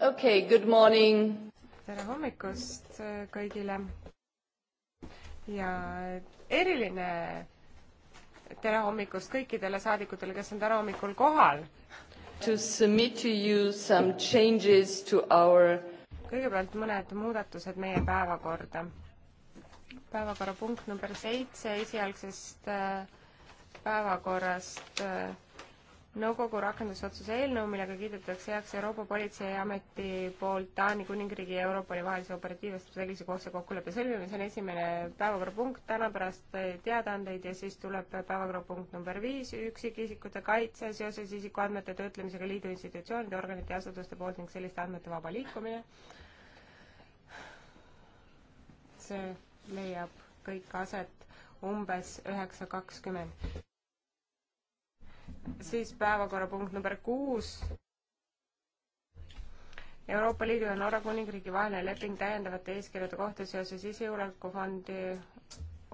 okei okay,, good morning! tere hommikust kõigile! ja eriline tere hommikust kõikidele saadikutele, kes on täna hommikul kohal! To submit to you some changes to our kõigepealt mõned muudatused meie päevakorda. päevakorrapunkt number seitse esialgsest äh, päevakorrast äh, nõukogu rakendusotsuse eelnõu, millega kiidetakse heaks Euroopa Politseiameti poolt Taani Kuningriigi ja Europoli vahelise operatiivstrateegilise koostöö kokkuleppe sõlmimine, see on esimene päevakorrapunkt täna pärast teadaandeid ja siis tuleb päevakorrapunkt number viis, üksikisikute kaitse seoses isikuandmete töötlemisega liidu institutsioonide, organite ja asutuste poolt ning selliste andmete vaba liikumine. see leiab kõik aset umbes üheksa kakskümmend siis päevakorrapunkt number kuus. Euroopa Liidu ja Norra Kuningriigi vaheline leping täiendavate eeskirjade kohta seoses sisejulgeolekufondi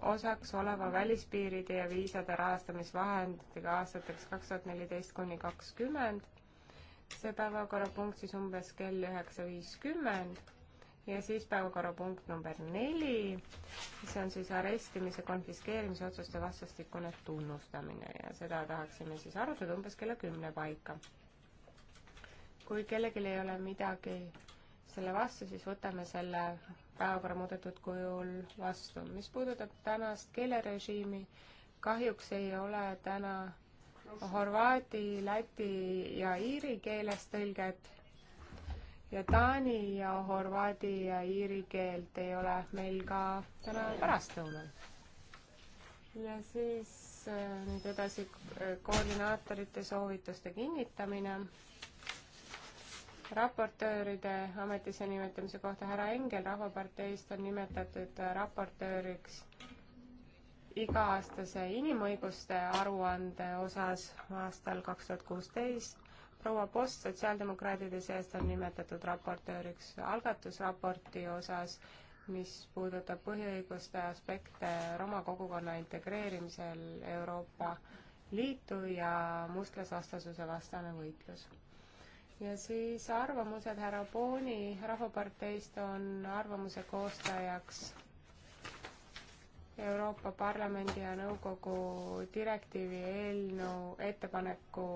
osaks oleva välispiiride ja viisade rahastamisvahendiga aastateks kaks tuhat neliteist kuni kakskümmend. see päevakorrapunkt siis umbes kell üheksa viiskümmend ja siis päevakorrapunkt number neli, mis on siis arestimise, konfiskeerimise otsuste vastastikune tunnustamine ja seda tahaksime siis arutada umbes kella kümne paika. kui kellelgi ei ole midagi selle vastu, siis võtame selle päevakorra muudetud kujul vastu. mis puudutab tänast keelerežiimi, kahjuks ei ole täna horvaadi, läti ja iiri keeles tõlget ja taani ja horvaadi ja iiri keelt ei ole meil ka täna pärastlõunal. ja siis äh, nüüd edasi äh, koordinaatorite soovituste kinnitamine. raportööride ametisse nimetamise kohta härra Engel Rahvaparteist on nimetatud äh, raportööriks iga-aastase inimõiguste aruande osas aastal kaks tuhat kuusteist proua Post sotsiaaldemokraadide seast on nimetatud raportööriks algatusraporti osas, mis puudutab põhiõiguste aspekte Roma kogukonna integreerimisel Euroopa Liitu ja mustlasvastasuse vastane võitlus. ja siis arvamused härra Booni Rahvaparteist on arvamuse koostajaks Euroopa Parlamendi ja Nõukogu direktiivi eelnõu ettepaneku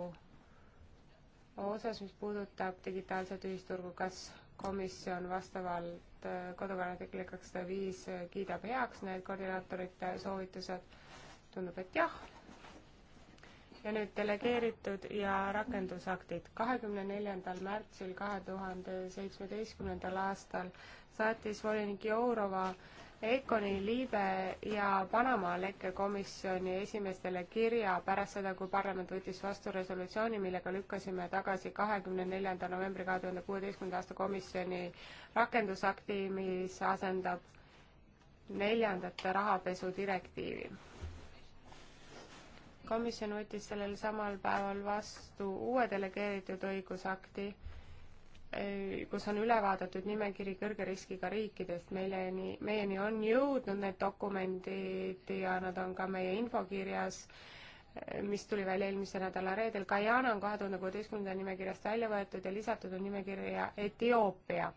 osas, mis puudutab digitaalset ühisturgu, kas komisjon vastavalt äh, kodukorra artikli kakssada viis äh, kiidab heaks need koordinaatorite soovitused? tundub, et jah. ja nüüd delegeeritud ja rakendusaktid. kahekümne neljandal märtsil kahe tuhande seitsmeteistkümnendal aastal saatis volinik Jourova äh, Econi, Liibe ja Panama lekkekomisjoni esimeestele kirja pärast seda, kui parlament võttis vastu resolutsiooni, millega lükkasime tagasi kahekümne neljanda novembri kahe tuhande kuueteistkümnenda aasta komisjoni rakendusakti, mis asendab neljandat rahapesu direktiivi. komisjon võttis sellel samal päeval vastu uue delegeeritud õigusakti kus on üle vaadatud nimekiri kõrge riskiga riikidest, meileni, meieni on jõudnud need dokumendid ja nad on ka meie infokirjas, mis tuli välja eelmise nädala reedel. Guyana on kahe tuhande kuueteistkümnenda nimekirjast välja võetud ja lisatud on nimekirja Etioopia.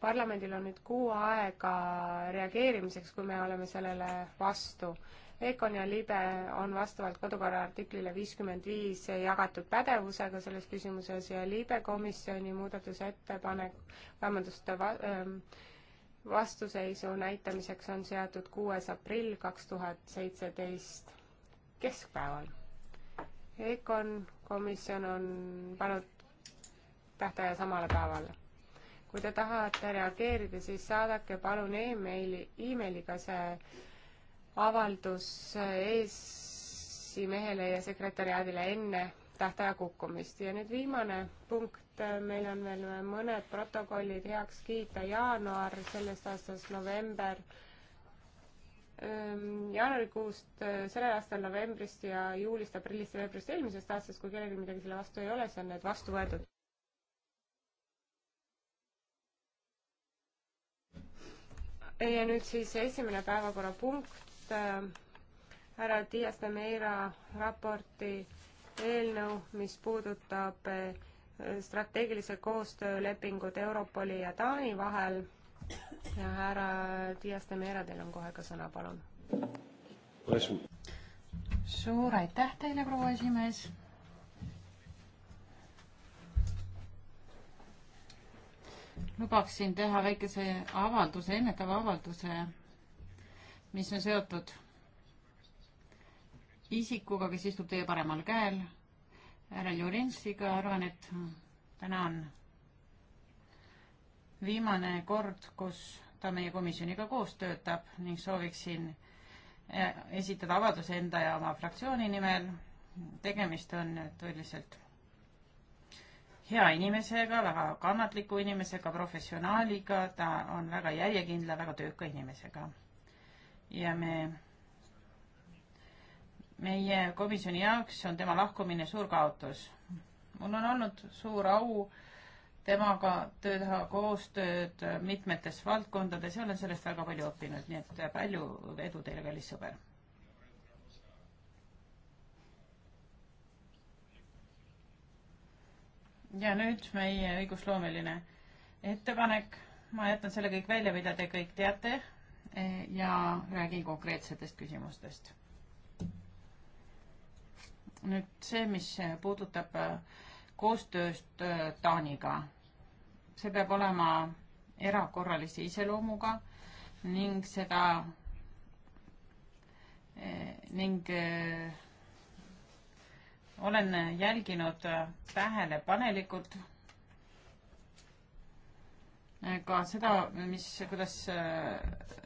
parlamendil on nüüd kuu aega reageerimiseks, kui me oleme sellele vastu Econ ja Libe on vastavalt kodukorra artiklile viiskümmend viis jagatud pädevusega selles küsimuses ja Libe komisjoni muudatusettepanek, vabandust, ähm, vastuseisu näitamiseks on seatud kuues aprill kaks tuhat seitseteist keskpäeval. Econ komisjon on pannud tähtaja samale päevale kui te tahate reageerida, siis saadake palun emaili e, emailiga see avaldus eesimehele ja sekretäriaadile enne tähtaja kukkumist ja nüüd viimane punkt, meil on veel mõned protokollid heaks kiita, jaanuar sellest aastast, november, ehm, jaanuarikuust, eh, sellel aastal novembrist ja juulist, aprillist ja veebruarist eelmisest aastast, kui kellelgi midagi selle vastu ei ole, siis on need vastu võetud. ja nüüd siis esimene päevakorrapunkt just äh, härra Dias de Meira raporti eelnõu, mis puudutab äh, strateegilise koostöölepingut Europoli ja Taani vahel. ja härra Dias de Meira, teil on kohe ka sõna, palun. suur aitäh teile, proua esimees lubaksin teha väikese avalduse, ennetava avalduse mis on seotud isikuga, kes istub teie paremal käel, härra Jurinskiga, arvan, et täna on viimane kord, kus ta meie komisjoniga koos töötab ning sooviksin äh, esitada avalduse enda ja oma fraktsiooni nimel. tegemist on tõeliselt hea inimesega, väga kannatliku inimesega, professionaaliga, ta on väga järjekindla, väga tööka inimesega ja me, meie komisjoni jaoks on tema lahkumine suur kaotus. mul on olnud suur au temaga töö teha, koostööd mitmetes valdkondades ja olen sellest väga palju õppinud, nii et palju edu teile, kallis sõber. ja nüüd meie õigusloomeline ettepanek, ma jätan selle kõik välja, mida te kõik teate Eh, ja räägin konkreetsetest küsimustest. nüüd see, mis puudutab eh, koostööst eh, Taaniga. see peab olema erakorralise iseloomuga ning seda ning olen jälginud tähelepanelikult ka seda, mis, kuidas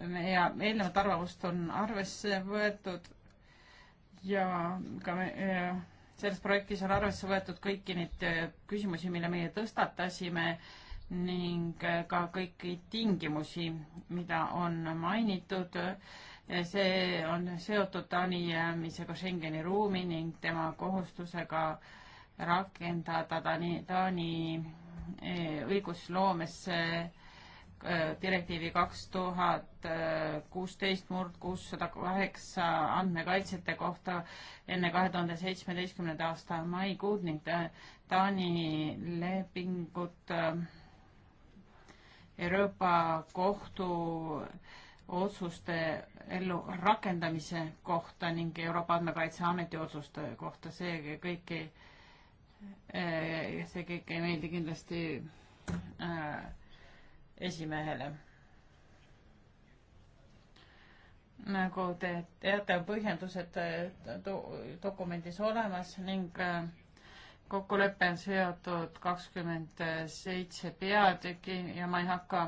meie eelnevat arvamust on arvesse võetud ja ka me, selles projektis on arvesse võetud kõiki neid küsimusi, mille meie tõstatasime ning ka kõiki tingimusi, mida on mainitud. see on seotud Taani jäämisega Schengeni ruumi ning tema kohustusega rakendada Taani, Taani õigusloomesse äh, direktiivi kaks tuhat äh, kuusteist murd kuussada kaheksa andmekaitsjate kohta enne kahe tuhande seitsmeteistkümnenda aasta maikuud ning Taani lepingut äh, Euroopa Kohtu otsuste ellu rakendamise kohta ning Euroopa Andmekaitseameti otsuste kohta, see kõiki Eh, see kõik ei meeldi kindlasti äh, esimehele. nagu te teate, on põhjendused äh, dokumendis olemas ning äh, kokkulepe on seotud kakskümmend seitse peatüki ja ma ei hakka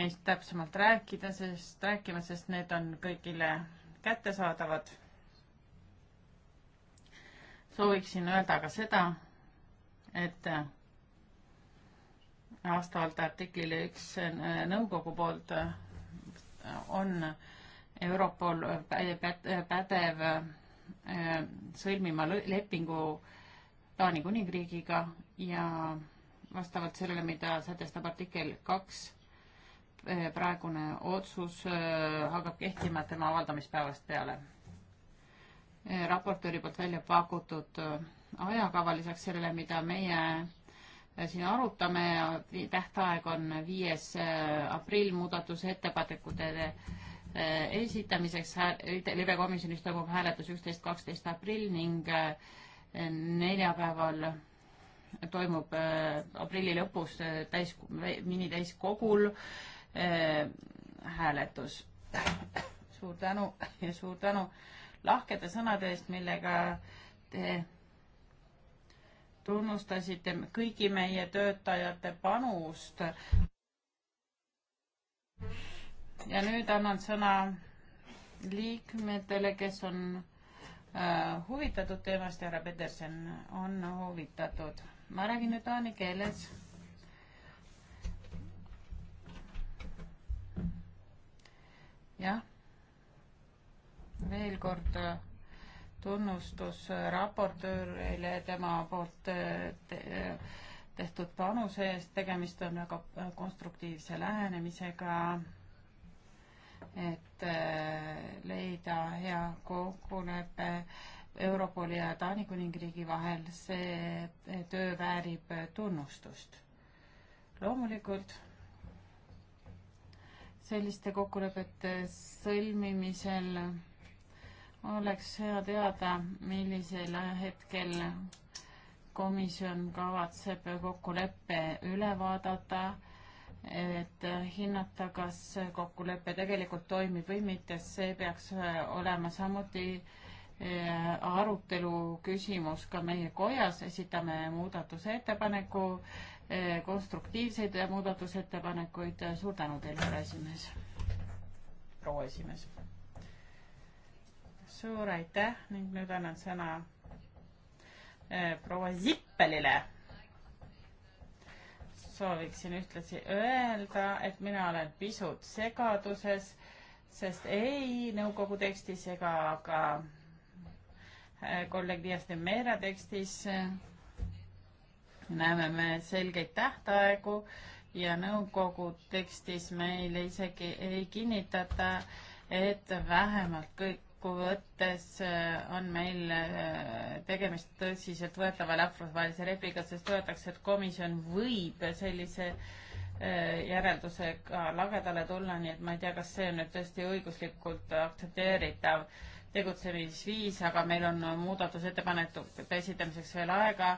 neist täpsemalt rääkida, sest, rääkima, sest need on kõigile kättesaadavad sooviksin öelda ka seda, et vastavalt artiklile üks nõukogu poolt on Europol pädev äh, sõlmima lepingu Taani kuningriigiga ja vastavalt sellele, mida sätestab artikkel kaks, äh, praegune otsus äh, hakkab kehtima tema avaldamispäevast peale Eh, raportööri poolt välja pakutud eh, ajakava lisaks sellele, mida meie eh, siin arutame, tähtaeg on viies aprill muudatusettepanekute esitamiseks, libekomisjonis toimub hääletus üksteist, kaksteist aprill ning neljapäeval toimub aprilli lõpus täis, minitäiskogul hääletus. suur tänu ja suur tänu äh, lahkede sõnade eest, millega te tunnustasite kõigi meie töötajate panust. ja nüüd annan sõna liikmetele, kes on äh, huvitatud teemast, härra Peterson on huvitatud. ma räägin nüüd taani keeles. jah veel kord äh, tunnustus äh, raportöörile tema poolt äh, tehtud panuse eest, tegemist on väga konstruktiivse lähenemisega, et leida hea kokkulepe Europoli ja Taani kuningriigi vahel, see töö väärib tunnustust. loomulikult selliste kokkulepete sõlmimisel oleks hea teada, millisel hetkel komisjon kavatseb kokkuleppe üle vaadata, et hinnata, kas kokkulepe tegelikult toimib või mitte, see peaks olema samuti eh, arutelu küsimus ka meie kojas, esitame muudatusettepaneku, eh, konstruktiivseid muudatusettepanekuid, suur tänu teile, härra esimees, proua esimees suur aitäh ning nüüd annan sõna eh, proua Zippelile. sooviksin ühtlasi öelda, et mina olen pisut segaduses, sest ei nõukogu tekstis ega ka eh, kolleeg Dias de Meera tekstis eh, näeme me selgeid tähtaegu ja nõukogu tekstis meile isegi ei kinnitata, et vähemalt kõik kokkuvõttes äh, on meil äh, tegemist tõsiseltvõetava rahvusvahelise repliga, sest öeldakse, et komisjon võib sellise äh, järeldusega lagedale tulla, nii et ma ei tea, kas see on nüüd tõesti õiguslikult aktsepteeritav tegutsemisviis, aga meil on muudatusettepanekute esitamiseks veel aega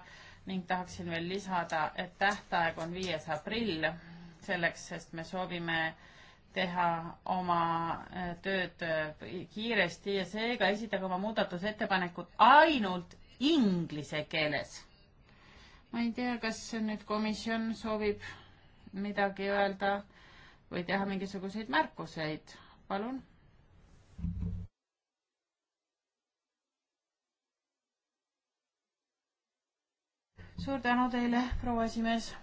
ning tahaksin veel lisada, et tähtaeg on viies aprill selleks, sest me soovime äh, teha oma äh, tööd äh, kiiresti ja seega esitage oma muudatusettepanekud ainult inglise keeles. ma ei tea, kas nüüd komisjon soovib midagi öelda või teha mingisuguseid märkuseid, palun. suur tänu teile, proua esimees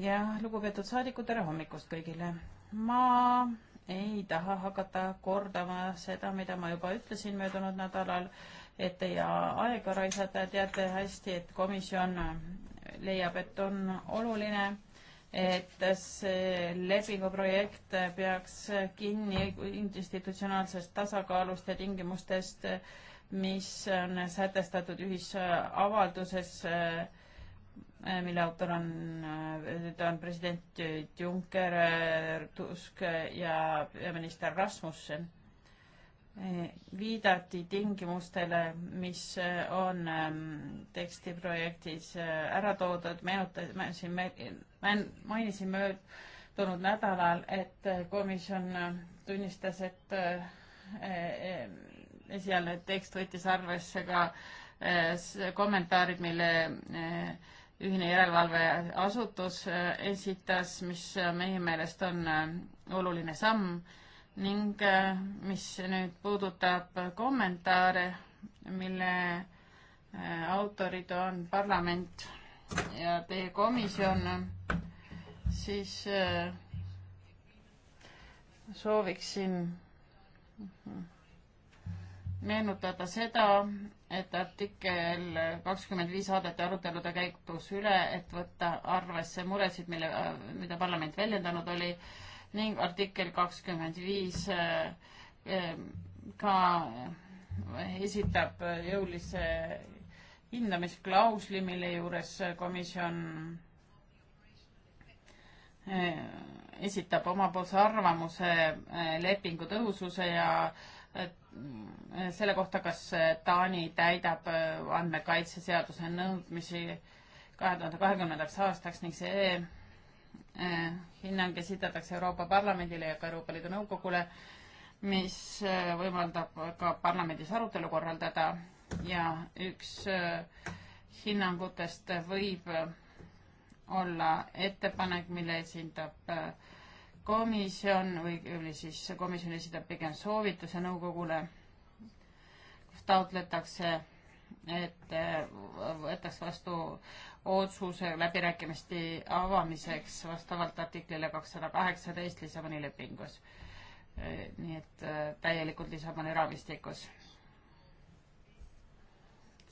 ja lugupeetud saadikud, tere hommikust kõigile ma ei taha hakata kordama seda, mida ma juba ütlesin möödunud nädalal, et teie aega raisata, teate hästi, et komisjon leiab, et on oluline, et see lepinguprojekt peaks kinni institutsionaalsest tasakaalust ja tingimustest, mis on sätestatud ühisavalduses äh, Äh, mille autor on, äh, ta on president Juncker, äh, Tusk ja peaminister Rasmussen. viidati tingimustele, mis on ähm, tekstiprojektis ära toodud, meenutasin, mainisin möödunud nädalal, et komisjon tunnistas, et esialgne tekst võttis arvesse ka kommentaarid, mille ühine järelevalveasutus äh, esitas, mis äh, meie meelest on äh, oluline samm ning mis nüüd puudutab kommentaare, mille autorid on parlament ja teie komisjon, siis sooviksin meenutada seda, et artikkel kakskümmend viis vaadata arutelude käigus üle, et võtta arvesse muresid, mille, mida parlament väljendanud oli ning artikkel kakskümmend viis eh, eh, ka esitab jõulise hindamisklausli, mille juures komisjon eh, esitab omapoolse arvamuse lepingu tõhususe ja äh, Mm, selle kohta, kas äh, Taani täidab äh, andmekaitseseaduse nõudmisi kahe tuhande kahekümnendaks aastaks ning see äh, hinnang esitatakse Euroopa Parlamendile ja ka Euroopa Liidu Nõukogule, mis võimaldab ka parlamendis arutelu korraldada ja üks hinnangutest võib olla ettepanek, mille esindab äh, komisjon või siis komisjon esitab pigem soovituse nõukogule, kus taotletakse, et äh, võetaks vastu otsuse läbirääkimiste avamiseks vastavalt artiklile kakssada kaheksateist Lissaboni lepingus. Äh, nii et äh, täielikult Lissaboni raamistikus.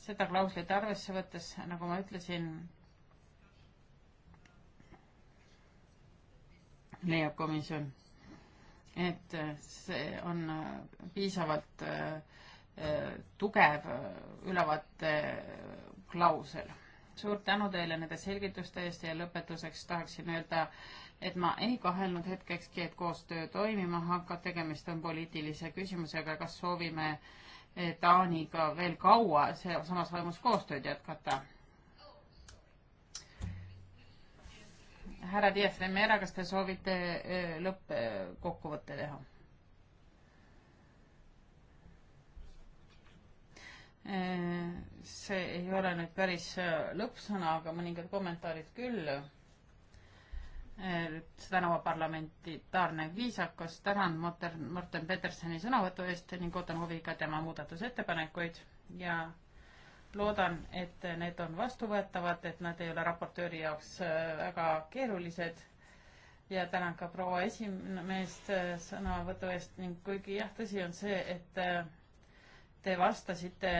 seda klauslit arvesse võttes, nagu ma ütlesin, leiab komisjon, et see on piisavalt äh, tugev äh, ülevaate äh, klausel. suur tänu teile nende selgituste eest ja lõpetuseks tahaksin öelda, et ma ei kahelnud hetkekski, et koostöö toimima hakkab, tegemist on poliitilise küsimusega, kas soovime Taaniga veel kaua see samas vaimus koostööd jätkata härra Dias Remera, kas te soovite eh, lõppkokkuvõtte eh, teha? Eh, see ei ole nüüd päris lõppsõna, aga mõningad kommentaarid küll. tänava parlamentaarne viisakus, tänan Morten, Morten Petersoni sõnavõtu eest ning ootan huviga tema muudatusettepanekuid ja loodan, et need on vastuvõetavad, et nad ei ole raportööri jaoks äh, väga keerulised ja tänan ka proua esimeest äh, sõnavõtu eest ning kuigi jah, tõsi on see, et äh, te vastasite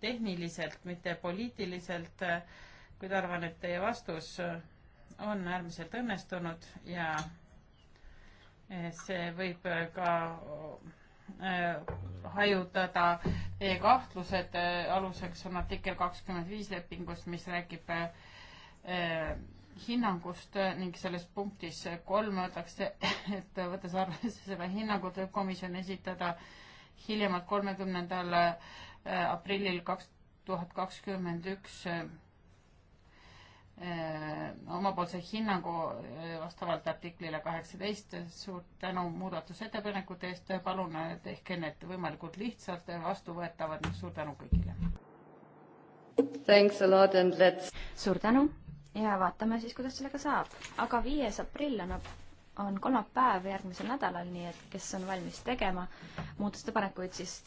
tehniliselt, mitte poliitiliselt, kuid arvan, et teie vastus on äärmiselt õnnestunud ja see võib ka Äh, hajutada teie kahtlused, äh, aluseks on artikkel kakskümmend viis lepingust, mis räägib äh, hinnangust ning selles punktis kolm öeldakse, et võttes arvesse seda hinnangut, võib komisjon esitada hiljemalt kolmekümnendal aprillil kaks tuhat kakskümmend üks Äh, omapoolse hinnangu äh, vastavalt artiklile kaheksateist. suur tänu muudatusettepanekute eest, palun äh, tehke need võimalikult lihtsalt vastuvõetavad, suur tänu kõigile. suur tänu ja vaatame siis, kuidas sellega saab, aga viies aprill on on kolmapäev järgmisel nädalal, nii et kes on valmis tegema muudatusettepanekuid, siis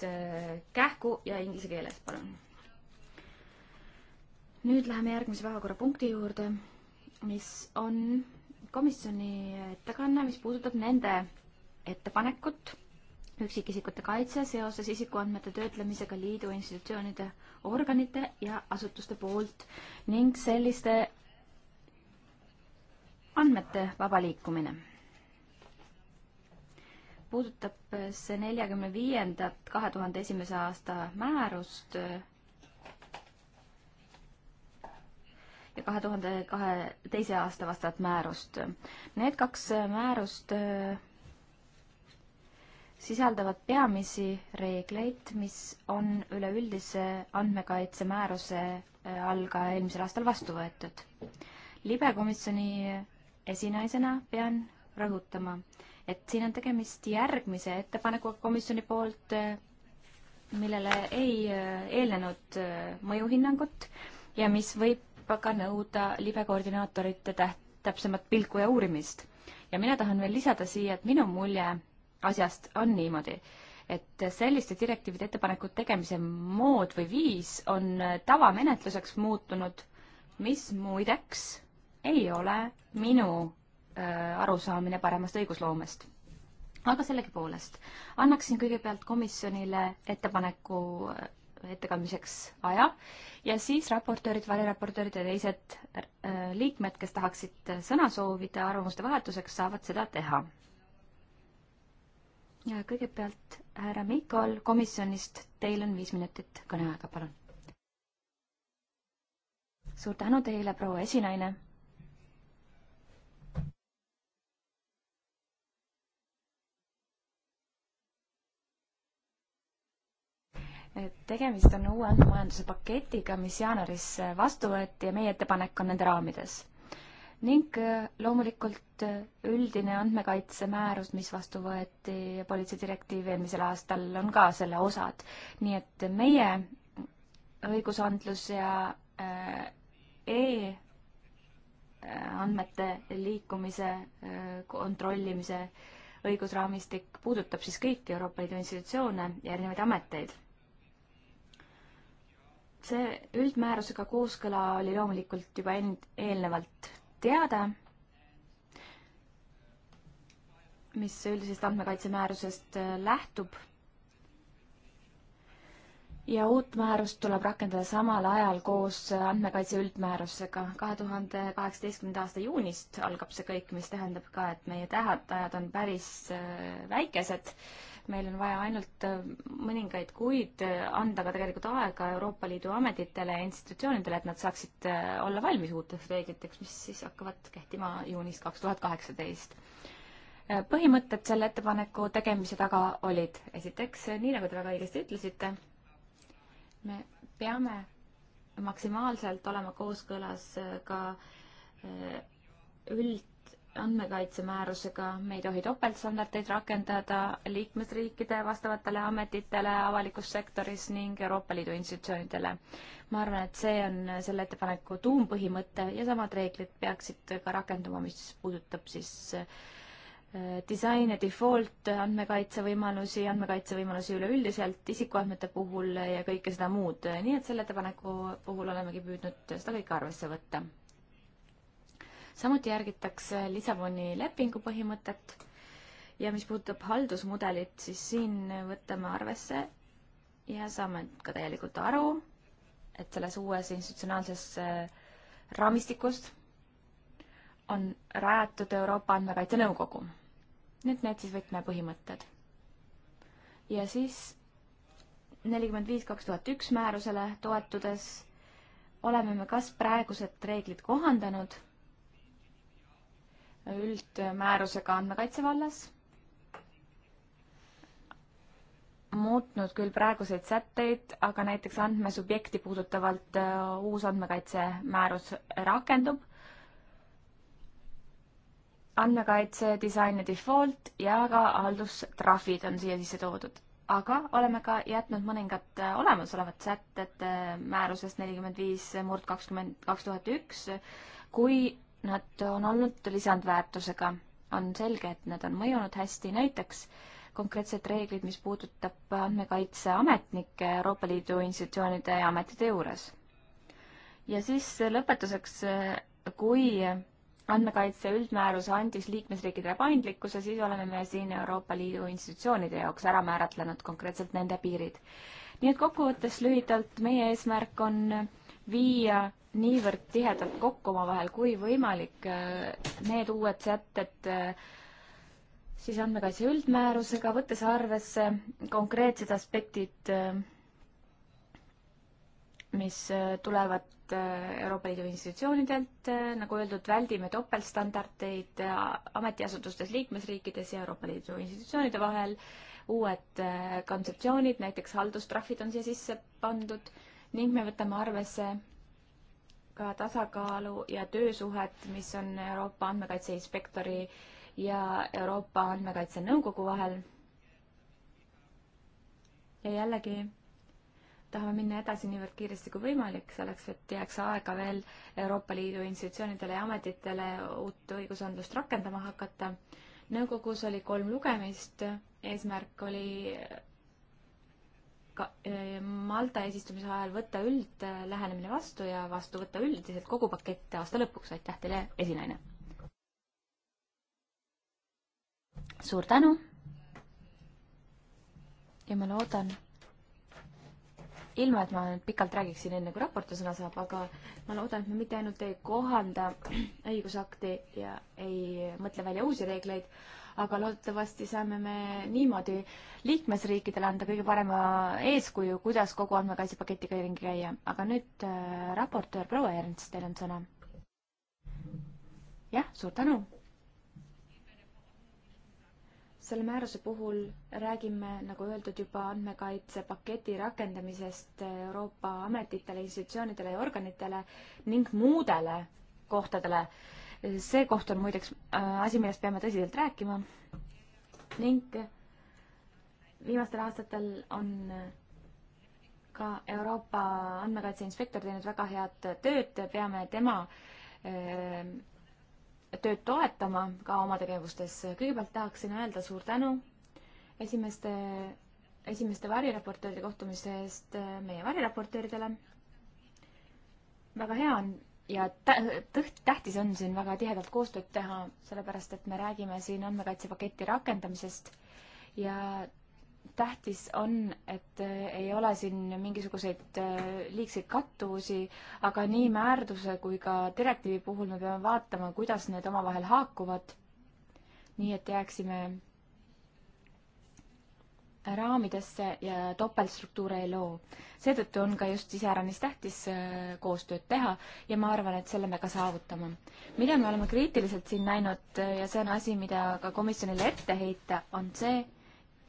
kähku ja inglise keeles, palun nüüd läheme järgmise päevakorrapunkti juurde, mis on komisjoni ettekanne, mis puudutab nende ettepanekut üksikisikute kaitse seoses isikuandmete töötlemisega liidu institutsioonide, organite ja asutuste poolt ning selliste andmete vaba liikumine. puudutab see neljakümne viiendat kahe tuhande esimese aasta määrust ja kahe tuhande kahe, teise aasta vastavat määrust. Need kaks määrust äh, sisaldavad peamisi reegleid, mis on üleüldise andmekaitse määruse äh, all ka eelmisel aastal vastu võetud. libekomisjoni esinaisena pean rõhutama, et siin on tegemist järgmise ettepanekuga komisjoni poolt, äh, millele ei eelnenud mõjuhinnangut ja mis võib ka nõuda libekoordinaatorite täht-, täpsemat pilku ja uurimist. ja mina tahan veel lisada siia, et minu mulje asjast on niimoodi, et selliste direktiivide ettepanekute tegemise mood või viis on tavamenetluseks muutunud, mis muideks ei ole minu äh, arusaamine paremast õigusloomest aga sellegipoolest annaksin kõigepealt komisjonile ettepaneku ettekandmiseks aja ja siis raportöörid, valiraportöörid ja teised äh, liikmed, kes tahaksid sõna soovida arvamuste vahetuseks, saavad seda teha. ja kõigepealt härra Mikol komisjonist, teil on viis minutit kõneaega, palun. suur tänu teile, proua esinaine tegemist on uue andmemajanduse paketiga, mis jaanuaris äh, vastu võeti ja meie ettepanek on nende raamides. ning äh, loomulikult äh, üldine andmekaitsemäärus, mis vastu võeti ja politseidirektiiv eelmisel aastal, on ka selle osad. nii et meie õigusandlus ja e-andmete liikumise kontrollimise õigusraamistik puudutab siis kõiki Euroopa Liidu institutsioone ja erinevaid ameteid see üldmäärusega kooskõla oli loomulikult juba end-, eelnevalt teada, mis üldisest andmekaitsemäärusest äh, lähtub ja uut määrust tuleb rakendada samal ajal koos andmekaitse üldmäärusega. kahe tuhande kaheksateistkümnenda aasta juunist algab see kõik, mis tähendab ka, et meie tähtajad on päris äh, väikesed. meil on vaja ainult äh, mõningaid kuid äh, anda ka tegelikult aega Euroopa Liidu ametitele ja institutsioonidele, et nad saaksid olla valmis uuteks reegliteks, mis siis hakkavad kehtima juunist kaks tuhat kaheksateist põhimõtted selle ettepaneku tegemise taga olid esiteks, nii nagu te väga õigesti ütlesite, me peame maksimaalselt olema kooskõlas äh, ka äh, üldandmekaitse määrusega, me ei tohi topeltstandardeid rakendada liikmesriikide vastavatele ametitele avalikus sektoris ning Euroopa Liidu institutsioonidele. ma arvan, et see on selle ettepaneku tuumpõhimõte ja samad reeglid peaksid ka rakenduma, mis puudutab siis äh, disain ja default andmekaitsevõimalusi, andmekaitsevõimalusi üleüldiselt isikuandmete puhul ja kõike seda muud, nii et selle ettepaneku puhul olemegi püüdnud seda kõike arvesse võtta. samuti järgitakse Lissaboni lepingu põhimõtet ja mis puudutab haldusmudelit, siis siin võtame arvesse ja saame ka täielikult aru, et selles uues institutsionaalses äh, raamistikust on rajatud Euroopa Andmekaitse Nõukogu nüüd need siis võtmepõhimõtted. ja siis nelikümmend viis kaks tuhat üks määrusele toetudes oleme me kas praegused reeglid kohandanud üldmäärusega andmekaitse vallas, muutnud küll praeguseid sätteid, aga näiteks andmesubjekti puudutavalt äh, uus andmekaitsemäärus rakendub andmekaitse, disain ja default ja ka haldustrahvid on siia sisse toodud. aga oleme ka jätnud mõningad äh, olemasolevad sätted äh, määrusest nelikümmend viis äh, murd kakskümmend, kaks tuhat üks, kui nad on olnud lisandväärtusega. on selge, et need on mõjunud hästi, näiteks konkreetsed reeglid, mis puudutab andmekaitseametnikke Euroopa Liidu institutsioonide ja ametite juures. ja siis lõpetuseks, kui andmekaitse üldmäärus andis liikmesriikidele paindlikkuse, siis oleme me siin Euroopa Liidu institutsioonide jaoks ära määratlenud konkreetselt nende piirid. nii et kokkuvõttes lühidalt meie eesmärk on viia niivõrd tihedalt kokku omavahel kui võimalik äh, need uued sätted äh, siis andmekaitse üldmäärusega, võttes arvesse konkreetsed aspektid äh, mis äh, tulevad äh, Euroopa Liidu institutsioonidelt, äh, nagu öeldud, väldime topeltstandardeid ametiasutustes liikmesriikides ja Euroopa Liidu institutsioonide vahel, uued kontseptsioonid, näiteks haldustrahvid on siia sisse pandud ning me võtame arvesse ka tasakaalu ja töösuhet, mis on Euroopa Andmekaitse Inspektori ja Euroopa Andmekaitse Nõukogu vahel. ja jällegi tahame minna edasi niivõrd kiiresti kui võimalik, selleks et jääks aega veel Euroopa Liidu institutsioonidele ja ametitele uut õigusandlust rakendama hakata. nõukogus oli kolm lugemist, eesmärk oli ka eh, Malta eesistumise ajal võtta üldlähenemine eh, vastu ja vastu võtta üldiselt kogu pakett aasta lõpuks, aitäh teile, esinaine! suur tänu ja ma loodan ilma, et ma nüüd pikalt räägiksin, enne kui raporti sõna saab, aga ma loodan, et me mitte ainult ei kohanda õigusakti ja ei mõtle välja uusi reegleid, aga loodetavasti saame me niimoodi liikmesriikidele anda kõige parema eeskuju, kuidas kogu andmekaitsepaketiga ringi käia. aga nüüd äh, raportöör proua Ernst, teil on sõna. jah, suur tänu selle määruse puhul räägime, nagu öeldud, juba andmekaitsepaketi rakendamisest Euroopa ametitele, institutsioonidele ja organitele ning muudele kohtadele. see koht on muideks äh, asi, millest peame tõsiselt rääkima ning viimastel aastatel on ka Euroopa andmekaitse inspektor teinud väga head tööd, peame tema äh, tööd toetama ka oma tegevustes. kõigepealt tahaksin öelda suur tänu esimeste, esimeste variraportööride kohtumise eest eh, meie variraportööridele. väga hea on ja täht-, tähtis on siin väga tihedalt koostööd teha, sellepärast et me räägime siin andmekaitsepaketi rakendamisest ja tähtis on, et äh, ei ole siin mingisuguseid äh, liigseid kattuvusi, aga nii määrduse kui ka direktiivi puhul me peame vaatama, kuidas need omavahel haakuvad. nii et jääksime raamidesse ja topeltstruktuure ei loo. seetõttu on ka just iseäranis tähtis äh, koostööd teha ja ma arvan, et selle me ka saavutame. mida me oleme kriitiliselt siin näinud ja see on asi, mida ka komisjonile ette heita, on see,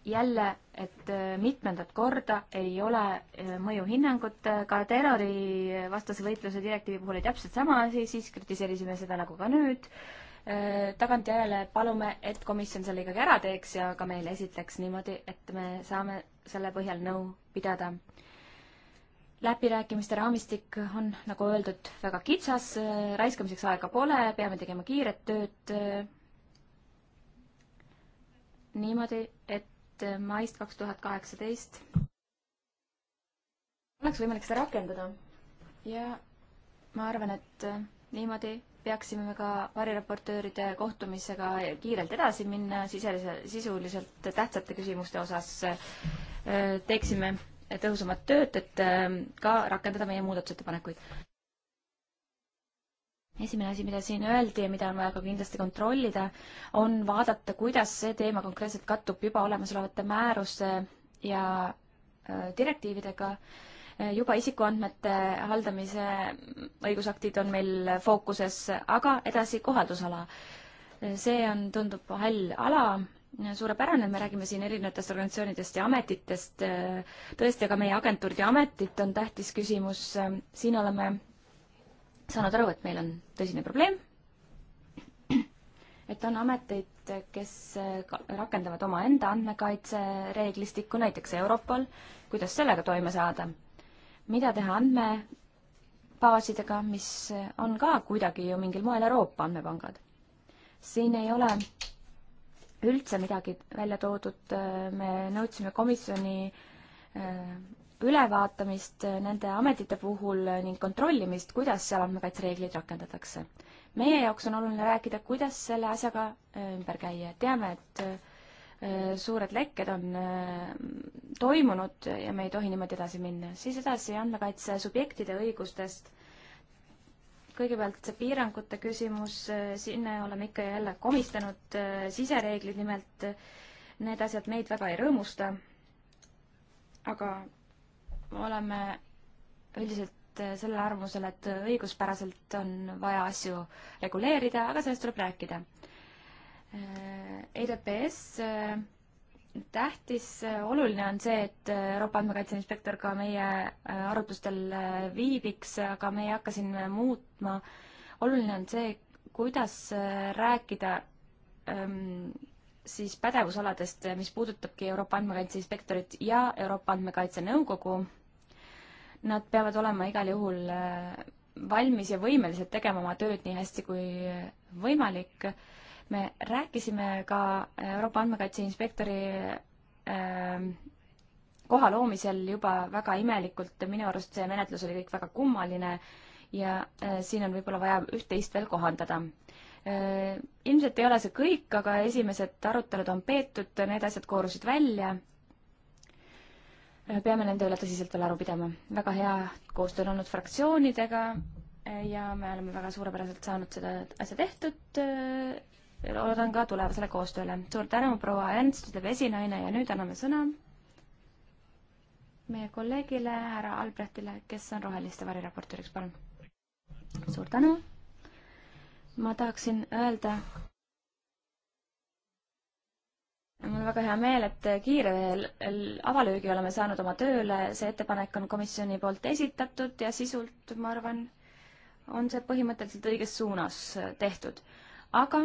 jälle, et äh, mitmendat korda ei ole äh, mõjuhinnangut, äh, ka terrorivastase võitluse direktiivi puhul oli täpselt sama asi, siis kritiseerisime seda nagu ka nüüd. tagantjärele palume, et komisjon selle ikkagi ära teeks ja ka meile esitleks niimoodi, et me saame selle põhjal nõu pidada. läbirääkimiste raamistik on, nagu öeldud, väga kitsas, raiskamiseks aega pole, peame tegema kiiret tööd niimoodi, maist kaks tuhat kaheksateist. oleks võimalik seda rakendada ja ma arvan, et niimoodi peaksime me ka variraportööride kohtumisega kiirelt edasi minna siselise, sisuliselt tähtsate küsimuste osas teeksime tõhusamat tööd, et ka rakendada meie muudatusettepanekuid esimene asi, mida siin öeldi ja mida on vaja ka kindlasti kontrollida, on vaadata, kuidas see teema konkreetselt kattub juba olemasolevate määruse ja äh, direktiividega. Äh, juba isikuandmete haldamise õigusaktid on meil fookuses, aga edasi kohaldusala. Äh, see on, tundub hall ala, suurepärane, me räägime siin erinevatest organisatsioonidest ja ametitest. tõesti, aga meie agentuurid ja ametid on tähtis küsimus, siin oleme saanud aru, et meil on tõsine probleem, et on ameteid, kes rakendavad omaenda andmekaitsereeglistikku, näiteks Europol, kuidas sellega toime saada, mida teha andmebaasidega, mis on ka kuidagi ju mingil moel Euroopa andmepangad. siin ei ole üldse midagi välja toodud, me nõudsime komisjoni äh, ülevaatamist nende ametite puhul ning kontrollimist, kuidas seal andmekaitsereegleid rakendatakse. meie jaoks on oluline rääkida, kuidas selle asjaga äh, ümber käia. teame, et äh, suured lekked on äh, toimunud ja me ei tohi niimoodi edasi minna. siis edasi andmekaitse subjektide õigustest. kõigepealt see piirangute küsimus, sinna oleme ikka ja jälle komistanud sisereeglid, nimelt need asjad meid väga ei rõõmusta. aga oleme üldiselt eh, sellel arvamusel, et õiguspäraselt on vaja asju reguleerida, aga sellest tuleb rääkida. EDPS eh, e eh, tähtis, oluline on see, et Euroopa Andmekaitse Inspektor ka meie arutlustel viibiks, aga me ei hakka siin muutma. oluline on see, kuidas rääkida ehm, siis pädevusaladest, mis puudutabki Euroopa Andmekaitse Inspektorit ja Euroopa Andmekaitse Nõukogu Nad peavad olema igal juhul äh, valmis ja võimelised tegema oma tööd nii hästi kui võimalik. me rääkisime ka Euroopa Andmekaitse Inspektori ähm, koha loomisel juba väga imelikult, minu arust see menetlus oli kõik väga kummaline ja äh, siin on võib-olla vaja üht-teist veel kohandada. Äh, ilmselt ei ole see kõik, aga esimesed arutelud on peetud, need asjad koorusid välja peame nende üle tõsiselt veel aru pidama. väga hea koostöö on olnud fraktsioonidega ja me oleme väga suurepäraselt saanud seda asja tehtud. Äh, loodan ka tulevasele koostööle. suur tänu, proua Ernst, ütleb esinaine ja nüüd anname sõna meie kolleegile, härra Albrechtile, kes on Roheliste variraportööriks, palun. suur tänu. ma tahaksin öelda, mul on väga hea meel, et kiire avalöögi oleme saanud oma tööle, see ettepanek on komisjoni poolt esitatud ja sisult, ma arvan, on see põhimõtteliselt õiges suunas tehtud. aga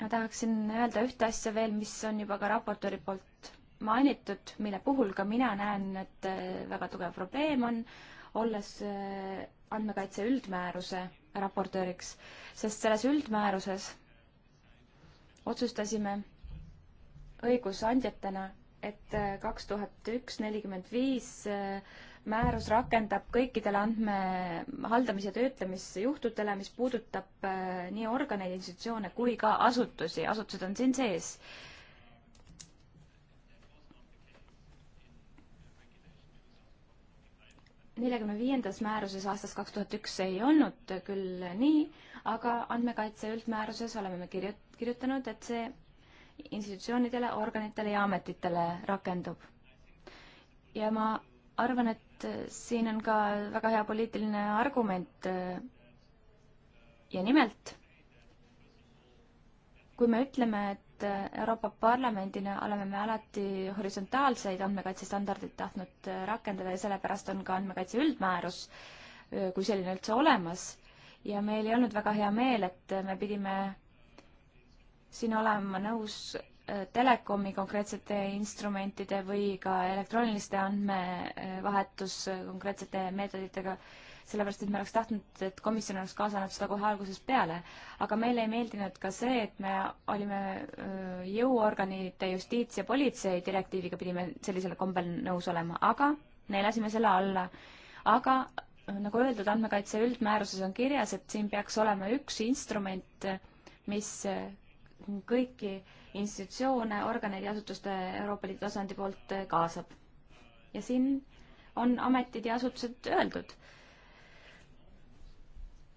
ma tahaksin öelda ühte asja veel, mis on juba ka raportööri poolt mainitud, mille puhul ka mina näen, et äh, väga tugev probleem on, olles äh, andmekaitse üldmääruse raportööriks, sest selles üldmääruses otsustasime õigusandjatena, et äh, kaks tuhat üks nelikümmend viis äh, määrus rakendab kõikidele andme haldamise ja töötlemisjuhtudele, mis puudutab äh, nii organeid, institutsioone kui ka asutusi, asutused on siin sees. neljakümne viiendas määruses aastast kaks tuhat üks ei olnud küll nii, aga andmekaitse üldmääruses oleme me kirjut-, kirjutanud, et see institutsioonidele, organitele ja ametitele rakendub. ja ma arvan, et siin on ka väga hea poliitiline argument. ja nimelt, kui me ütleme, et Euroopa Parlamendina oleme me alati horisontaalseid andmekaitsestandardeid tahtnud rakendada ja sellepärast on ka andmekaitse üldmäärus kui selline üldse olemas ja meil ei olnud väga hea meel, et me pidime siin olen ma nõus äh, telekomi konkreetsete instrumentide või ka elektrooniliste andmevahetus äh, konkreetsete meetoditega, sellepärast et me oleks tahtnud, et komisjon oleks kaasanud seda kohe algusest peale. aga meile ei meeldinud ka see, et me olime äh, jõuorganite justiits- ja politsei direktiiviga pidime sellisel kombel nõus olema, aga me lasime selle alla. aga nagu öeldud, andmekaitse üldmääruses on kirjas, et siin peaks olema üks instrument, mis kõiki institutsioone, organeid ja asutuste Euroopa Liidu tasandi poolt kaasab. ja siin on ametid ja asutused öeldud.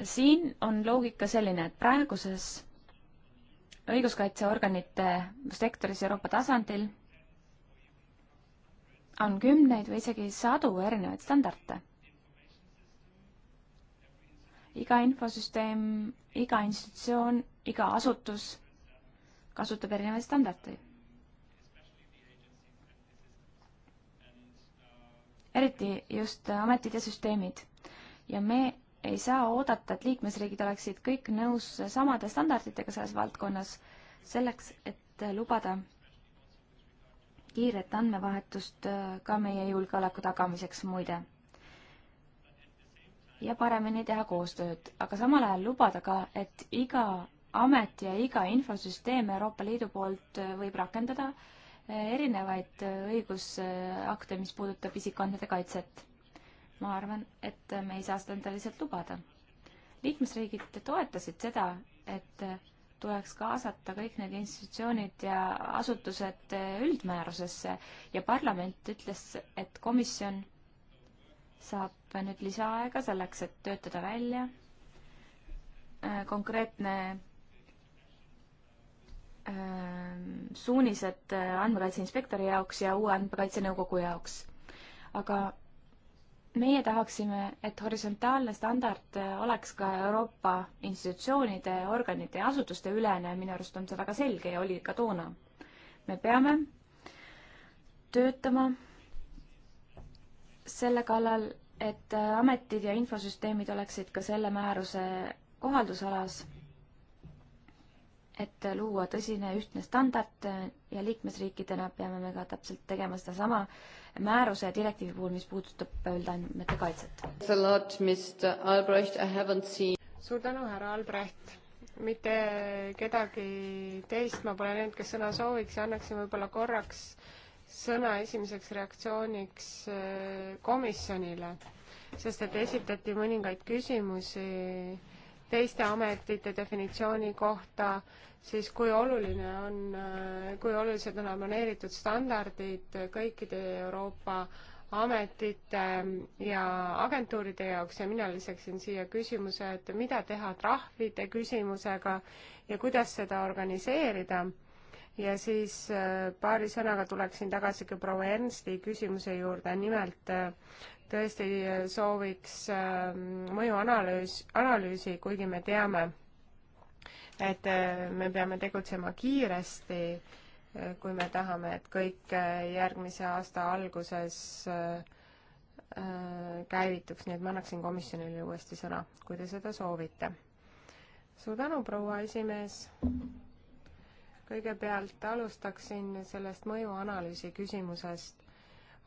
siin on loogika selline, et praeguses õiguskaitseorganite sektoris Euroopa tasandil on kümneid või isegi sadu erinevaid standarde. iga infosüsteem, iga institutsioon, iga asutus kasutab erinevaid standardeid. eriti just ametid ja süsteemid. ja me ei saa oodata, et liikmesriigid oleksid kõik nõus samade standarditega selles valdkonnas, selleks et lubada kiiret andmevahetust ka meie julgeoleku tagamiseks muide. ja paremini teha koostööd, aga samal ajal lubada ka, et iga amet ja iga infosüsteem Euroopa Liidu poolt äh, võib rakendada äh, erinevaid äh, õigusakte, mis puudutab isikuandmete kaitset. ma arvan, et me ei saa seda endale lihtsalt lubada. liikmesriigid toetasid seda, et tuleks kaasata kõik need institutsioonid ja asutused üldmäärusesse ja parlament ütles, et komisjon saab nüüd lisaaega selleks, et töötada välja konkreetne Ähm, suunised äh, andmekaitse inspektori jaoks ja uue andmekaitse nõukogu jaoks. aga meie tahaksime, et horisontaalne standard äh, oleks ka Euroopa institutsioonide, organite ja asutuste ülene, minu arust on see väga selge ja oli ka toona. me peame töötama selle kallal, et äh, ametid ja infosüsteemid oleksid ka selle määruse kohaldusalas et luua tõsine ühtne standard ja liikmesriikidena peame me ka täpselt tegema sedasama määruse ja direktiivi puhul, mis puudutab üldandmete kaitset. suur tänu, härra Albrecht. mitte kedagi teist ma pole näinud, kes sõna sooviks ja annaksin võib-olla korraks sõna esimeseks reaktsiooniks äh, komisjonile, sest et esitati mõningaid küsimusi teiste ametite definitsiooni kohta, siis kui oluline on, kui olulised on harmoneeritud standardid kõikide Euroopa ametite ja agentuuride jaoks ja mina lisaksin siia küsimuse, et mida teha trahvide küsimusega ja kuidas seda organiseerida. ja siis äh, paari sõnaga tuleksin tagasi ka proua Ernsti küsimuse juurde, nimelt äh, tõesti sooviks ähm, mõjuanalüüs, analüüsi, kuigi me teame, et äh, me peame tegutsema kiiresti, äh, kui me tahame, et kõik äh, järgmise aasta alguses käivituks, nii et ma annaksin komisjonile uuesti sõna, kui te seda soovite. suur tänu, proua esimees! kõigepealt alustaksin sellest mõjuanalüüsi küsimusest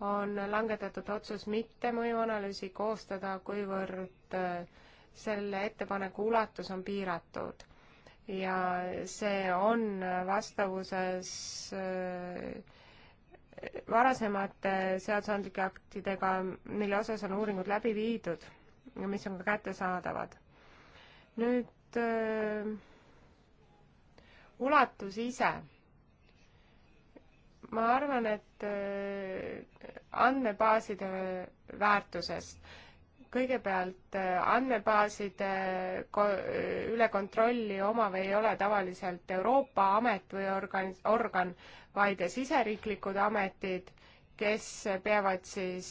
on langetatud otsus mitte mõjuanalüüsi koostada, kuivõrd äh, selle ettepaneku ulatus on piiratud. ja see on vastavuses äh, varasemate seadusandlike aktidega, mille osas on uuringud läbi viidud ja mis on ka kättesaadavad. nüüd öö, äh, ulatus ise ma arvan, et äh, andmebaaside väärtusest. kõigepealt äh, andmebaaside äh, üle kontrolli omav ei ole tavaliselt Euroopa amet või organ, organ, vaid siseriiklikud ametid, kes peavad siis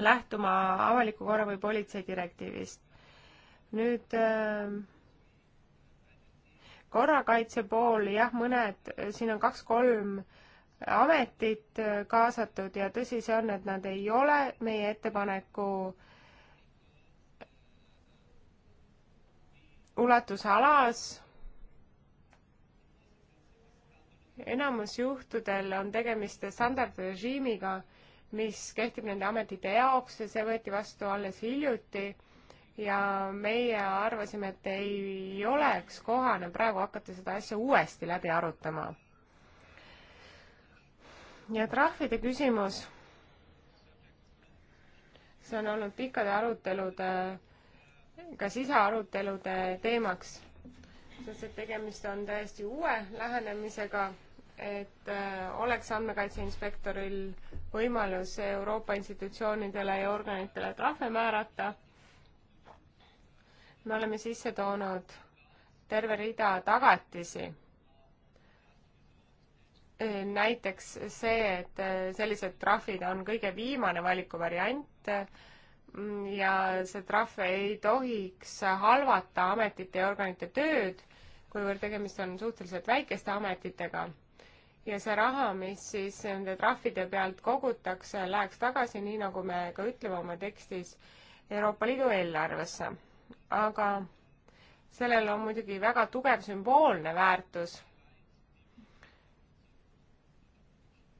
lähtuma avaliku korra või politsei direktiivist. nüüd äh, korrakaitse pool, jah, mõned, siin on kaks-kolm ametit äh, kaasatud ja tõsi see on, et nad ei ole meie ettepaneku ulatusalas. enamus juhtudel on tegemist standardrežiimiga, mis kehtib nende ametite jaoks ja see võeti vastu alles hiljuti ja meie arvasime, et ei oleks kohane praegu hakata seda asja uuesti läbi arutama. ja trahvide küsimus. see on olnud pikkade arutelude, ka sisaarutelude teemaks, sest et tegemist on täiesti uue lähenemisega et äh, oleks andmekaitse inspektoril võimalus Euroopa institutsioonidele ja organitele trahve määrata me oleme sisse toonud terve rida tagatisi. näiteks see, et äh, sellised trahvid on kõige viimane valikuvariant mm, ja see trahv ei tohiks halvata ametite ja organite tööd, kuivõrd tegemist on suhteliselt väikeste ametitega. ja see raha, mis siis nende trahvide pealt kogutakse, läheks tagasi, nii nagu me ka ütleme oma tekstis, Euroopa Liidu eelarvesse aga sellel on muidugi väga tugev sümboolne väärtus.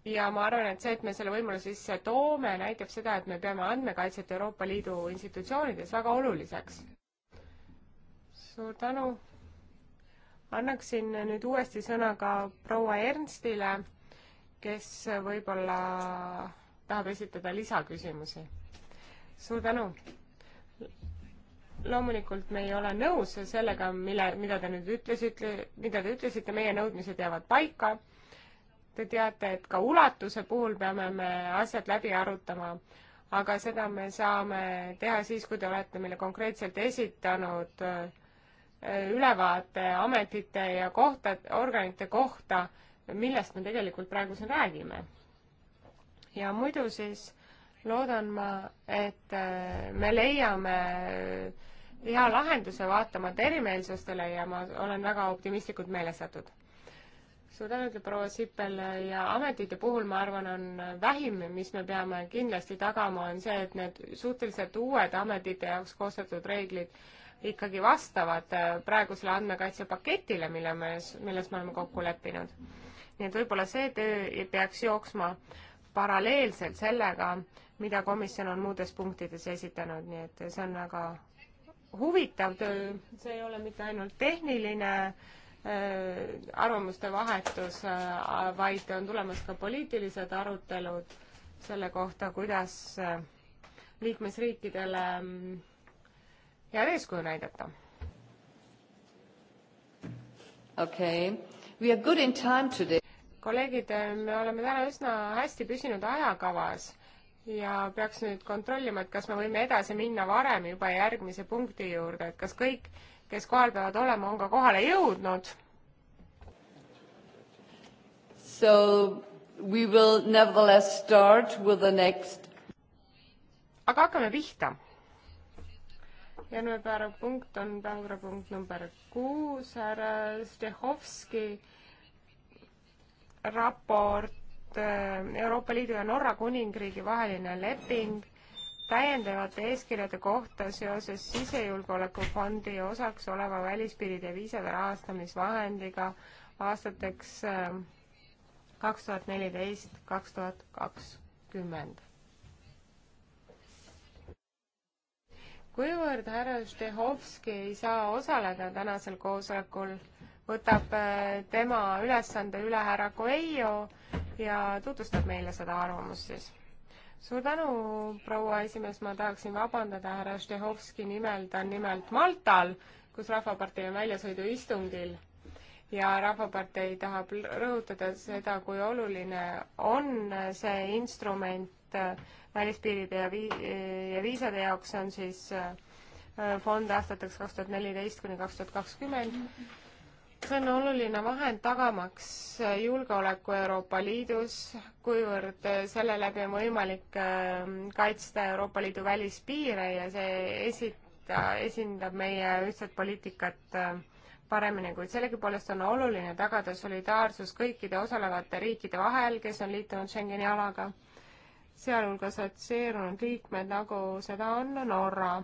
ja ma arvan, et see, et me selle võimaluse sisse toome, näitab seda, et me peame andmekaitset Euroopa Liidu institutsioonides väga oluliseks. suur tänu. annaksin nüüd uuesti sõna ka proua Ernstile, kes võib-olla tahab esitada lisaküsimusi. suur tänu loomulikult me ei ole nõus sellega, mille, mida te nüüd ütles, ütle, mida te ütlesite, meie nõudmised jäävad paika. Te teate, et ka ulatuse puhul peame me asjad läbi arutama, aga seda me saame teha siis, kui te olete meile konkreetselt esitanud äh, ülevaate ametite ja kohta, organite kohta, millest me tegelikult praegu siin räägime. ja muidu siis loodan ma, et äh, me leiame hea lahenduse vaatamata erimeelsustele ja ma olen väga optimistlikult meelestatud. suur tänu, ütleb proua Sippel ja ametite puhul ma arvan, on vähim, mis me peame kindlasti tagama, on see, et need suhteliselt uued ametite jaoks koostatud reeglid ikkagi vastavad praegusele andmekaitsepaketile, mille me, milles me oleme kokku leppinud. nii et võib-olla see töö peaks jooksma paralleelselt sellega, mida komisjon on muudes punktides esitanud, nii et see on väga huvitav töö, see ei ole mitte ainult tehniline äh, arvamuste vahetus äh,, vaid on tulemas ka poliitilised arutelud selle kohta, kuidas äh, liikmesriikidele mm, head eeskuju näidata. okei okay., we are good in time today. kolleegid, äh, me oleme täna üsna hästi püsinud ajakavas ja peaks nüüd kontrollima, et kas me võime edasi minna varem juba järgmise punkti juurde, et kas kõik, kes kohal peavad olema, on ka kohale jõudnud. So we will nevertheless start with the next. aga hakkame pihta. järgmine päevapunkt on päevakorrapunkt number kuus, härra Stehhovski raport Äh, Euroopa Liidu ja Norra Kuningriigi vaheline leping täiendavate eeskirjade kohta seoses sisejulgeolekufondi osaks oleva välispiiride viisade rahastamisvahendiga aastateks äh, kaks tuhat neliteist, kaks tuhat kakskümmend. kuivõrd härra Štehovski ei saa osaleda tänasel koosolekul võtab äh, tema ülesande üle härra Coelho ja tutvustab meile seda arvamust siis. suur tänu, proua esimees, ma tahaksin vabandada härra Štehovski nimel, ta on nimelt Maltal, kus Rahvapartei on väljasõiduistungil ja Rahvapartei tahab rõhutada seda, kui oluline on see instrument äh, välispiiride ja vii-, ja viisade jaoks, see on siis äh, fond aastateks kaks tuhat neliteist kuni kaks tuhat kakskümmend see on oluline vahend tagamaks julgeoleku Euroopa Liidus, kuivõrd selle läbi on võimalik ähm, kaitsta Euroopa Liidu välispiire ja see esita, esindab meie ühtset poliitikat ähm, paremini, kuid sellegipoolest on oluline tagada solidaarsus kõikide osalevate riikide vahel, kes on liitunud Schengeni alaga, sealhulgas assotsieerunud liikmed, nagu seda on Norra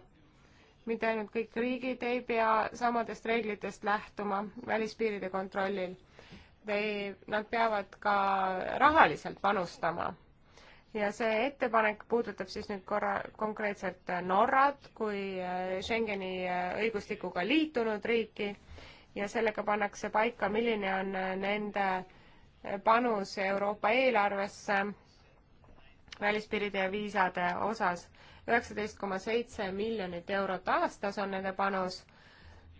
mitte ainult kõik riigid ei pea samadest reeglitest lähtuma välispiiride kontrollil. They, nad peavad ka rahaliselt panustama. ja see ettepanek puudutab siis nüüd korra, konkreetselt Norrat kui äh, Schengeni äh, õigustikuga liitunud riiki ja sellega pannakse paika, milline on äh, nende panus Euroopa eelarvesse välispiiride ja viisade osas üheksateist koma seitse miljonit eurot aastas on nende panus.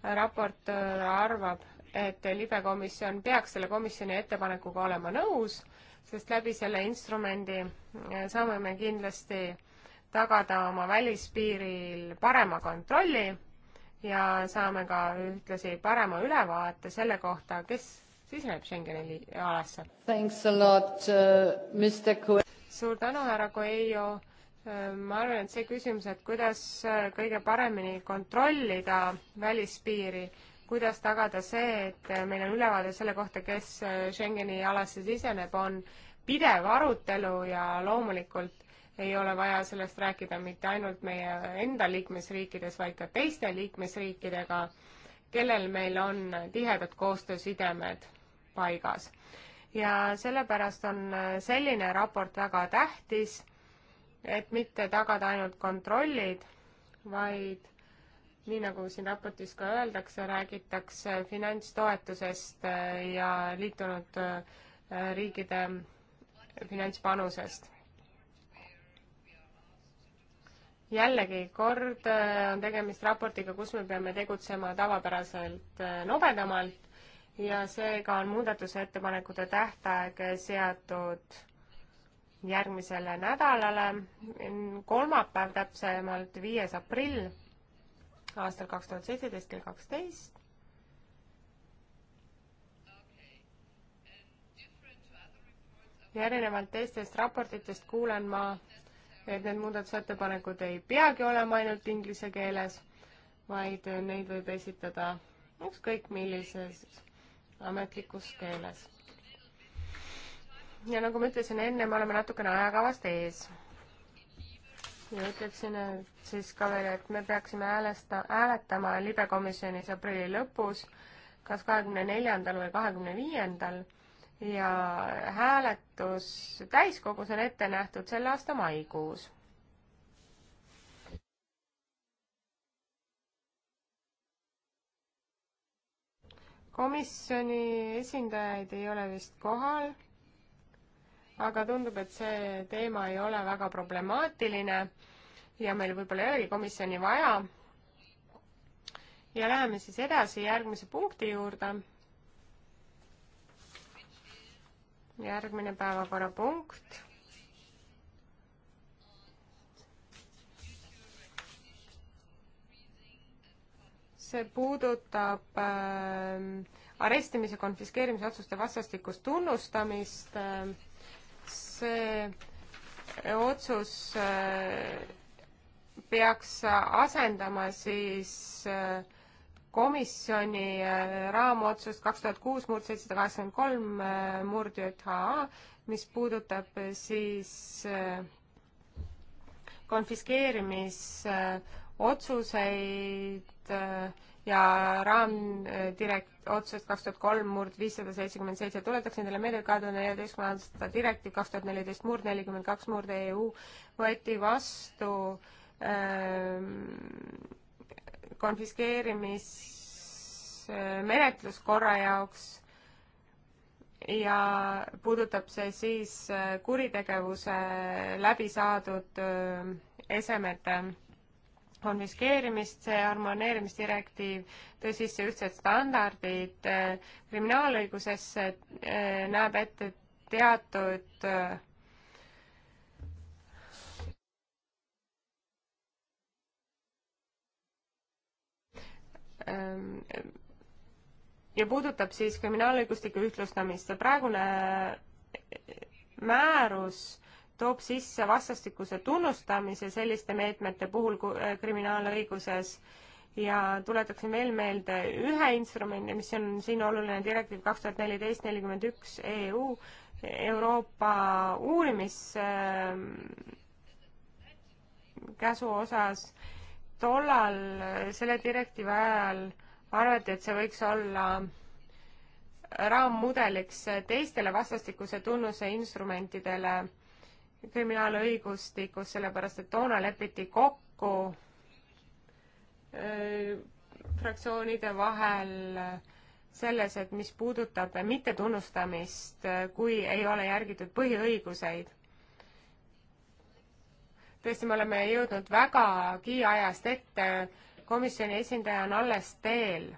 raportöör äh, arvab, et libekomisjon peaks selle komisjoni ettepanekuga olema nõus, sest läbi selle instrumendi äh, saame me kindlasti tagada oma välispiiril parema kontrolli ja saame ka ühtlasi parema ülevaate selle kohta, kes siseneb Schengeni alasse. Äh, suur tänu, härra Coelho Äh, ma arvan, et see küsimus, et kuidas äh, kõige paremini kontrollida välispiiri, kuidas tagada see, et äh, meil on ülevaade selle kohta, kes Schengeni alasse siseneb, on pidev arutelu ja loomulikult ei ole vaja sellest rääkida mitte ainult meie enda liikmesriikides, vaid ka teiste liikmesriikidega, kellel meil on tihedad koostöösidemed paigas. ja sellepärast on selline raport väga tähtis et mitte tagada ainult kontrollid, vaid nii, nagu siin raportis ka öeldakse, räägitakse finantstoetusest äh, ja liitunud äh, riikide finantspanusest. jällegi kord äh, on tegemist raportiga, kus me peame tegutsema tavapäraselt nobedamalt ja seega on muudatusettepanekute tähtaeg seatud järgmisele nädalale, kolmapäev täpsemalt, viies aprill aastal kaks tuhat seitseteist kell kaksteist. ja erinevalt teistest raportitest kuulen ma, et need muudatusettepanekud ei peagi olema ainult inglise keeles, vaid neid võib esitada ükskõik millises ametlikus keeles ja nagu ma ütlesin enne, me oleme natukene ajakavast ees. ja ütleksin siis ka veel, et me peaksime häälesta, hääletama libekomisjonis aprilli lõpus, kas kahekümne neljandal või kahekümne viiendal ja hääletus täiskogus on ette nähtud selle aasta maikuus komisjoni esindajaid ei ole vist kohal aga tundub, et see teema ei ole väga problemaatiline ja meil võib-olla ei olegi komisjoni vaja. ja läheme siis edasi järgmise punkti juurde. järgmine päevakorrapunkt. see puudutab äh, arestimise, konfiskeerimise otsuste vastastikust tunnustamist äh, see otsus äh, peaks asendama siis äh, komisjoni äh, raamotsust kaks tuhat kuus murd seitsesada kaheksakümmend kolm murd JHA, mis puudutab siis konfiskeerimisotsuseid äh, ja raamdirekt-, otsusest kaks tuhat kolm murd viissada seitsekümmend seitse tuletaks endale meelde, et kahe tuhande neljateistkümnenda aasta direktiiv kaks tuhat neliteist murd nelikümmend kaks murd EU võeti vastu ähm, konfiskeerimismenetluskorra jaoks ja puudutab see siis äh, kuritegevuse läbi saadud äh, esemete konfiskeerimist, see harmoneerimisdirektiiv tõi sisse ühtsed standardid eh, kriminaalõigusesse, eh, näeb ette teatud eh, ja puudutab siis kriminaalõigustiku ühtlustamist. praegune määrus toob sisse vastastikuse tunnustamise selliste meetmete puhul äh, kriminaalõiguses ja tuletaksin veel meelde ühe instrumendi, mis on siin oluline, direktiiv kaks tuhat neliteist nelikümmend üks EU, Euroopa uurimiskäsu ähm, osas. tollal äh, selle direktiivi ajal arvati, et see võiks olla raammudeliks teistele vastastikuse tunnuse instrumentidele kriminaalõigustikus, sellepärast et toona lepiti kokku öö, äh, fraktsioonide vahel selles, et mis puudutab mittetunnustamist, äh, kui ei ole järgitud põhiõiguseid. tõesti, me oleme jõudnud vägagi ajast ette, komisjoni esindaja on alles teel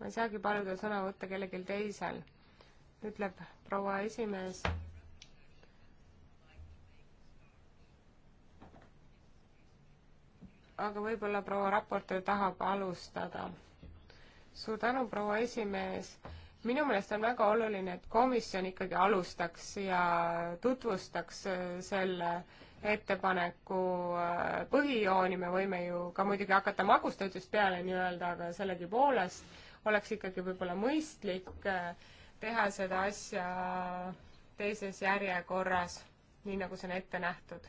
ma ei saagi paluda sõna võtta kellelgi teisel, ütleb proua esimees. aga võib-olla proua raportöör tahab alustada. suur tänu, proua esimees minu meelest on väga oluline, et komisjon ikkagi alustaks ja tutvustaks selle ettepaneku põhijooni, me võime ju ka muidugi hakata magustoitust peale nii-öelda, aga sellegipoolest oleks ikkagi võib-olla mõistlik äh, teha seda asja teises järjekorras, nii nagu see on ette nähtud.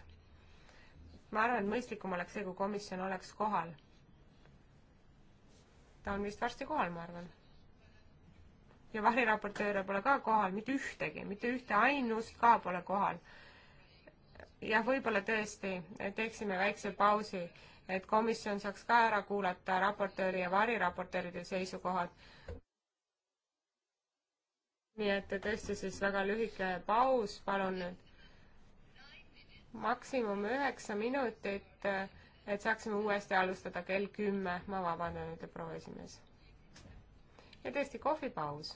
ma arvan, et mõistlikum oleks see, kui komisjon oleks kohal. ta on vist varsti kohal, ma arvan. ja variraportööre pole ka kohal, mitte ühtegi, mitte ühte ainust ka pole kohal. jah, võib-olla tõesti teeksime väikse pausi et komisjon saaks ka ära kuulata raportööri ja variraportööride seisukohad. nii et tõesti siis väga lühike paus, palun nüüd. maksimum üheksa minutit, et saaksime uuesti alustada kell kümme, ma vabandan, ütleb proua esimees. ja tõesti kohvipaus.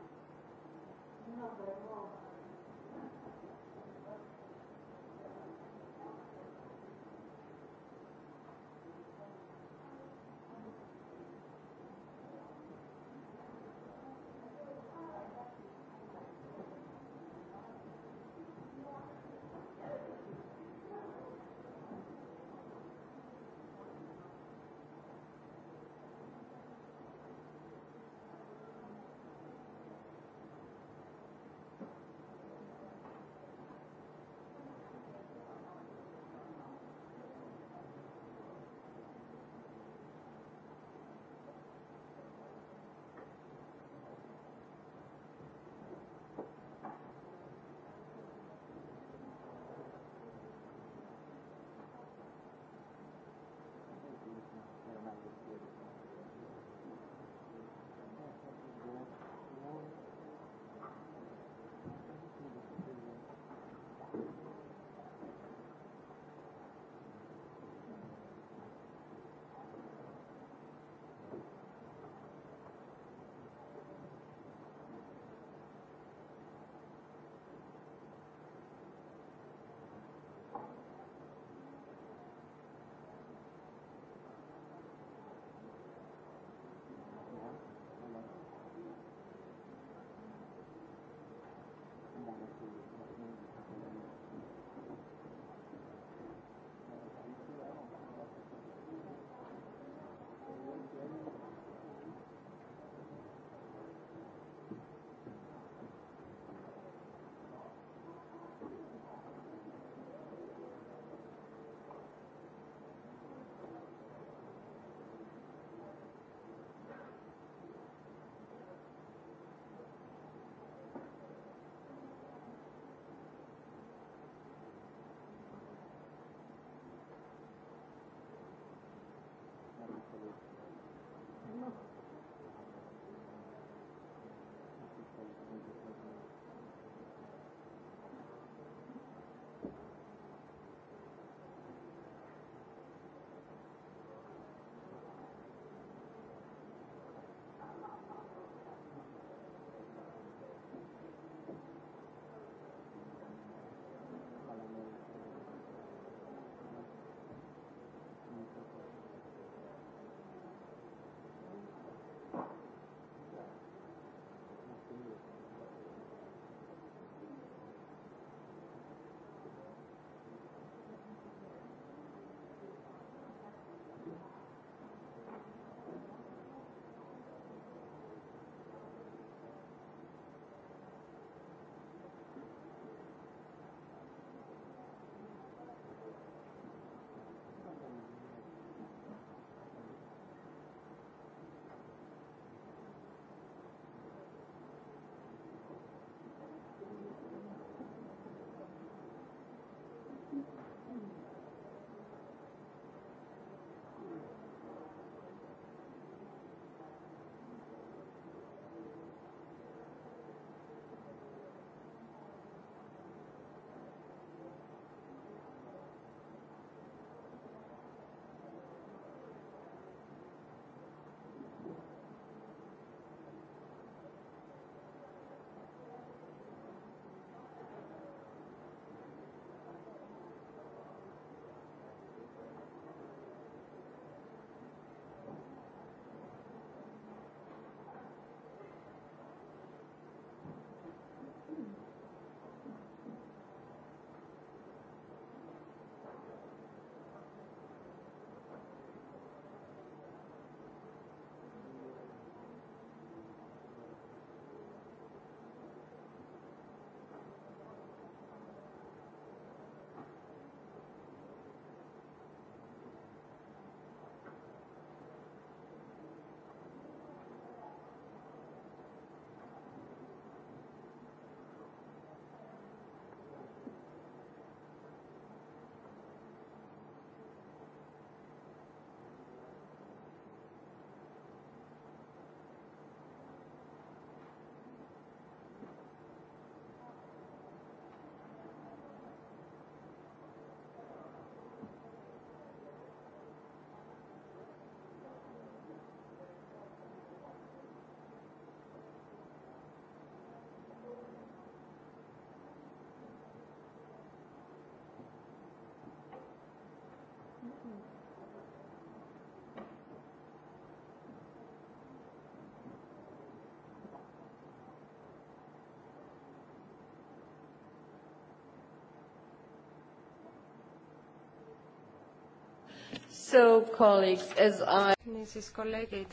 niisiis, kolleegid,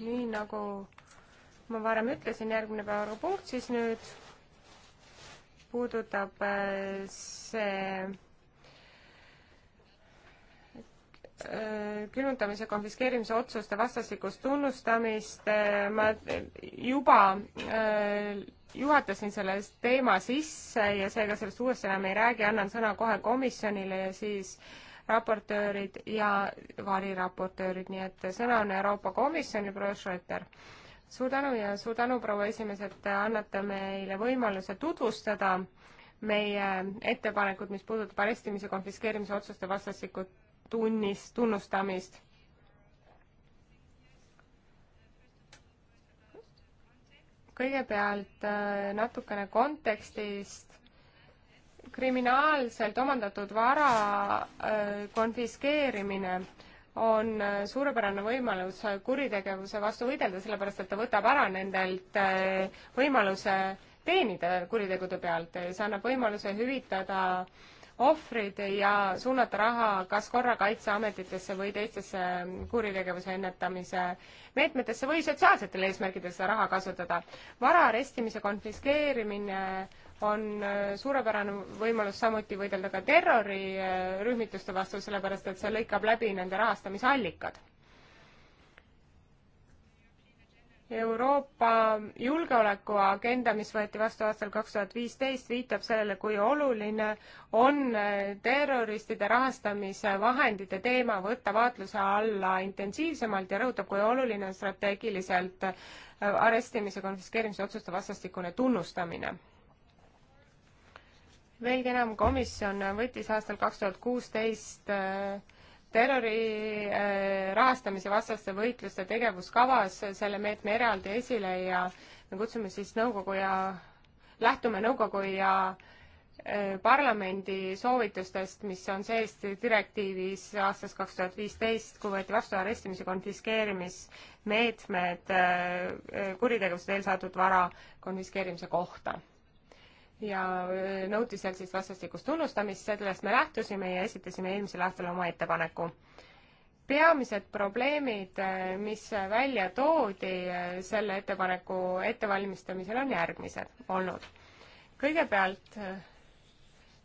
nii nagu ma varem ütlesin, järgmine päevakorrapunkt siis nüüd puudutab äh, see äh, külmutamise konfiskeerimise otsuste vastastikust tunnustamist. Äh, ma juba juhatasin selle teema sisse ja seega sellest uuesti enam ei räägi, annan sõna kohe komisjonile ja siis äh, raportöörid ja variraportöörid, nii et sõna on Euroopa Komisjoni brošüreter. suur tänu ja suur tänu, proua esimees, et te annate meile võimaluse tutvustada meie ettepanekut, mis puudutab arestimise, konfiskeerimise otsuste vastastikku tunnis, tunnustamist. kõigepealt äh, natukene kontekstist kriminaalselt omandatud vara äh, konfiskeerimine on äh, suurepärane võimalus kuritegevuse vastu võidelda, sellepärast et ta võtab ära nendelt äh, võimaluse teenida kuritegude pealt, see annab võimaluse hüvitada ohvrid ja suunata raha kas korrakaitseametitesse või teistesse ähm, kuritegevuse ennetamise meetmetesse või sotsiaalsetel eesmärkidel seda raha kasutada. vara arestimise konfiskeerimine on äh, suurepärane võimalus samuti võidelda ka terrorirühmituste vastu, sellepärast et see lõikab läbi nende rahastamisallikad. Euroopa julgeolekuagenda, mis võeti vastu aastal kaks tuhat viisteist, viitab sellele, kui oluline on äh, terroristide rahastamise vahendite teema võtta vaatluse alla intensiivsemalt ja rõhutab, kui oluline on strateegiliselt äh, arestimise, konfiskeerimise otsuste vastastikune tunnustamine veelgi enam, komisjon võttis aastal kaks tuhat kuusteist äh, terrori äh, rahastamise vastaste võitluste tegevuskavas selle meetme eraldi esile ja me kutsume siis nõukogu ja, lähtume nõukogu ja äh, parlamendi soovitustest, mis on sees direktiivis aastast kaks tuhat viisteist, kui võeti vastu arestimise konfiskeerimismeetmed kuritegevuse teel saadud vara konfiskeerimise kohta ja äh, nõuti seal siis vastastikust tunnustamist, sellest me lähtusime ja esitasime eelmisel aastal oma ettepaneku. peamised probleemid, äh, mis välja toodi äh, selle ettepaneku ettevalmistamisel, on järgmised olnud. kõigepealt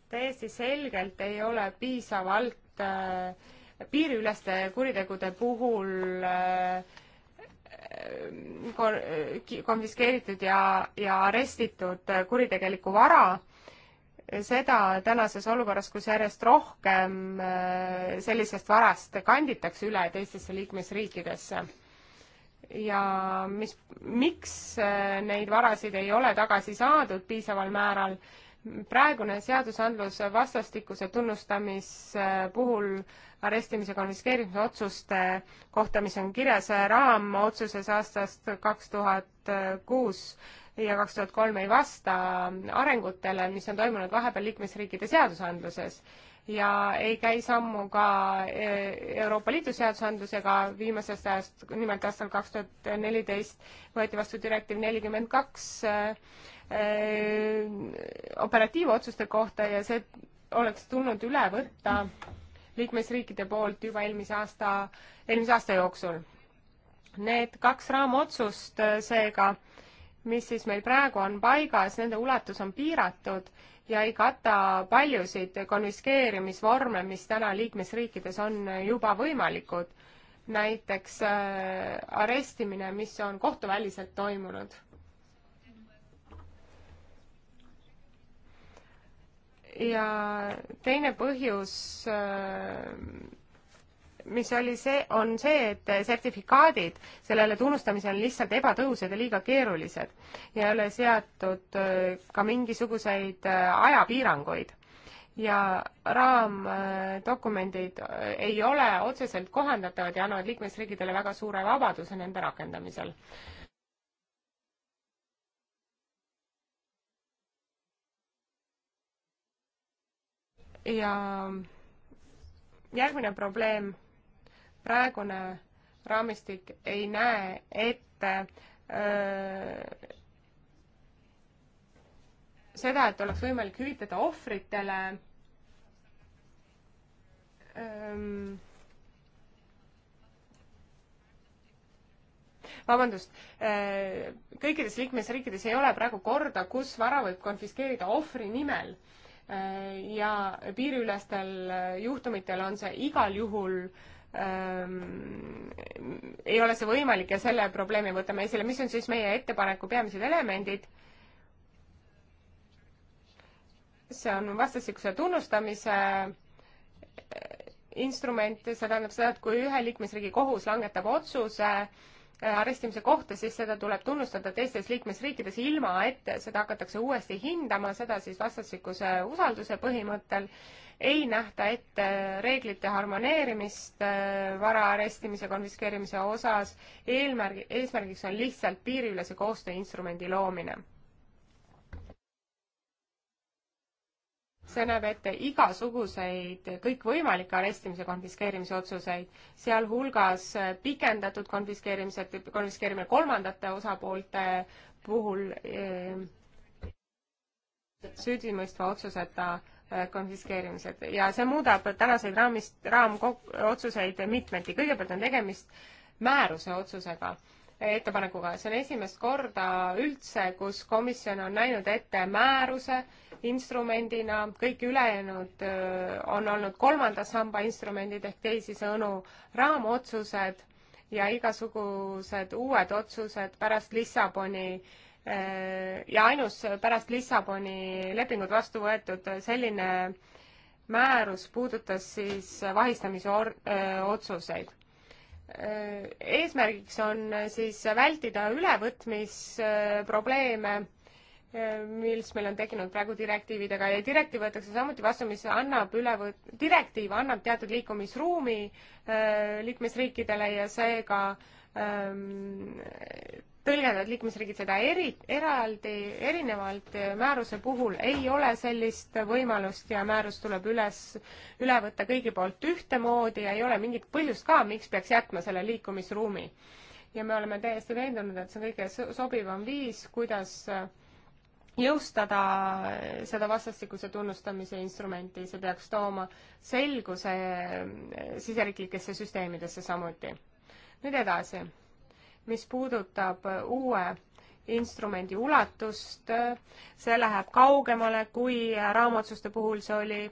täiesti selgelt ei ole piisavalt piiriüleste kuritegude puhul äh, konfiskeeritud ja, ja arestitud kuritegelikku vara, seda tänases olukorras, kus järjest rohkem äh, sellisest varast kanditakse üle teistesse liikmesriikidesse. ja mis, miks äh, neid varasid ei ole tagasi saadud piisaval määral praegune seadusandlus vastastikuse tunnustamise puhul arestimise konfiskeerimise otsuste kohta, mis on kirjas raamotsuses aastast kaks tuhat kuus ja kaks tuhat kolm ei vasta arengutele, mis on toimunud vahepeal liikmesriikide seadusandluses ja ei käi sammu ka e, Euroopa Liidu seadusandlusega viimasest ajast, nimelt aastal kaks tuhat neliteist võeti vastu direktiiv nelikümmend kaks e, e, operatiivotsuste kohta ja see oleks tulnud üle võtta liikmesriikide poolt juba eelmise aasta, eelmise aasta jooksul. Need kaks raamotsust seega, mis siis meil praegu on paigas, nende ulatus on piiratud ja ei kata paljusid konfiskeerimisvorme, mis täna liikmesriikides on juba võimalikud. näiteks äh, arestimine, mis on kohtuväliselt toimunud. ja teine põhjus äh, mis oli see, on see, et sertifikaadid sellele tunnustamisele on lihtsalt ebatõhusad ja liiga keerulised ja ei ole seatud äh, ka mingisuguseid äh, ajapiiranguid ja raamdokumendid äh, ei ole otseselt kohandatavad ja annavad liikmesriigidele väga suure vabaduse nende rakendamisel. ja järgmine probleem praegune raamistik ei näe ette öö, äh, seda, et oleks võimalik hüvitada ohvritele öö, ähm, vabandust, äh, kõikides liikmesriikides ei ole praegu korda, kus vara võib konfiskeerida ohvri nimel. Äh, ja piiriülestel juhtumitel on see igal juhul ähm, ei ole see võimalik ja selle probleemi võtame esile. mis on siis meie ettepaneku peamised elemendid? see on vastastikuse tunnustamise eh, instrument, see tähendab seda, et kui ühe liikmesriigi kohus langetab otsuse äh, arestimise kohta, siis seda tuleb tunnustada teistes liikmesriikides, ilma et seda hakatakse uuesti hindama, seda siis vastastikuse usalduse põhimõttel. ei nähta ette reeglite harmoneerimist äh, vara arestimise, konfiskeerimise osas, eelmärgi, eesmärgiks on lihtsalt piiriülese koostöö instrumendi loomine see näeb ette igasuguseid kõikvõimalikke arestimise, konfiskeerimise otsuseid, sealhulgas pikendatud konfiskeerimised, konfiskeerimine kolmandate osapoolte puhul eh, süüdimõistva otsuseta eh, konfiskeerimised ja see muudab tänaseid raamist, raamotsuseid mitmeti. kõigepealt on tegemist määruse otsusega ettepanekuga. see on esimest korda üldse, kus komisjon on näinud ette määruse instrumendina, kõik ülejäänud on olnud kolmanda samba instrumendid ehk teisisõnu raamotsused ja igasugused uued otsused pärast Lissaboni ja ainus pärast Lissaboni lepingut vastu võetud selline määrus puudutas siis vahistamise or-, öö, otsuseid eesmärgiks on siis vältida ülevõtmisprobleeme, mis meil on tekkinud praegu direktiividega ja direktiiv võetakse samuti vastu, mis annab ülevõt-, direktiiv annab teatud liikumisruumi äh, liikmesriikidele ja seega ähm, tõlgendavad liikmesriigid seda eri, eraldi, erinevalt määruse puhul ei ole sellist võimalust ja määrus tuleb üles, üle võtta kõigi poolt ühtemoodi ja ei ole mingit põhjust ka, miks peaks jätma selle liikumisruumi. ja me oleme täiesti veendunud, et see on kõige sobivam viis, kuidas jõustada seda vastastikuse tunnustamise instrumenti, see peaks tooma selguse siseriiklikesse süsteemidesse samuti. nüüd edasi mis puudutab uue instrumendi ulatust, see läheb kaugemale, kui raamotsuste puhul see oli.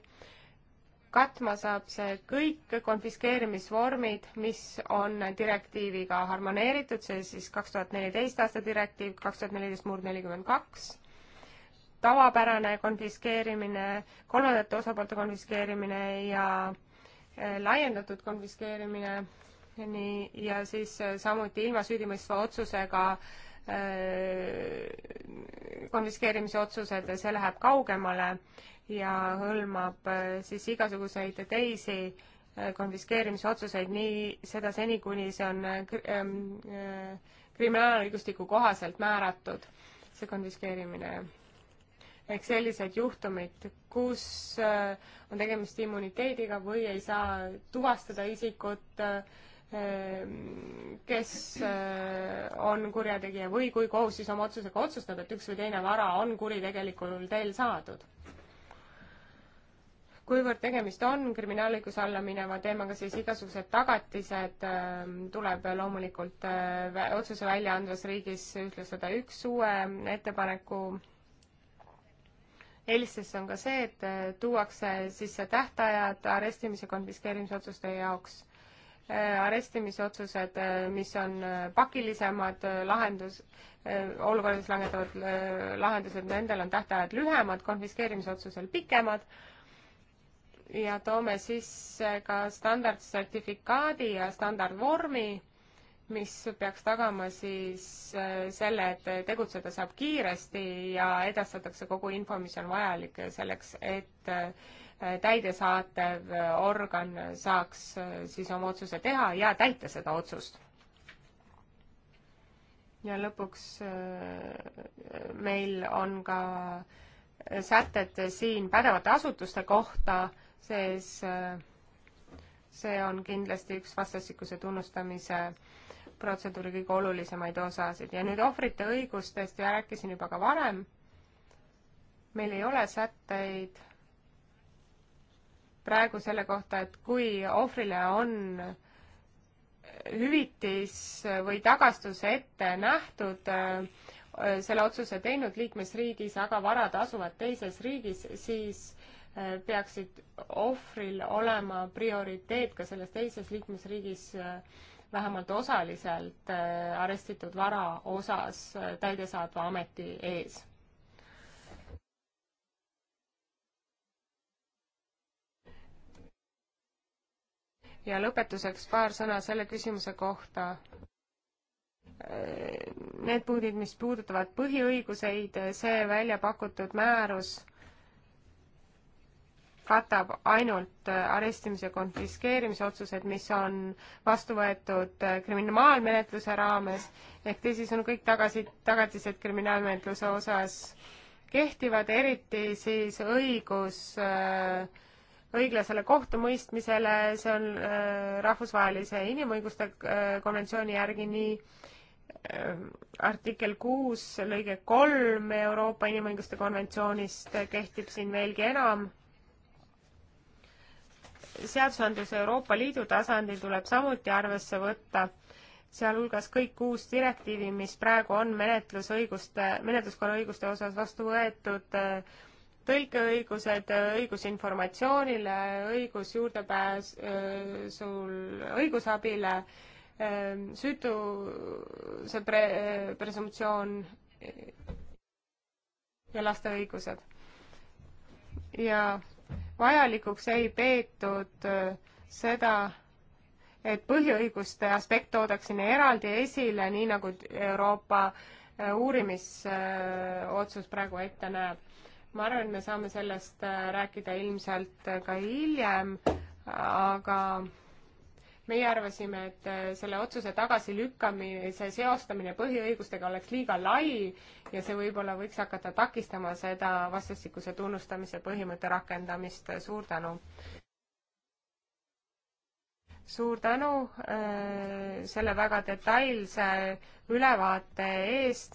katma saab see kõik konfiskeerimisvormid, mis on direktiiviga harmoneeritud, see siis kaks tuhat neliteist aasta direktiiv, kaks tuhat neliteist murd nelikümmend kaks, tavapärane konfiskeerimine, kolmandate osapoolte konfiskeerimine ja eh, laiendatud konfiskeerimine nii, ja siis äh, samuti ilma süüdimõistva otsusega äh, konfiskeerimise otsused, see läheb kaugemale ja hõlmab äh, siis igasuguseid teisi konfiskeerimise otsuseid, nii seda seni, kuni see on ähm, kriminaalõigustiku kohaselt määratud, see konfiskeerimine. ehk sellised juhtumid, kus on tegemist immuniteediga või ei saa tuvastada isikut äh, Ehm, kes äh, on kurjategija või kui kohus siis oma otsusega otsustab, et üks või teine vara on kuritegelikul teel saadud. kuivõrd tegemist on kriminaalõiguse alla mineva teemaga, siis igasugused tagatised ehm, tuleb loomulikult äh, otsuse välja andvas riigis ühtlustada. üks uue ettepaneku eelistesse on ka see, et äh, tuuakse sisse tähtajad arestimise konfiskeerimisotsuste jaoks Äh, arestimisotsused, äh, mis on äh, pakilisemad lahendus, olukordades langetavad lahendused, nendel on tähtajad lühemad, konfiskeerimisotsusel pikemad ja toome sisse ka standardsertifikaadi ja standardvormi, mis peaks tagama siis selle, et tegutseda saab kiiresti ja edastatakse kogu info, mis on vajalik selleks, et täidesaatev organ saaks äh, siis oma otsuse teha ja täita seda otsust. ja lõpuks äh, meil on ka sätted siin pädevate asutuste kohta, sees äh, see on kindlasti üks vastastikuse tunnustamise protseduuri kõige olulisemaid osasid ja nüüd ohvrite õigustest ja rääkisin juba ka varem. meil ei ole sätteid praegu selle kohta, et kui ohvrile on hüvitis või tagastus ette nähtud, äh, selle otsuse teinud liikmesriigis, aga varad asuvad teises riigis, siis äh, peaksid ohvril olema prioriteet ka selles teises liikmesriigis äh, vähemalt osaliselt arestitud vara osas täidesaatva ameti ees. ja lõpetuseks paar sõna selle küsimuse kohta. Need punktid, mis puudutavad põhiõiguseid, see välja pakutud määrus katab ainult arestimise konfiskeerimise otsused, mis on vastu võetud kriminaalmenetluse raames, ehk teisisõnu kõik tagasi, tagatised kriminaalmenetluse osas kehtivad, eriti siis õigus äh, õiglasele kohtumõistmisele, see on äh, rahvusvahelise inimõiguste äh, konventsiooni järgi nii äh, artikkel kuus lõige kolm Euroopa Inimõiguste konventsioonist kehtib siin veelgi enam. seadusandlus Euroopa Liidu tasandil tuleb samuti arvesse võtta, sealhulgas kõik kuus direktiivi, mis praegu on menetlusõiguste, menetluskorra õiguste osas vastu võetud äh, tõlkeõigused, õigus informatsioonile, õigus juurdepääs sul õigusabile, ehm, süütuse pre-, presumptsioon ja laste õigused. ja vajalikuks ei peetud eh, seda, et põhiõiguste aspekt toodaks sinna eraldi esile, nii nagu Euroopa eh, uurimisotsus eh, praegu ette näeb ma arvan, et me saame sellest äh, rääkida ilmselt äh, ka hiljem, aga meie arvasime, et äh, selle otsuse tagasilükkamise seostamine põhiõigustega oleks liiga lai ja see võib-olla võiks hakata takistama seda vastastikuse tunnustamise põhimõtte rakendamist. suur tänu! suur tänu äh, selle väga detailse ülevaate eest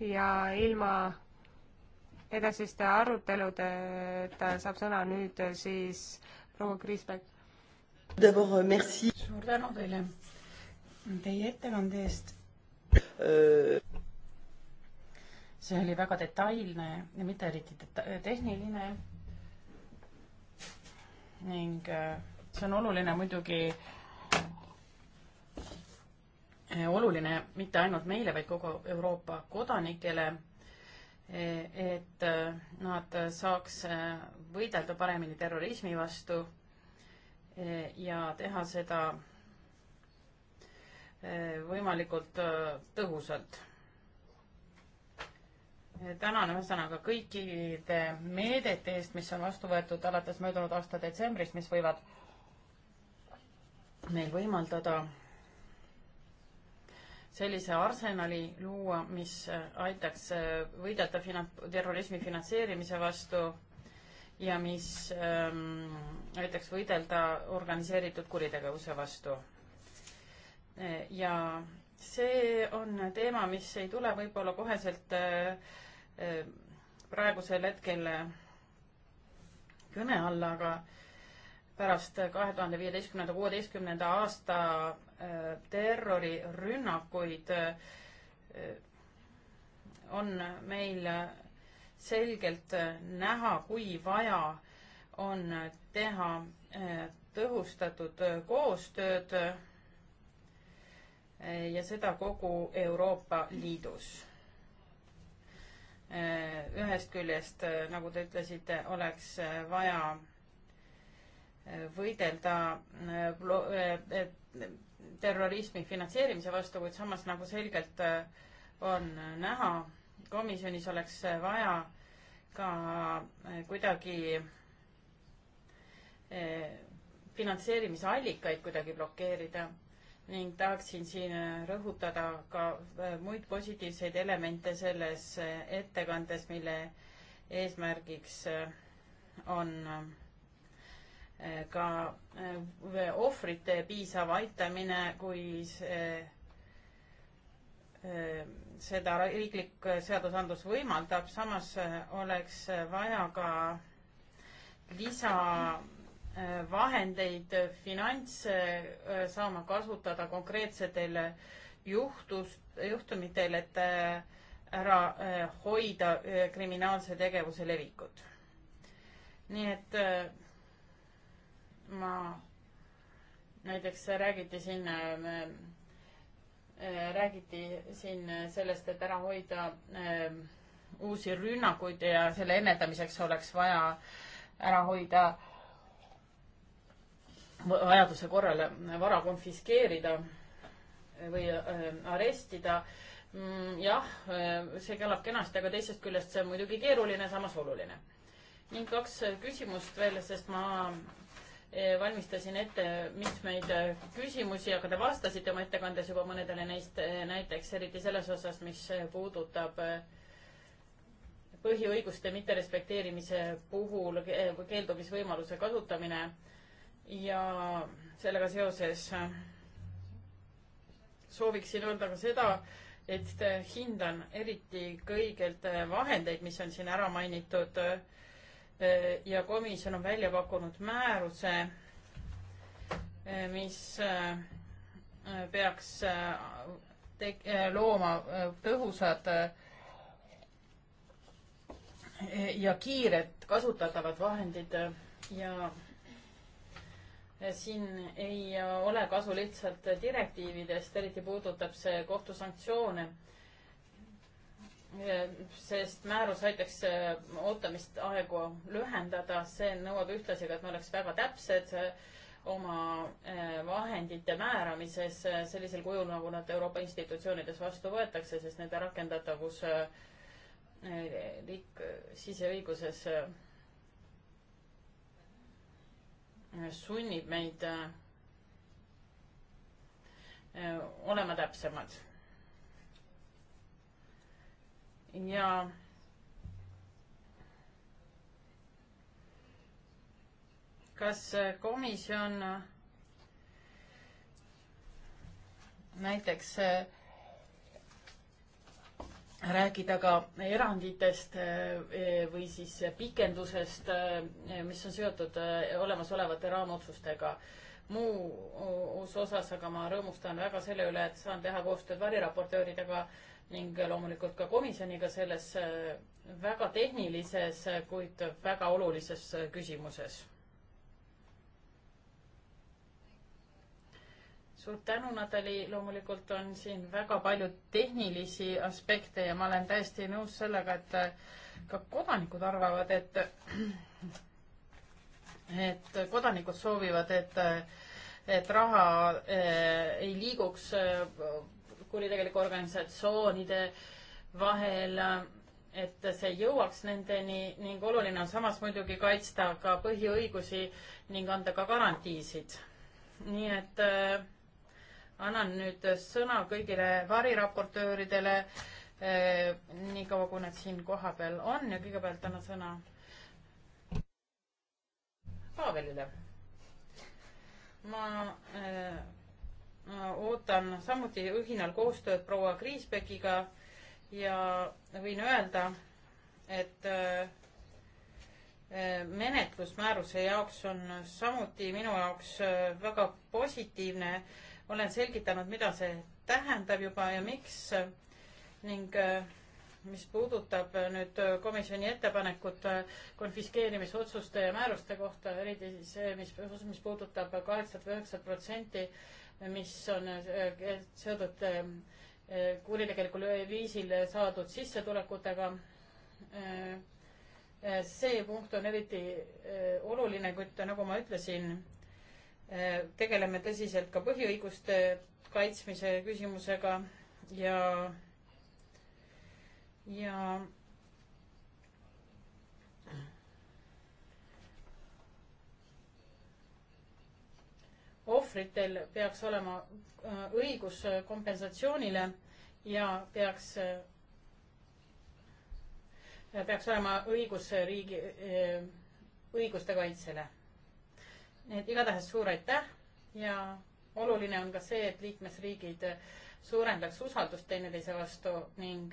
ja ilma edasiste aruteludeta saab sõna nüüd siis proua Kriisberg. suur tänu teile teie ettekande eest. Äh. see oli väga detailne ja mitte eriti äh, tehniline. ning äh, see on oluline muidugi, oluline mitte ainult meile, vaid kogu Euroopa kodanikele et äh, nad saaks äh, võidelda paremini terrorismi vastu äh, ja teha seda võimalikult tõhusalt. tänan ühesõnaga kõikide meedete eest, mis on vastu võetud alates möödunud aasta detsembrist, mis võivad meil võimaldada sellise arsenali luua, mis äh, aitaks äh, võidelda fina-, terrorismi finantseerimise vastu ja mis ähm, aitaks võidelda organiseeritud kuritegevuse vastu. Äh, ja see on teema, mis ei tule võib-olla koheselt äh, praegusel hetkel kõne alla, aga pärast kahe tuhande viieteistkümnenda, kuueteistkümnenda aasta äh, terrorirünnakuid äh, on meil selgelt näha, kui vaja on teha äh, tõhustatud koostööd ja seda kogu Euroopa Liidus. ühest küljest, nagu te ütlesite, oleks vaja võidelda äh, äh, äh, terrorismi finantseerimise vastu, kuid samas nagu selgelt on näha, komisjonis oleks vaja ka kuidagi finantseerimise allikaid kuidagi blokeerida ning tahaksin siin rõhutada ka muid positiivseid elemente selles ettekandes, mille eesmärgiks on ka eh, ohvrite piisav aitamine, kui see, eh, seda riiklik seadusandlus võimaldab, samas eh, oleks vaja ka lisavahendeid finantse saama kasutada konkreetsetel juhtus, juhtumitel, et ära hoida kriminaalse tegevuse levikut. nii et ma, näiteks räägiti siin, e, räägiti siin sellest, et ära hoida e, uusi rünnakuid ja selle ennetamiseks oleks vaja ära hoida vajaduse korral vara konfiskeerida või e, arestida. Mm, jah, see kõlab kenasti, aga teisest küljest see on muidugi keeruline, samas oluline. ning kaks küsimust veel, sest ma Äh, valmistasin ette mitmeid äh, küsimusi, aga te vastasite oma ettekandes juba mõnedele neist, äh, näiteks eriti selles osas, mis puudutab põhiõiguste mitterespekteerimise puhul keeldumisvõimaluse kasutamine ja sellega seoses sooviksin öelda ka seda, et hindan eriti kõigelt vahendeid, mis on siin ära mainitud äh, Äh, ja komisjon on välja pakkunud määruse, äh, mis äh, peaks tek-, looma tõhusad ja kiired kasutatavad vahendid ja siin ei ole kasu lihtsalt direktiividest, eriti puudutab see kohtusanktsioone sest määrus aitaks äh, ootamist aegu lühendada, see nõuab ühtlasi ka, et me oleks väga täpsed äh, oma äh, vahendite määramises sellisel kujul, nagu nad Euroopa institutsioonides vastu võetakse, sest nende rakendatavus riik, siseõiguses sunnib meid olema täpsemad ja kas komisjon näiteks äh, rääkida ka eranditest äh, või siis pikendusest, äh, mis on seotud olemasolevate raamotsustega. muus osas aga ma rõõmustan väga selle üle, et saan teha koostööd variraportööridega ning loomulikult ka komisjoniga selles äh, väga tehnilises, äh, kuid väga olulises äh, küsimuses. suur tänu, Natali, loomulikult on siin väga palju tehnilisi aspekte ja ma olen täiesti nõus sellega, et ka kodanikud arvavad, et et kodanikud soovivad, et et raha eh, ei liiguks eh, kuritegelike organisatsioonide vahel, et see jõuaks nendeni ning oluline on samas muidugi kaitsta ka põhiõigusi ning anda ka garantiisid. nii et äh, annan nüüd sõna kõigile variraportööridele äh,, niikaua kui nad siin kohapeal on ja kõigepealt annan sõna Pavelile. ma äh, ootan samuti ühinal koostööd proua Kriisbekiga ja võin öelda, et äh, menetlusmääruse jaoks on samuti minu jaoks äh, väga positiivne. olen selgitanud, mida see tähendab juba ja miks ning äh, mis puudutab nüüd komisjoni ettepanekut konfiskeerimisotsuste ja määruste kohta, eriti see, mis, mis puudutab kaheksat või üheksat protsenti mis on äh, seotud äh, kuritegelikul viisil saadud sissetulekutega. Äh, see punkt on eriti oluline, kuid nagu ma ütlesin, tegeleme tõsiselt ka põhiõiguste kaitsmise küsimusega ja, ja ohvritel peaks olema äh, õigus äh, kompensatsioonile ja peaks, äh, peaks olema õigus riigi, õiguste kaitsele. nii et igatahes suur aitäh ja oluline on ka see, et liikmesriigid suurendaks usaldust teineteise vastu ning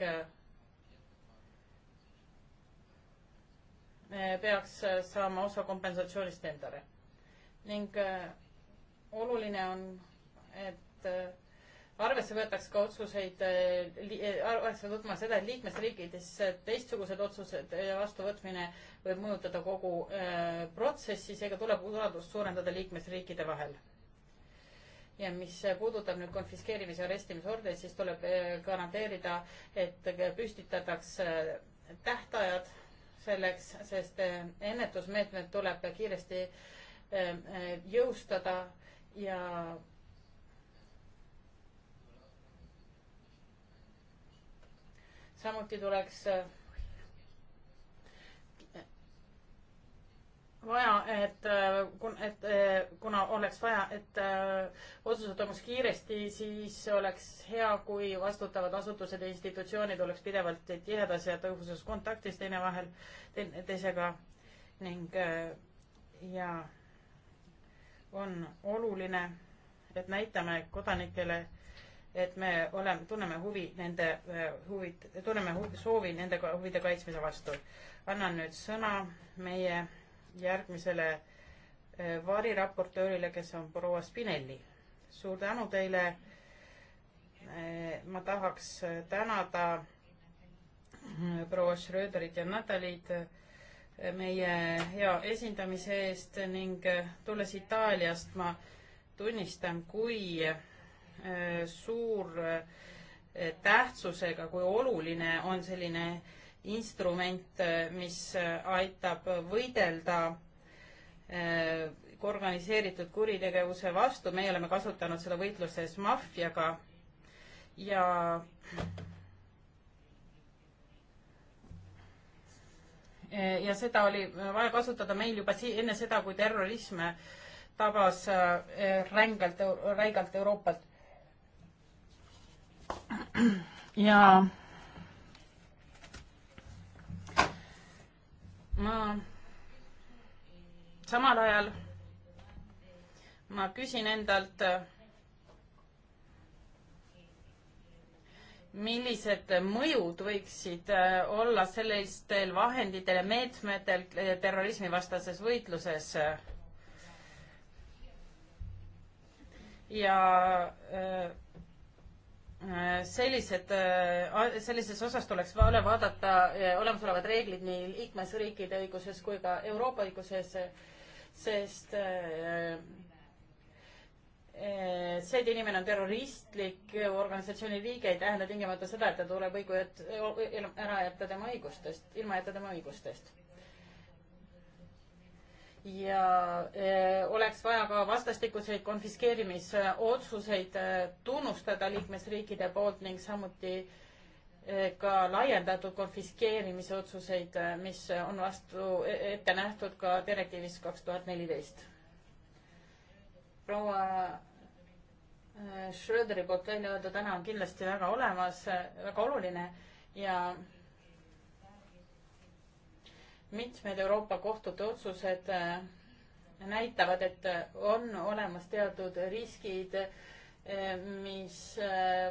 peaks saama osa kompensatsioonist endale ning oluline on, et äh, arvesse võetaks ka otsuseid, äh, äh, arvesse võtma seda, et liikmesriikides teistsugused otsused vastuvõtmine võib mõjutada kogu protsessi, seega tuleb usaldust suurendada liikmesriikide vahel. ja mis puudutab nüüd konfiskeerimise ja arestimisordeid, siis tuleb garanteerida, et püstitataks tähtajad selleks, sest ennetusmeetmed tuleb kiiresti jõustada ja samuti tuleks äh, vaja, et, äh, et äh, kuna oleks vaja, et otsused toimuks kiiresti, siis oleks hea, kui vastutavad asutused ja institutsioonid oleks pidevalt tihedas ja tõhusus kontaktis teinevahel, teisega ning ja on oluline, et näitame kodanikele, et me oleme, tunneme huvi nende äh, huvid, tunneme huvi, soovi nende huvide kaitsmise vastu. annan nüüd sõna meie järgmisele äh, variraportöörile, kes on proua Spinelli. suur tänu teile. Äh, ma tahaks tänada proua Schröderit ja Natalit meie hea esindamise eest ning äh, tulles Itaaliast, ma tunnistan, kui äh, suur äh, tähtsusega, kui oluline on selline instrument, mis aitab võidelda organiseeritud kuritegevuse vastu, meie oleme kasutanud seda võitluses maffiaga ja Eh, ja seda oli eh, vaja kasutada meil juba si-, enne seda, kui terrorism tabas eh, rängalt, räigalt Euroopalt. ja ma samal ajal ma küsin endalt millised mõjud võiksid äh, olla sellistel vahenditel ja meetmetel äh, terrorismivastases võitluses? ja äh, sellised, sellises osas tuleks üle vaadata olemasolevad reeglid nii liikmesriikide õiguses kui ka Euroopa õiguses, sest Eh, see, et inimene on terroristliku organisatsiooni liige, ei tähenda tingimata seda, et ta tuleb õigu-, eh, eh, ära jätta tema õigustest, ilma jätta tema õigustest. ja öö, oleks vaja ka vastastikuseid konfiskeerimisotsuseid tunnustada liikmesriikide poolt ning samuti öö, ka laiendatud konfiskeerimisotsuseid, mis on vastu, e-, ette nähtud ka direktiivis kaks tuhat neliteist proua äh, Schröderi poolt välja öelda täna on kindlasti väga olemas, äh, väga oluline ja mitmed Euroopa kohtute otsused äh, näitavad, et on olemas teatud riskid, mis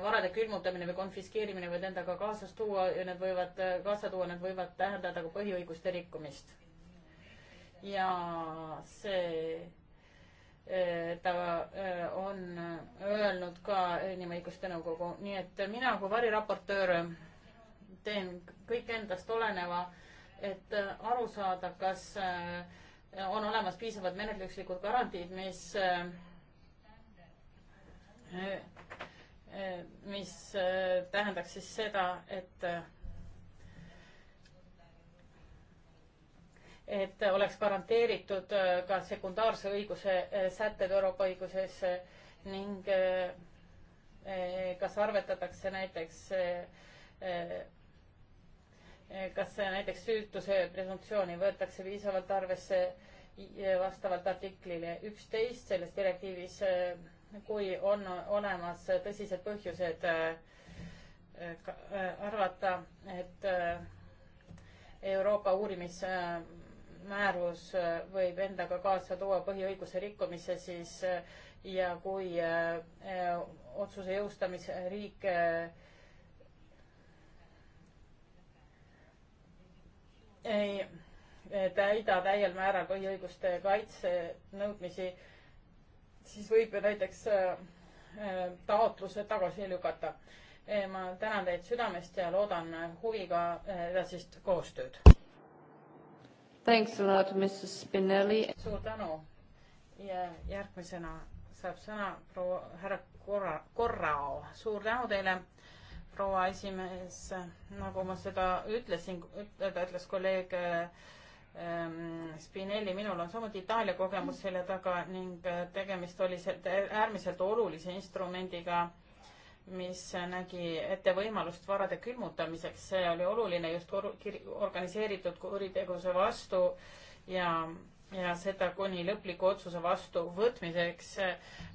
varade külmutamine või konfiskeerimine võib endaga kaasas tuua ja need võivad, kaasa tuua, need võivad tähendada ka põhiõiguste rikkumist. ja see ta äh, on äh, öelnud ka Inimõiguste Nõukogu, nii et mina kui variraportöör teen kõik endast oleneva, et äh, aru saada, kas on olemas piisavad menetluslikud garantiid, mis, mis tähendaks siis seda, et et oleks garanteeritud äh, ka sekundaarse õiguse äh, sätted Euroopa õiguses äh, ning kas arvestatakse näiteks, kas näiteks süütuse presumptsiooni võetakse piisavalt arvesse vastavalt artiklile üksteist selles direktiivis, kui on olemas tõsised põhjused arvata, et Euroopa uurimis määrus äh, võib endaga kaasa tuua põhiõiguse rikkumise, siis äh, ja kui äh, otsuse jõustamise riik ei täida täiel määral põhiõiguste kaitse nõudmisi, siis võib ju näiteks taotluse tagasi lükata. ma tänan teid südamest ja loodan huviga edasist koostööd. Thanks a lot, Mrs Spinelli. suur tänu ja järgmisena saab sõna proua härra Korra, Korrao. suur tänu teile, proua esimees. nagu ma seda ütlesin, ütleda ütles kolleeg ähm, Spinelli, minul on samuti Itaalia kogemus selja taga ning äh, tegemist oli äärmiselt olulise instrumendiga mis nägi ette võimalust varade külmutamiseks, see oli oluline just or organiseeritud kuritegevuse vastu ja, ja seda kuni lõpliku otsuse vastuvõtmiseks.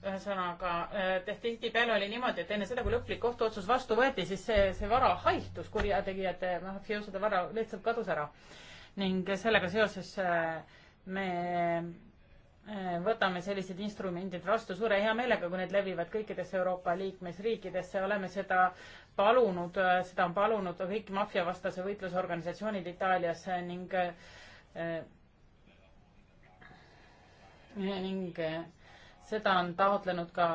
ühesõnaga, eh, tihtipeale oli niimoodi, et enne seda, kui lõplik kohtuotsus vastu võeti, siis see, see vara haihtus, kurjategijate, mafioosode noh, vara lihtsalt kadus ära. ning sellega seoses eh, me Äh, võtame sellised instrumendid vastu suure hea meelega, kui need levivad kõikides Euroopa liikmesriikidesse, oleme seda palunud, äh, seda on palunud kõik maffiavastase võitluse organisatsioonid Itaalias ning äh, ning seda on taotlenud ka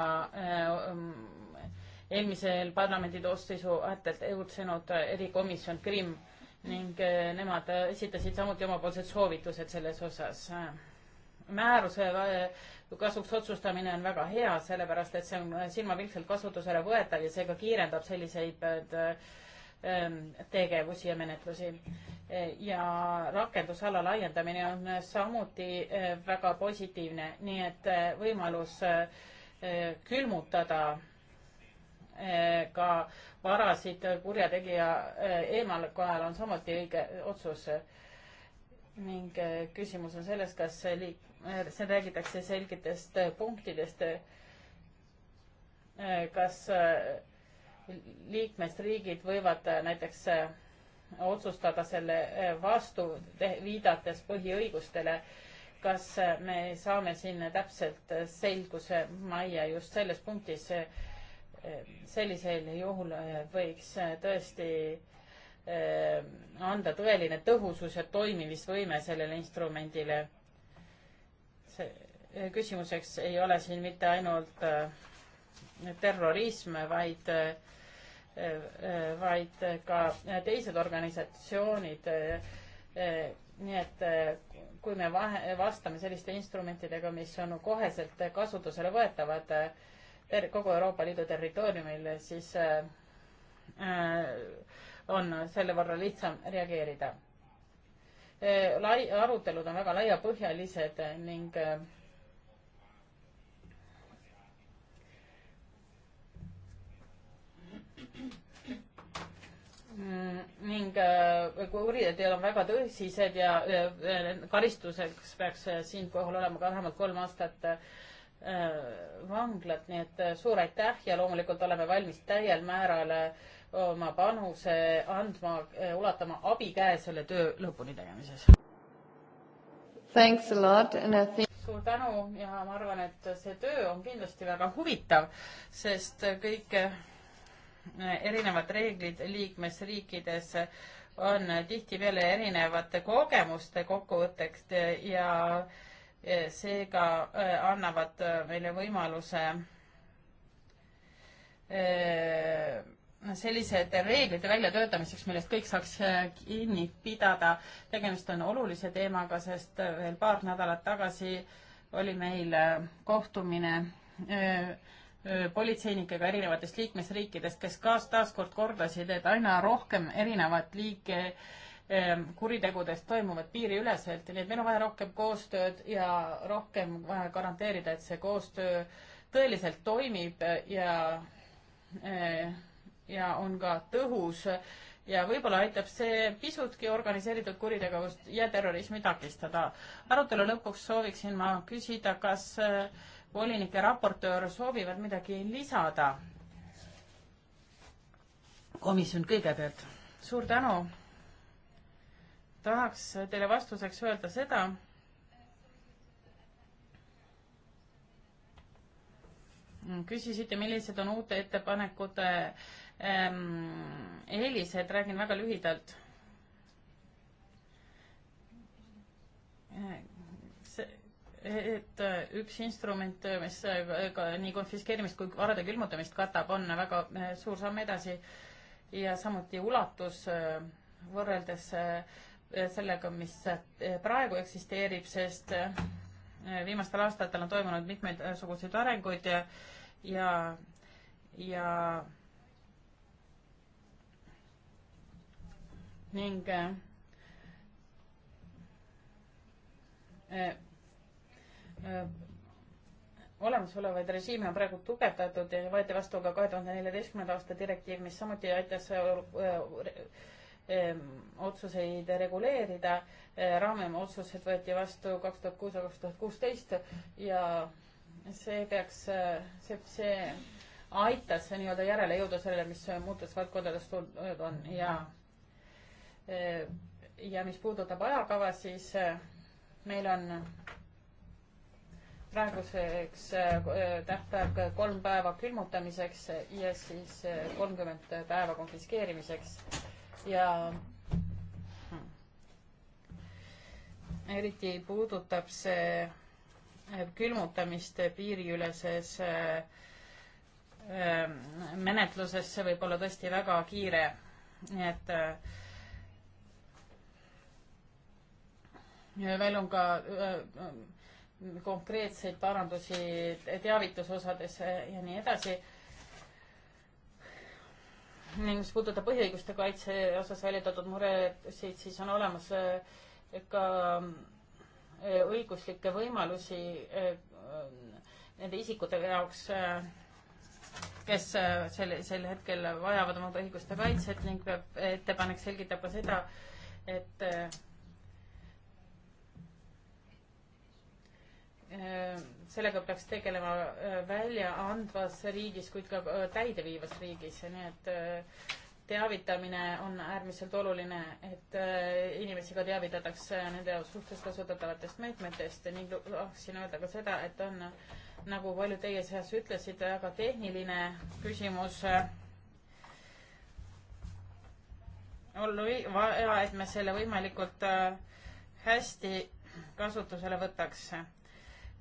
eelmisel parlamendi koosseisu häältelt jõudsenud erikomisjon Krimm ning nemad esitasid samuti omapoolsed soovitused selles osas määruse kasuks otsustamine on väga hea, sellepärast et see on silmapilkselt kasutusele võetav ja seega kiirendab selliseid ähm, tegevusi ja menetlusi. ja rakendusala laiendamine on samuti äh, väga positiivne, nii et äh, võimalus äh, külmutada ka varasid kurjategija eemalkojal on samuti õige otsus ning küsimus on selles, kas liik-, Äh, siin räägitakse selgetest äh, punktidest, äh, kas liikmesriigid võivad näiteks otsustada selle vastu, viidates põhiõigustele, kas me saame siin täpselt selguse majja just selles punktis, sellisel juhul võiks tõesti anda tõeline tõhusus ja toimimisvõime sellele instrumendile see küsimuseks ei ole siin mitte ainult äh, terrorism, vaid, äh, äh, vaid ka teised organisatsioonid. nii et kui me vahe, vastame selliste instrumentidega, mis on koheselt kasutusele võetavad ter-, kogu Euroopa Liidu territooriumil, siis on selle võrra lihtsam reageerida Eh, lai-, arutelud on väga laiapõhjalised ning eh, ning eh, kuriteod on väga tõsised ja karistuseks peaks siinkohal olema ka vähemalt kolm aastat vanglat, nii et suur aitäh ja loomulikult oleme valmis täiel määral äh, oma panuse andma, eh, ulatama abikäe selle töö lõpuni tegemises. Think... suur tänu ja ma arvan, et see töö on kindlasti väga huvitav, sest kõik eh, erinevad reeglid liikmesriikides on tihtipeale erinevate kogemuste kokkuvõtteks ja eh, seega annavad meile võimaluse sellised reeglite väljatöötamiseks, millest kõik saaks äh, kinni pidada. tegemist on olulise teemaga, sest äh, veel paar nädalat tagasi oli meil äh, kohtumine politseinikega erinevatest liikmesriikidest, kes ka taaskord kordasid, et aina rohkem erinevat liike ähm, kuritegudest toimuvad piiriüleselt, nii et meil on vaja rohkem koostööd ja rohkem vaja garanteerida, et see koostöö tõeliselt toimib ja ja on ka tõhus ja võib-olla aitab see pisutki organiseeritud kuritegevust ja terrorismi takistada. arutelu lõpuks sooviksin ma küsida, kas äh, volinik ja raportöör soovivad midagi lisada? komisjon kõigepealt, suur tänu. tahaks teile vastuseks öelda seda, küsisite, millised on uute ettepanekute äh, Ehm, eelised, räägin väga lühidalt. Ehm, see, et äh, üks instrument, äh, mis äh, ka nii konfiskeerimist kui varade külmutamist katab, on väga suur samm edasi ja samuti ulatus võrreldes sellega, mis praegu eksisteerib, sest viimastel aastatel on toimunud mitmeid suguseid arenguid ja, ja, ja ning äh, äh, äh, olemasolevaid režiime on praegu tugevdatud ja võeti vastu ka kahe tuhande neljateistkümnenda aasta direktiiv, mis samuti aitas ähm, otsuseid reguleerida. raamotsused võeti vastu kaks tuhat kuus ja kaks tuhat kuusteist ja see peaks, see, see aitas nii-öelda järele jõuda sellele, mis muudes valdkondades tulnud on ja ja mis puudutab ajakava, siis äh, meil on praeguseks äh, tähtaeg kolm päeva külmutamiseks ja siis äh, kolmkümmend päeva konfiskeerimiseks ja hmm, eriti puudutab see külmutamist piiriüleses menetluses, see võib olla tõesti väga kiire, nii et äh, veel on ka konkreetseid parandusi teavitusosadesse ja nii edasi. ning mis puudutab põhiõiguste kaitse osas väljendatud muresid, siis on olemas ka õiguslikke võimalusi nende isikute jaoks, kes sel, sel hetkel vajavad oma põhiõiguste kaitset ning peab, ettepanek selgitab ka seda, et Äh, sellega peaks tegelema äh, välja andvas riigis, kuid ka äh, täideviivas riigis, nii et teavitamine on äärmiselt oluline, et inimesi ka teavitatakse nende suhtes kasutatavatest meetmetest ning tahaksin öelda ka seda, et on, nagu paljud teie seas ütlesid, väga tehniline küsimus. on vaja, et me selle võimalikult hästi kasutusele võtaks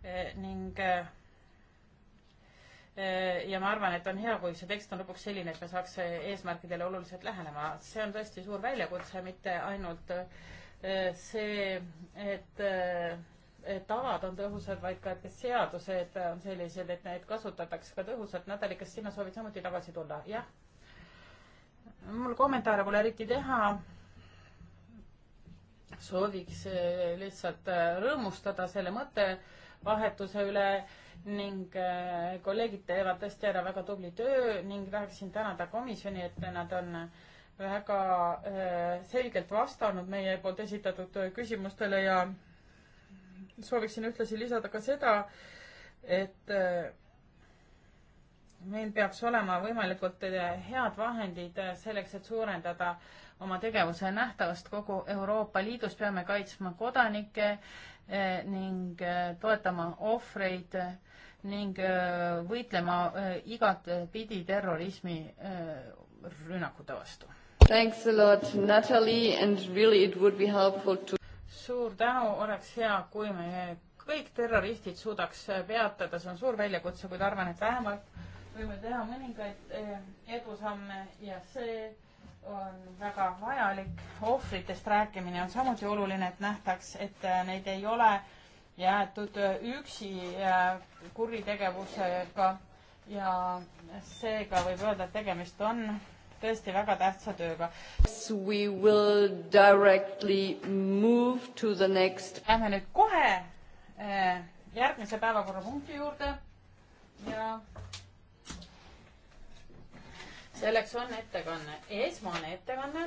Eh, ning eh, eh, ja ma arvan, et on hea, kui see tekst on lõpuks selline, et me saaks eesmärkidele oluliselt lähenema. see on tõesti suur väljakutse, mitte ainult see, et tavad on tõhusad, vaid ka, et seadused on sellised, et neid kasutatakse ka tõhusalt. Natali, kas sina soovid samuti tagasi tulla? jah. mul kommentaare pole eriti teha. sooviks lihtsalt rõõmustada selle mõtte vahetuse üle ning äh, kolleegid teevad tõesti ära väga tubli töö ning tahaksin tänada komisjoni, et nad on väga äh, selgelt vastanud meie poolt esitatud küsimustele ja sooviksin ühtlasi lisada ka seda, et äh, meil peaks olema võimalikult head vahendid selleks, et suurendada oma tegevuse nähtavust kogu Euroopa Liidus, peame kaitsma kodanikke Eh, ning eh, toetama ohvreid ning eh, võitlema igatpidi terrorismi rünnakute vastu. Thanks a lot, Natalie, and really it would be helpful to suur tänu, oleks hea, kui me kõik terroristid suudaks peatada, see on suur väljakutse, kuid arvan, et vähemalt võime teha mõningaid edusamme ja see on väga vajalik, ohvritest rääkimine on samuti oluline, et nähtaks, et äh, neid ei ole jäetud äh, üksi äh, kuritegevusega ja seega võib öelda, et tegemist on tõesti väga tähtsa tööga. Lähme nüüd kohe järgmise päevakorrapunkti juurde ja selleks on ettekanne, esmane ettekanne,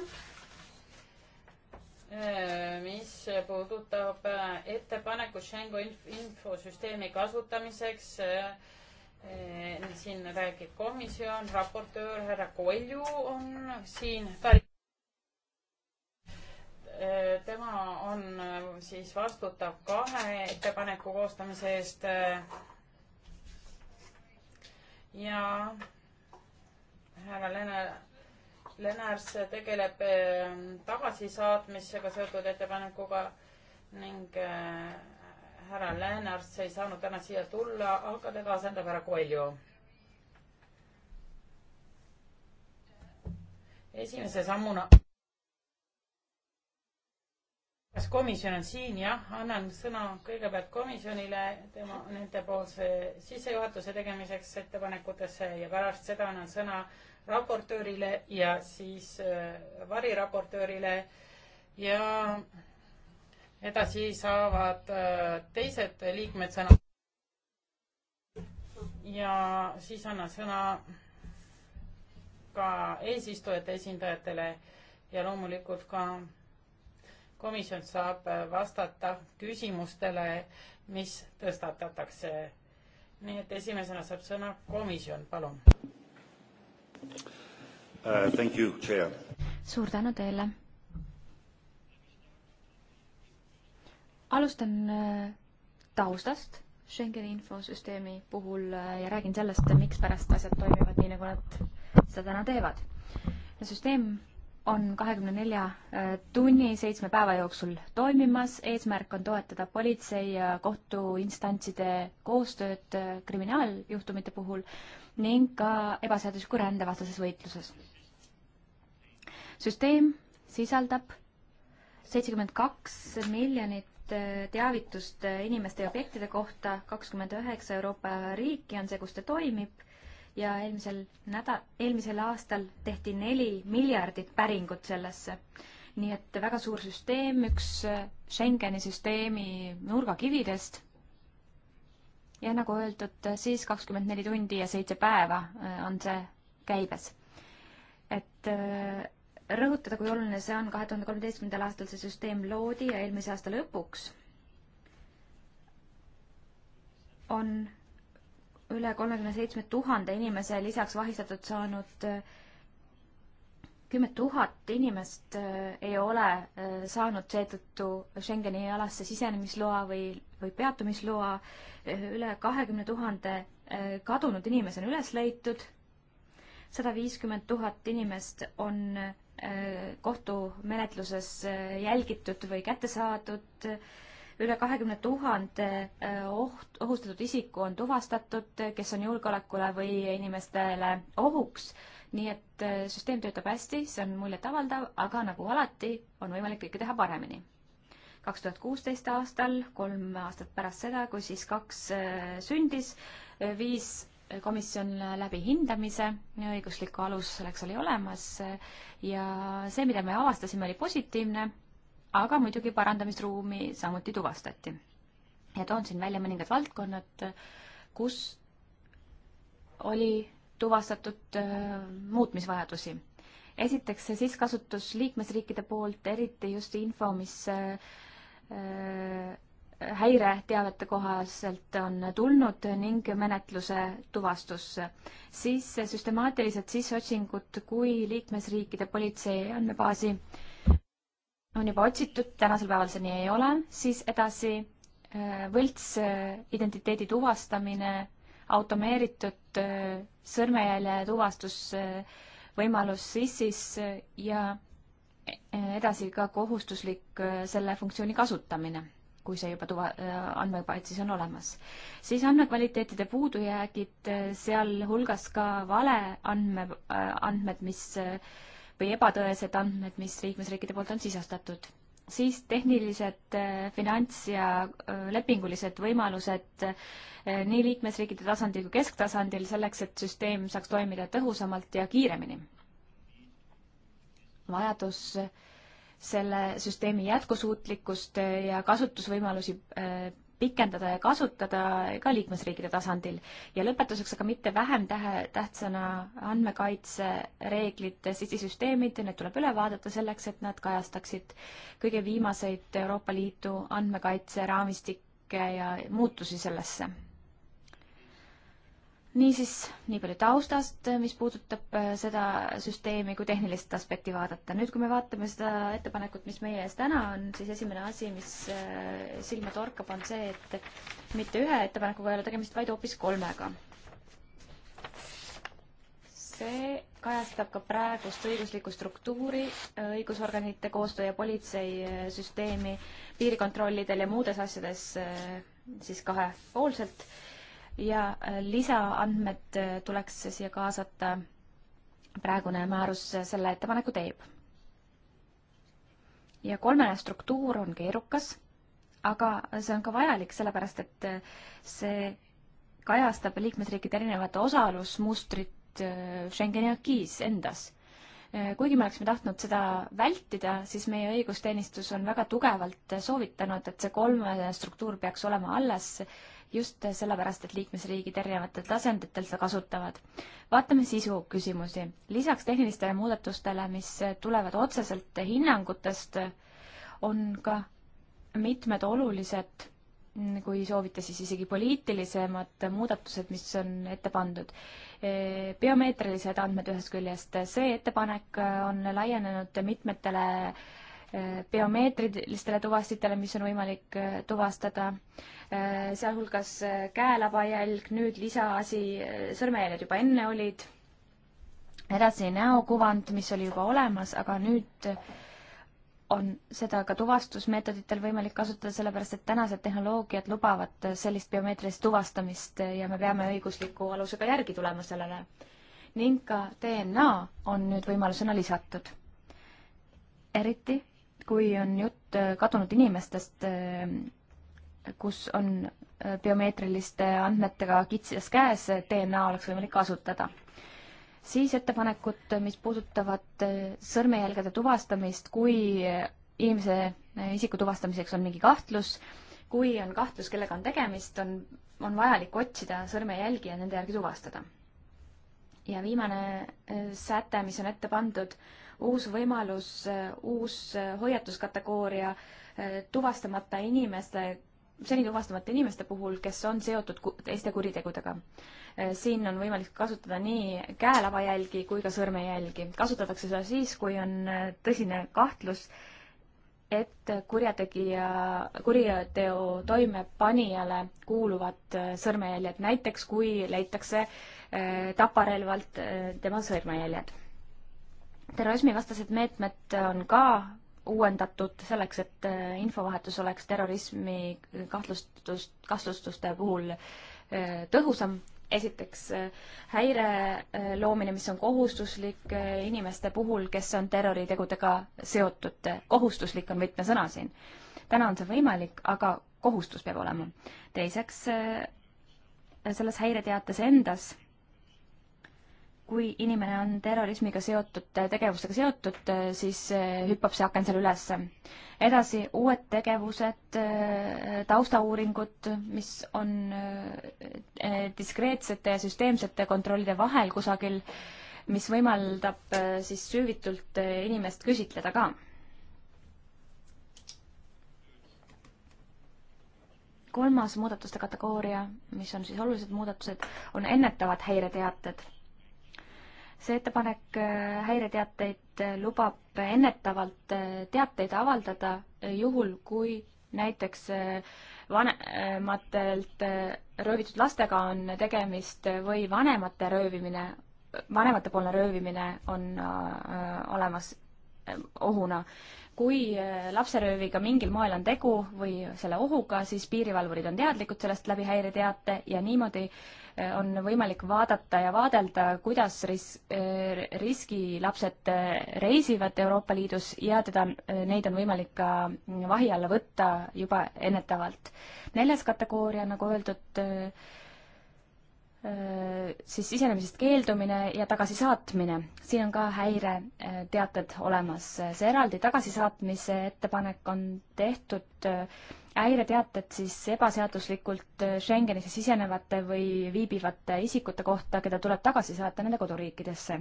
äh, mis puudutab äh, ettepanekut Schengen inf infosüsteemi kasutamiseks. Äh, siin räägib komisjon, raportöör härra Kolju on siin. tema on siis vastutav kahe ettepaneku koostamise eest. ja härra Lene-, Lenars tegeleb ähm, tagasisaatmisega seotud ettepanekuga ning äh, härra Lenars ei saanud täna siia tulla, aga teda asendab härra Koilju. esimese sammuna. kas komisjon on siin? jah, annan sõna kõigepealt komisjonile tema, nendepoolse sissejuhatuse tegemiseks ettepanekutesse ja pärast seda annan sõna äh, raportöörile ja siis äh, variraportöörile ja edasi saavad äh, teised liikmed sõna. ja siis annan sõna ka eesistujate esindajatele ja loomulikult ka komisjon saab äh, vastata küsimustele, mis tõstatatakse. nii et esimesena saab sõna komisjon, palun uh,. Thank you, chair. suur tänu teile. alustan uh, taustast Schengeni infosüsteemi puhul uh, ja räägin sellest, mikspärast asjad toimivad nii, nagu nad seda täna teevad. süsteem on kahekümne nelja äh, tunni seitsme päeva jooksul toimimas. eesmärk on toetada politsei ja kohtuinstantside koostööd äh, kriminaaljuhtumite puhul ning ka ebaseadusliku rände vastases võitluses. süsteem sisaldab seitsekümmend kaks miljonit äh, teavitust inimeste ja objektide kohta, kakskümmend üheksa Euroopa riiki on see, kus ta toimib ja eelmisel nädal, eelmisel aastal tehti neli miljardit päringut sellesse. nii et väga suur süsteem, üks Schengeni süsteemi nurgakividest. ja nagu öeldud, siis kakskümmend neli tundi ja seitse päeva äh, on see käibes. et äh, rõhutada, kui oluline see on, kahe tuhande kolmeteistkümnendal aastal see süsteem loodi ja eelmise aasta lõpuks on üle kolmekümne seitsme tuhande inimese lisaks vahistatud saanud äh, kümme tuhat inimest äh, ei ole äh, saanud seetõttu Schengeni alasse sisenemisloa või, või peatumisloa. üle kahekümne tuhande kadunud inimese on üles leitud. sada viiskümmend tuhat inimest on kohtumenetluses jälgitud või kätte saadud üle kahekümne tuhande äh, oht, ohustatud isiku on tuvastatud, kes on julgeolekule või inimestele ohuks. nii et äh, süsteem töötab hästi, see on muljetavaldav, aga nagu alati, on võimalik kõike teha paremini kaks tuhat kuusteist aastal, kolm aastat pärast seda, kui siis kaks äh, sündis, viis komisjon läbi hindamise, õiguslikku alus selleks oli olemas ja see, mida me avastasime, oli positiivne aga muidugi parandamisruumi samuti tuvastati. ja toon siin välja mõningad valdkonnad, kus oli tuvastatud äh, muutmisvajadusi. esiteks see siskasutus liikmesriikide poolt, eriti just info, mis äh, häireteavete kohaselt on tulnud ning menetluse tuvastus. siis süstemaatilised sisseotsingud, kui liikmesriikide politsei andmebaasi äh, on juba otsitud, tänasel päeval see nii ei ole, siis edasi äh, võltsidentiteedi äh, tuvastamine, automeeritud äh, sõrmejälje tuvastus, võimalus SIS-is ja edasi ka kohustuslik selle funktsiooni kasutamine, kui see juba tuva, andmepatsis on olemas. siis andmekvaliteetide puudujäägid, sealhulgas ka vale andme, andmed, mis või ebatõesed andmed, mis liikmesriikide poolt on sisastatud. siis tehnilised äh, finants ja äh, lepingulised võimalused äh, nii liikmesriikide tasandil kui kesktasandil selleks, et süsteem saaks toimida tõhusamalt ja kiiremini. vajadus selle süsteemi jätkusuutlikkust ja kasutusvõimalusi pikendada ja kasutada ka liikmesriikide tasandil. ja lõpetuseks, aga mitte vähem tähe, tähtsana, andmekaitsereeglid, sisisüsteemid, need tuleb üle vaadata selleks, et nad kajastaksid kõige viimaseid Euroopa Liidu andmekaitseraamistikke ja muutusi sellesse niisiis, nii palju taustast, mis puudutab äh, seda süsteemi, kui tehnilist aspekti vaadata. nüüd, kui me vaatame seda ettepanekut, mis meie ees täna on, siis esimene asi, mis äh, silma torkab, on see, et mitte ühe ettepanekuga ei ole tegemist, vaid hoopis kolmega. see kajastab ka praegust õiguslikku struktuuri, äh, õigusorganite koostöö ja politseisüsteemi piirikontrollidel ja muudes asjades siis kahepoolselt ja äh, lisaandmed äh, tuleks siia kaasata. praegune määrus äh, selle ettepaneku teeb. ja kolmene struktuur on keerukas, aga see on ka vajalik, sellepärast et see kajastab liikmesriikide erinevat osalusmustrit Schengeni akiis endas kuigi me oleksime tahtnud seda vältida, siis meie õigusteenistus on väga tugevalt soovitanud, et see kolmene struktuur peaks olema alles just sellepärast, et liikmesriigid erinevatel tasanditel seda kasutavad. vaatame sisu küsimusi. lisaks tehnilistele muudatustele, mis tulevad otseselt hinnangutest, on ka mitmed olulised kui soovite, siis isegi poliitilisemad muudatused, mis on ette pandud. biomeetrilised andmed ühest küljest, see ettepanek on laienenud mitmetele eh, biomeetrilistele tuvastitele, mis on võimalik eh, tuvastada Äh, sealhulgas äh, käelabajälg, nüüd lisaasi, äh, sõrmejäljed juba enne olid, edasi näokuvand, mis oli juba olemas, aga nüüd on seda ka tuvastusmeetoditel võimalik kasutada, sellepärast et tänased tehnoloogiad lubavad sellist biomeetrilist tuvastamist ja me peame õigusliku alusega järgi tulema sellele. ning ka DNA on nüüd võimalusena lisatud. eriti, kui on jutt kadunud inimestest kus on äh, biomeetriliste andmetega kitsas käes DNA oleks võimalik kasutada. siis ettepanekud, mis puudutavad äh, sõrmejälgede tuvastamist, kui äh, inimese isiku tuvastamiseks on mingi kahtlus, kui on kahtlus, kellega on tegemist, on, on vajalik otsida sõrmejälgi ja nende järgi tuvastada. ja viimane säte, mis on ette pandud, uus võimalus, uus hoiatuskategooria tuvastamata inimeste seni tuvastamata inimeste puhul, kes on seotud teiste kuritegudega. Eh, siin on võimalik kasutada nii käelavajälgi kui ka sõrmejälgi. kasutatakse seda siis, kui on eh, tõsine kahtlus, et kurjategija, kuriteo toimepanijale kuuluvad eh, sõrmejäljed, näiteks kui leitakse taparelvalt tema sõrmejäljed terrorismivastased meetmed on ka uuendatud selleks, et äh, infovahetus oleks terrorismi kahtlustust, kahtlustuste puhul äh, tõhusam. esiteks äh, häire loomine, mis on kohustuslik inimeste puhul, kes on terroritegudega seotud. kohustuslik on võtmesõna siin. täna on see võimalik, aga kohustus peab olema. teiseks, selles häireteates endas kui inimene on terrorismiga seotud, tegevustega seotud, siis eh, hüppab see aken seal üles. edasi uued tegevused, eh, taustauuringud, mis on eh, diskreetsete ja süsteemsete kontrollide vahel kusagil, mis võimaldab siis süüvitult inimest küsitleda ka. kolmas muudatuste kategooria, mis on siis olulised muudatused, on ennetavad häireteated see ettepanek äh, häireteateid äh, lubab ennetavalt äh, teateid avaldada juhul, kui näiteks vanematelt röövitud lastega on tegemist või vanemate röövimine, vanematepoolne röövimine on olemas ohuna kui äh, lapserööviga mingil moel on tegu või selle ohuga, siis piirivalvurid on teadlikud sellest läbi häireteate ja niimoodi äh, on võimalik vaadata ja vaadelda, kuidas ris-, äh, riskilapsed reisivad Euroopa Liidus ja teda, neid on võimalik ka mm, vahi alla võtta juba ennetavalt. neljas kategooria, nagu öeldud, Äh, siis sisenemisest keeldumine ja tagasisaatmine. siin on ka häireteated äh, olemas. see eraldi tagasisaatmise ettepanek on tehtud äh, häireteated siis ebaseaduslikult Schengenisse sisenevate või viibivate isikute kohta, keda tuleb tagasi saata nende koduriikidesse.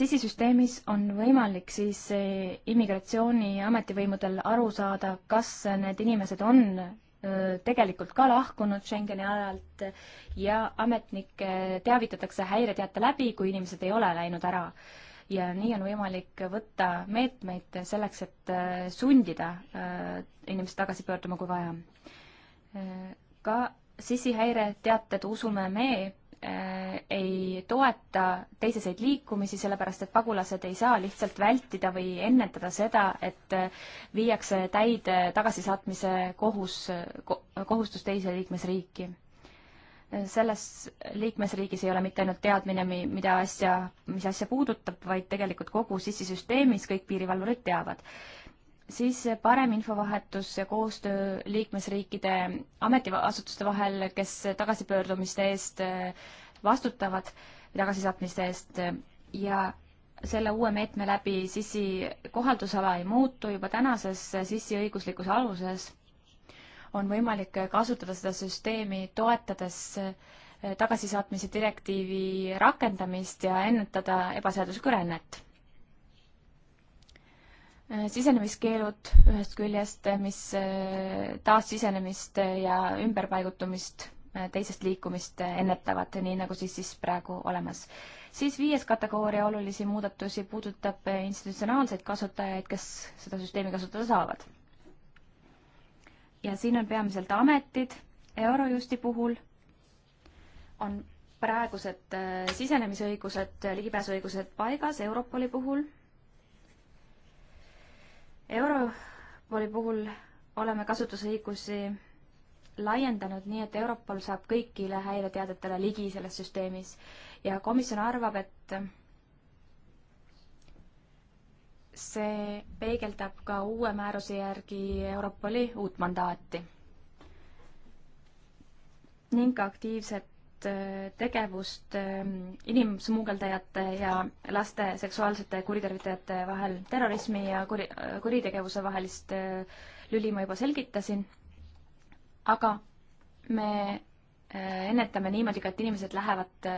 sisisüsteemis on võimalik siis immigratsiooni ametivõimudel aru saada, kas need inimesed on tegelikult ka lahkunud Schengeni alalt ja ametnikke teavitatakse häireteate läbi, kui inimesed ei ole läinud ära. ja nii on võimalik võtta meetmeid selleks, et sundida inimesi tagasi pöörduma, kui vaja. ka sissihäireteated usume me Äh, ei toeta teiseseid liikumisi, sellepärast et pagulased ei saa lihtsalt vältida või ennetada seda, et äh, viiakse täide äh, tagasisaatmise kohus, kohustus teise liikmesriiki. selles liikmesriigis ei ole mitte ainult teadmine, mida asja, mis asja puudutab, vaid tegelikult kogu sissisüsteemis kõik piirivalvurid teavad siis parem infovahetus ja koostöö liikmesriikide ametiasutuste vahel, kes tagasipöördumiste eest äh, vastutavad, tagasisaatmiste eest äh, ja selle uue meetme läbi sissi kohaldusala ei muutu, juba tänases äh, sissi õiguslikus aluses on võimalik kasutada seda süsteemi, toetades tagasisaatmise direktiivi rakendamist ja ennetada ebaseaduslikku rännet Äh, sisenemiskeelud ühest küljest, äh, mis äh, taassisenemist ja ümberpaigutumist teisest liikumist ennetavad, nii nagu siis, siis praegu olemas. siis viies kategooria olulisi muudatusi puudutab institutsionaalseid kasutajaid, kes seda süsteemi kasutada saavad. ja siin on peamiselt ametid, Eurojusti puhul on praegused sisenemisõigused, ligipääsuõigused paigas Europoli puhul Europoli puhul oleme kasutusõigusi laiendanud nii, et Europol saab kõigile häireteadetele ligi selles süsteemis ja komisjon arvab, et see peegeldab ka uue määruse järgi Europoli uut mandaati ning aktiivset Äh, tegevust ähm, inimsmuugeldajate ja laste seksuaalsete kuritarvitajate vahel. terrorismi ja kuri, äh, kuritegevuse vahelist äh, lüli ma juba selgitasin, aga me ennetame niimoodi ka, et inimesed lähevad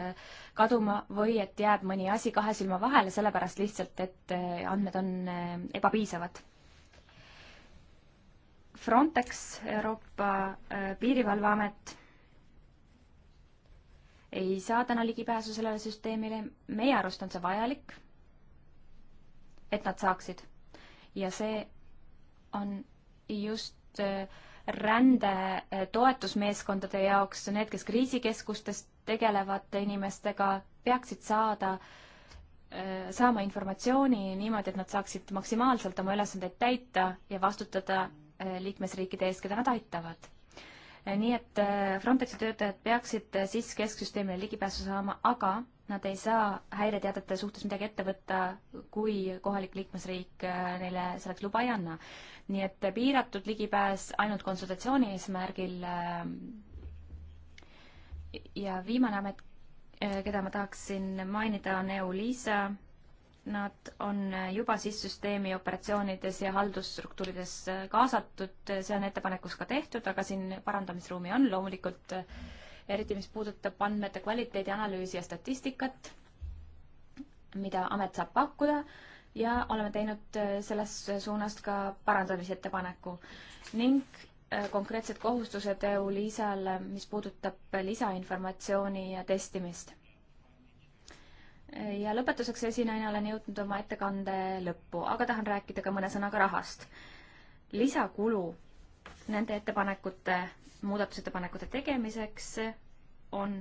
kaduma või et jääb mõni asi kahe silma vahele, sellepärast lihtsalt, et andmed on ebapiisavad. Frontex, Euroopa Piirivalveamet ei saa täna ligipääsu sellele süsteemile. meie arust on see vajalik, et nad saaksid. ja see on just äh, rände äh, toetusmeeskondade jaoks, need, kes kriisikeskustes tegelevate inimestega, peaksid saada, äh, saama informatsiooni niimoodi, et nad saaksid maksimaalselt oma ülesandeid täita ja vastutada liikmesriikide ees, keda nad aitavad Äh, nii et äh, Frontexi töötajad peaksid äh, siis kesksüsteemile ligipääsu saama, aga nad ei saa häireteadete suhtes midagi ette võtta, kui kohalik liikmesriik neile selleks luba ei anna. nii et piiratud ligipääs ainult konsultatsiooni eesmärgil. ja viimane amet, keda ma tahaksin mainida, on EULISA Nad on juba siis süsteemi operatsioonides ja haldusstruktuurides kaasatud, see on ettepanekus ka tehtud, aga siin parandamisruumi on loomulikult, eriti mis puudutab andmete kvaliteedi analüüsi ja statistikat, mida amet saab pakkuda ja oleme teinud selles suunas ka parandamisettepaneku ning äh, konkreetsed kohustused EU-LISA-le, mis puudutab lisainformatsiooni ja testimist ja lõpetuseks esinaine olen jõudnud oma ettekande lõppu, aga tahan rääkida ka mõne sõnaga rahast. lisakulu nende ettepanekute, muudatusettepanekute tegemiseks on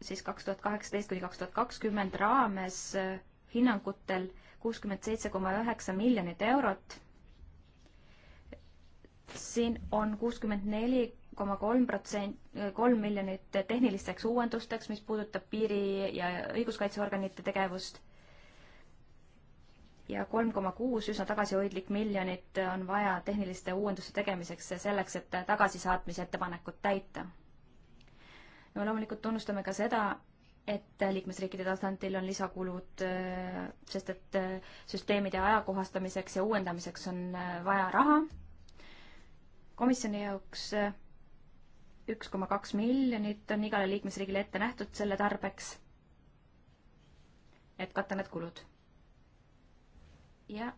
siis kaks tuhat kaheksateist kuni kaks tuhat kakskümmend raames hinnangutel kuuskümmend seitse koma üheksa miljonit eurot. siin on kuuskümmend neli koma kolm protsent, kolm miljonit tehnilisteks uuendusteks, mis puudutab piiri- ja õiguskaitseorganite tegevust. ja kolm koma kuus, üsna tagasihoidlik miljonit on vaja tehniliste uuenduste tegemiseks, selleks, et tagasisaatmise ettepanekut täita. no loomulikult tunnustame ka seda, et liikmesriikide tasandil on lisakulud, sest et süsteemide ajakohastamiseks ja uuendamiseks on vaja raha. komisjoni jaoks üks koma kaks miljonit on igale liikmesriigile ette nähtud selle tarbeks, et katta need kulud. ja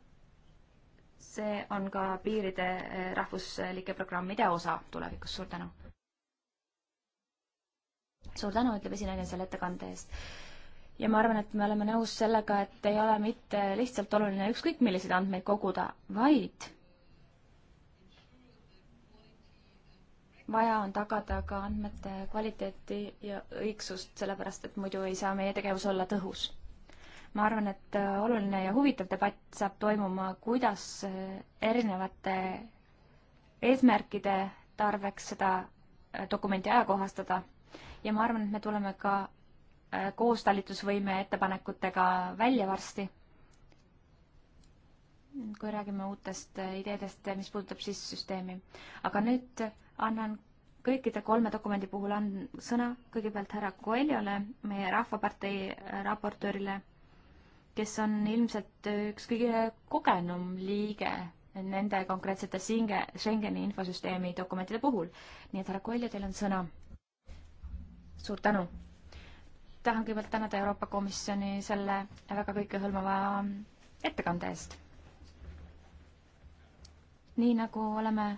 see on ka piiride eh, rahvuslike programmide osa tulevikus, suur tänu! suur tänu, ütleb esinaine selle ettekande eest ja ma arvan, et me oleme nõus sellega, et ei ole mitte lihtsalt oluline ükskõik milliseid andmeid koguda, vaid vaja on tagada ka andmete kvaliteeti ja õigsust, sellepärast et muidu ei saa meie tegevus olla tõhus. ma arvan, et äh, oluline ja huvitav debatt saab toimuma, kuidas äh, erinevate eesmärkide tarveks seda äh, dokumenti ajakohastada ja ma arvan, et me tuleme ka koostalitusvõime ettepanekutega välja varsti kui räägime uutest ideedest, mis puudutab siis süsteemi. aga nüüd annan kõikide kolme dokumendi puhul on sõna kõigepealt härra Koeljole, meie Rahvapartei raportöörile, kes on ilmselt üks kõige kogenum liige nende konkreetsete Singe, Schengeni infosüsteemi dokumentide puhul. nii et härra Koelja, teil on sõna. suur tänu! tahan kõigepealt tänada Euroopa Komisjoni selle väga kõikehõlmava ettekande eest. nii nagu oleme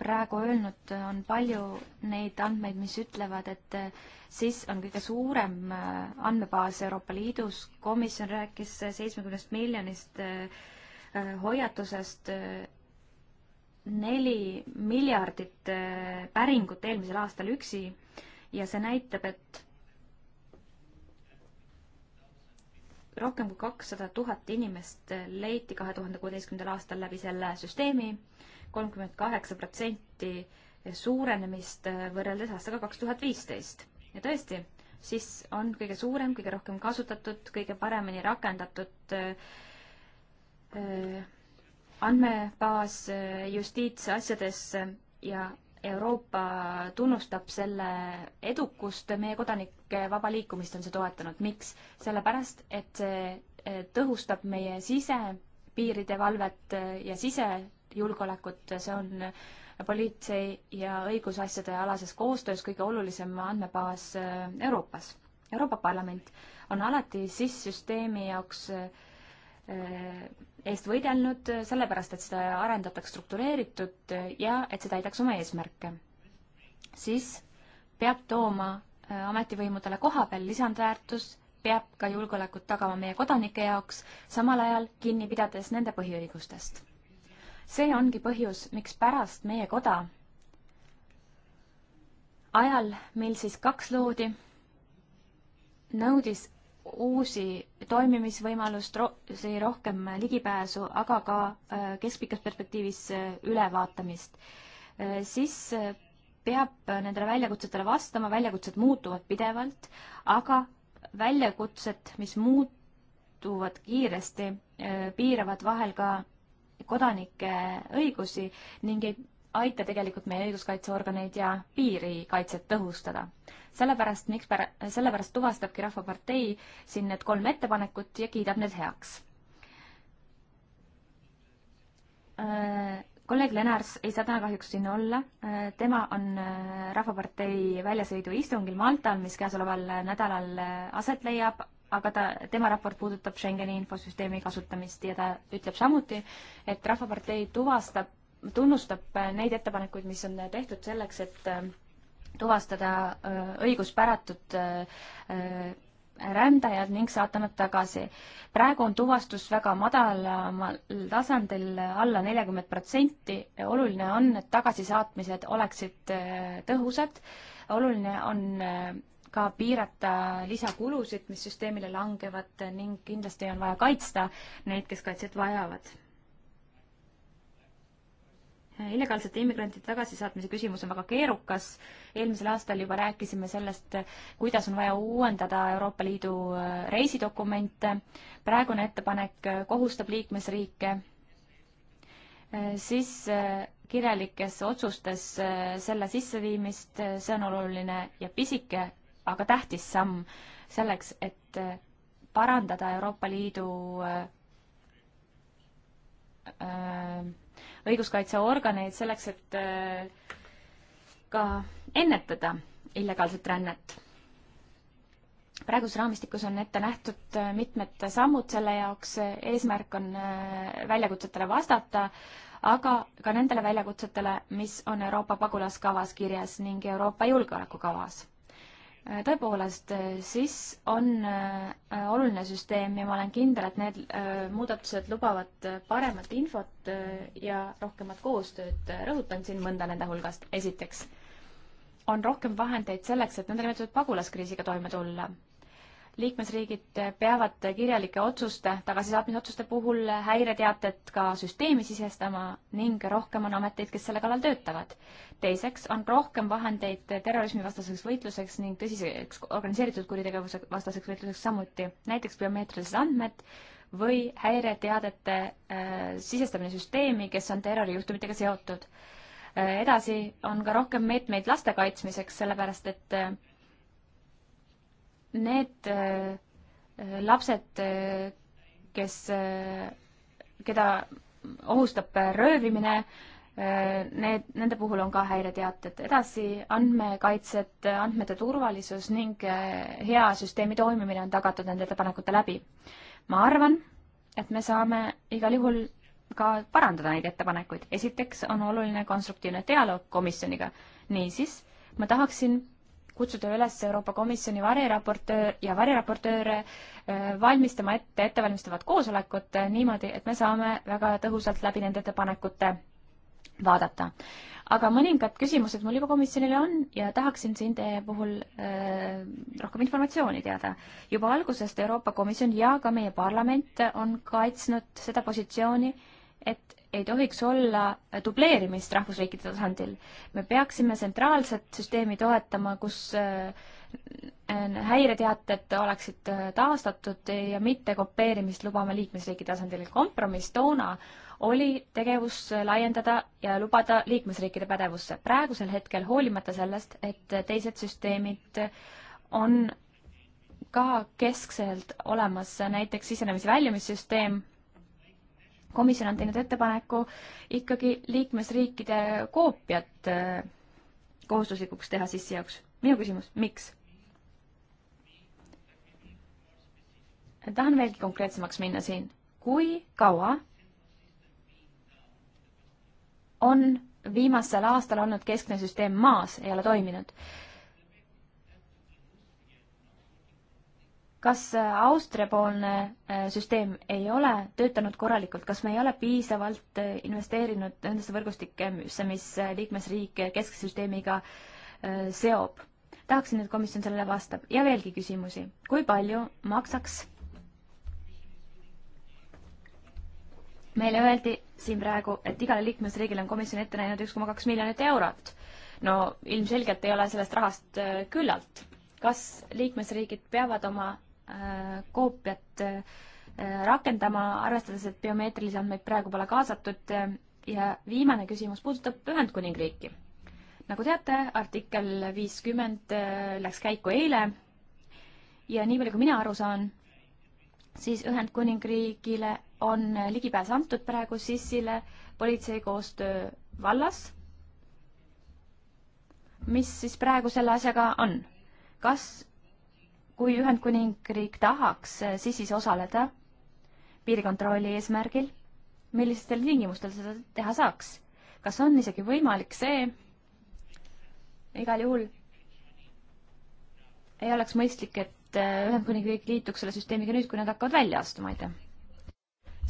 praegu öelnud, on palju neid andmeid, mis ütlevad, et eh, SIS on kõige suurem eh, andmebaas Euroopa Liidus, komisjon rääkis seitsmekümnest miljonist eh, hoiatusest, neli miljardit päringut eelmisel aastal üksi ja see näitab, et rohkem kui kakssada tuhat inimest leiti kahe tuhande kuueteistkümnendal aastal läbi selle süsteemi kolmkümmend kaheksa protsenti suurenemist võrreldes aastaga kaks tuhat viisteist. ja tõesti, siis on kõige suurem, kõige rohkem kasutatud, kõige paremini rakendatud äh, andmebaas äh, justiitsasjades äh, ja Euroopa tunnustab selle edukust, meie kodanike vaba liikumist on see toetanud, miks? sellepärast, et see tõhustab meie sisepiiride valvet ja sise julgeolekut, see on politsei ja õigusasjade alases koostöös kõige olulisem andmebaas äh, Euroopas. Euroopa Parlament on alati SIS süsteemi jaoks äh, eest võidelnud, äh, sellepärast et seda arendataks struktureeritud ja et see täidaks oma eesmärke. siis peab tooma ametivõimudele koha peal lisandväärtust, peab ka julgeolekut tagama meie kodanike jaoks, samal ajal kinni pidades nende põhiõigustest see ongi põhjus, miks pärast meie koda ajal, mil siis kaks loodi, nõudis uusi toimimisvõimalusi, rohkem ligipääsu, aga ka äh, keskpikas perspektiivis äh, ülevaatamist, äh, siis peab nendele väljakutsetele vastama, väljakutsed muutuvad pidevalt, aga väljakutsed, mis muutuvad kiiresti, piiravad vahel ka kodanike õigusi ning ei aita tegelikult meie õiguskaitseorganeid ja piirikaitset tõhustada. sellepärast, miks pär-, sellepärast tuvastabki Rahvapartei siin need kolm ettepanekut ja kiidab need heaks äh,. kolleeg Lenars ei saa täna kahjuks siin olla äh,, tema on äh, Rahvapartei väljasõiduistungil Maltal, mis käesoleval äh, nädalal äh, aset leiab, aga ta, tema raport puudutab Schengeni infosüsteemi kasutamist ja ta ütleb samuti, et Rahvapartei tuvastab, tunnustab neid ettepanekuid, mis on tehtud selleks, et äh, tuvastada äh, õiguspäratud äh, rändajad ning saata nad tagasi. praegu on tuvastus väga madalamal tasandil, alla nelikümmend protsenti. oluline on, et tagasisaatmised oleksid tõhusad. oluline on ka piirata lisakulusid, mis süsteemile langevad ning kindlasti on vaja kaitsta neid, kes kaitset vajavad. illegaalsete immigrantide tagasisaatmise küsimus on väga keerukas. eelmisel aastal juba rääkisime sellest, kuidas on vaja uuendada Euroopa Liidu äh, reisidokumente. praegune ettepanek äh, kohustab liikmesriike äh, siis kirjalikes otsustes selle sisseviimist, see on oluline ja pisike aga tähtis samm selleks, et äh, parandada Euroopa Liidu äh, äh, õiguskaitseorganeid selleks, et ka ennetada illegaalset rännet. praeguses raamistikus on ette nähtud mitmed sammud selle jaoks, eesmärk on väljakutsetele vastata, aga ka nendele väljakutsetele, mis on Euroopa pagulaskavas kirjas ning Euroopa julgeolekukavas tõepoolest, äh, SIS on äh, oluline süsteem ja ma olen kindel, et need äh, muudatused lubavad paremat infot ja rohkemat koostööd. rõhutan siin mõnda nende hulgast. esiteks on rohkem vahendeid selleks, et nõndanimetatud pagulaskriisiga toime tulla liikmesriigid peavad kirjalike otsuste, tagasisaatmisotsuste puhul häireteated ka süsteemi sisestama ning rohkem on ameteid, kes selle kallal töötavad. teiseks on rohkem vahendeid terrorismivastaseks võitluseks ning tõsiseks organiseeritud kuritegevuse vastaseks võitluseks samuti, näiteks biomeetrilised andmed või häireteadete äh, sisestamine süsteemi, kes on terrorijuhtumitega seotud äh,. edasi on ka rohkem meetmeid laste kaitsmiseks, sellepärast et äh, need äh, lapsed, äh, kes, äh, keda ohustab röövimine, need, nende puhul on ka häireteated. edasi andmekaitset, andmete turvalisus ning hea süsteemi toimimine on tagatud nende ettepanekute läbi. ma arvan, et me saame igal juhul ka parandada neid ettepanekuid. esiteks on oluline konstruktiivne dialoog komisjoniga. niisiis, ma tahaksin kutsuda üles Euroopa Komisjoni variraportöör ja variraportööre äh, valmistama ette ettevalmistavat koosolekut äh, niimoodi, et me saame väga tõhusalt läbi nende ettepanekute vaadata. aga mõningad küsimused mul juba komisjonile on ja tahaksin siin teie puhul äh, rohkem informatsiooni teada. juba algusest Euroopa Komisjon ja ka meie parlament on kaitsnud seda positsiooni, et ei tohiks olla dubleerimist rahvusriikide tasandil. me peaksime tsentraalset süsteemi toetama, kus äh, häireteated oleksid äh, taastatud ja mitte kopeerimist lubama liikmesriigi tasandil. kompromiss toona oli tegevus laiendada ja lubada liikmesriikide pädevusse. praegusel hetkel, hoolimata sellest, et teised süsteemid on ka keskselt olemas, näiteks sisenemis- ja väljumissüsteem, komisjon on teinud ettepaneku ikkagi liikmesriikide koopiat äh, kohustuslikuks teha sissi jaoks. minu küsimus, miks? tahan veelgi konkreetsemaks minna siin. kui kaua on viimasel aastal olnud keskne süsteem maas, ei ole toiminud? kas äh, Austria-poolne äh, süsteem ei ole töötanud korralikult, kas me ei ole piisavalt äh, investeerinud nendesse võrgustikesse, mis liikmesriik keskse süsteemiga seob? tahaksin, et komisjon sellele vastab ja veelgi küsimusi. kui palju maksaks? meile öeldi siin praegu, et igale liikmesriigile on komisjon ette näinud üks koma kaks miljonit eurot. no ilmselgelt ei ole sellest rahast küllalt. kas liikmesriigid peavad oma Äh, koopiat äh, rakendama, arvestades, et biomeetrilisi andmeid praegu pole kaasatud. Äh, ja viimane küsimus puudutab Ühendkuningriiki. nagu teate, artikkel viiskümmend läks käiku eile ja nii palju, kui mina aru saan, siis Ühendkuningriigile on ligipääs antud praegu SIS-ile politsei koostöö vallas. mis siis praegu selle asjaga on? kas kui Ühendkuningriik tahaks eh, SISis osaleda piirikontrolli eesmärgil, millistel tingimustel seda teha saaks? kas on isegi võimalik see, igal juhul ei oleks mõistlik, et eh, Ühendkuningriik liituks selle süsteemiga nüüd, kui nad hakkavad välja astuma, aitäh?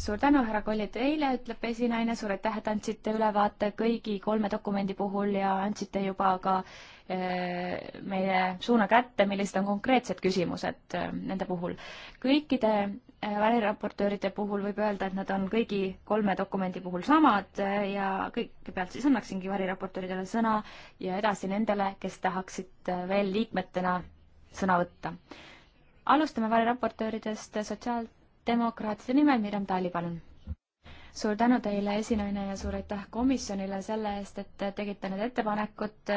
suur tänu, härra Kolli, teile, ütleb esinaine, suur aitäh, et andsite ülevaate kõigi kolme dokumendi puhul ja andsite juba ka eh, meie suuna kätte, millised on konkreetsed küsimused eh, nende puhul. kõikide eh, väliraportööride puhul võib öelda, et nad on kõigi kolme dokumendi puhul samad ja kõigepealt siis annaksingi väliraportööridele sõna ja edasi nendele, kes tahaksid veel liikmetena sõna võtta. alustame väliraportööridest sotsiaal- demokraatide nimel Mirjam Taali, palun. suur tänu teile, esinaine, ja suur aitäh komisjonile selle eest, et tegite need ettepanekud,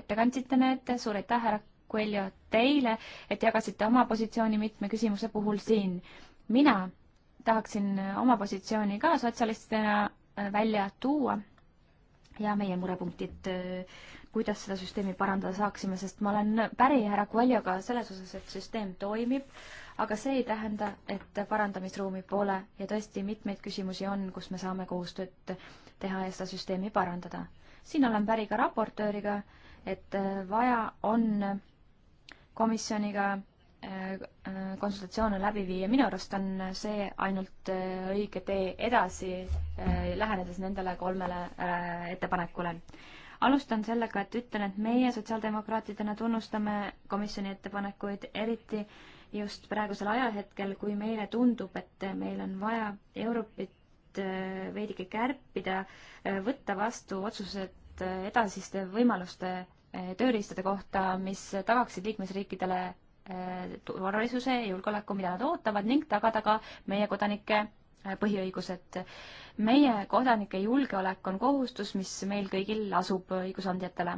ette kandsite need, suur aitäh, härra Coelho, teile, et jagasite oma positsiooni mitme küsimuse puhul siin. mina tahaksin oma positsiooni ka sotsialistidena äh, välja tuua ja meie murepunktid, äh, kuidas seda süsteemi parandada saaksime, sest ma olen päri härra Coelhoga selles osas, et süsteem toimib aga see ei tähenda, et parandamisruumi pole ja tõesti mitmeid küsimusi on, kus me saame koostööd teha ja seda süsteemi parandada. siin olen päri ka raportööriga, et äh, vaja on komisjoniga äh, äh, konsultatsioone läbi viia, minu arust on see ainult õige tee edasi, lähenedes nendele kolmele ettepanekule. alustan sellega, et ütlen, et meie sotsiaaldemokraatidena tunnustame komisjoni ettepanekuid, eriti äh, just praegusel ajahetkel, kui meile tundub, et meil on vaja Europit äh, veidike kärpida, äh, võtta vastu otsused äh, edasiste võimaluste tööriistade kohta, mis tagaksid liikmesriikidele turvalisuse ja julgeoleku, mida nad ootavad ning tagada ka meie kodanike põhiõigused. meie kodanike julgeolek on kohustus, mis meil kõigil lasub õigusandjatele.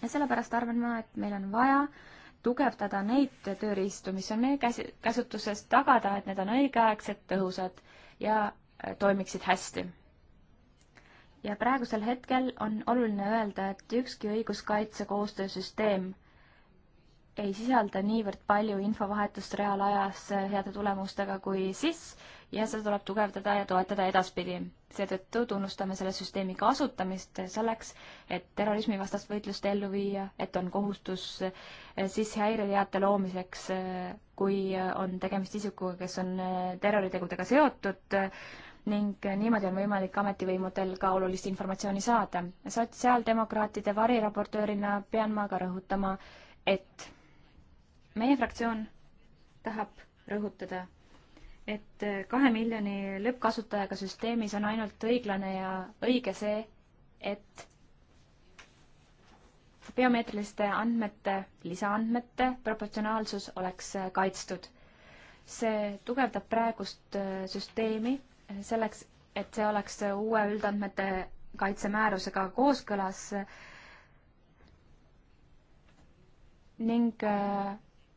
ja sellepärast arvan ma, et meil on vaja äh, tugevdada neid tööriistu, mis on meie käsi, käsutuses, tagada, et need on õigeaegsed, tõhusad ja äh, toimiksid hästi. ja praegusel hetkel on oluline öelda, et ükski õiguskaitse koostöösüsteem ei sisalda niivõrd palju infovahetust reaalajas äh, heade tulemustega kui SIS ja seda tuleb tugevdada ja toetada edaspidi seetõttu tunnustame selle süsteemi kasutamist selleks, et terrorismivastast võitlust ellu viia, et on kohustus eh, siis häireteate loomiseks, eh, kui eh, on tegemist isikuga, kes on terroritegudega seotud ning niimoodi on võimalik ametivõimudel ka olulist informatsiooni saada. sotsiaaldemokraatide variraportöörina pean ma ka rõhutama, et meie fraktsioon tahab rõhutada et äh, kahe miljoni lõppkasutajaga süsteemis on ainult õiglane ja õige see, et biomeetriliste andmete, lisaandmete proportsionaalsus oleks äh, kaitstud. see tugevdab praegust äh, süsteemi selleks, et see oleks uue üldandmete kaitsemäärusega kooskõlas ning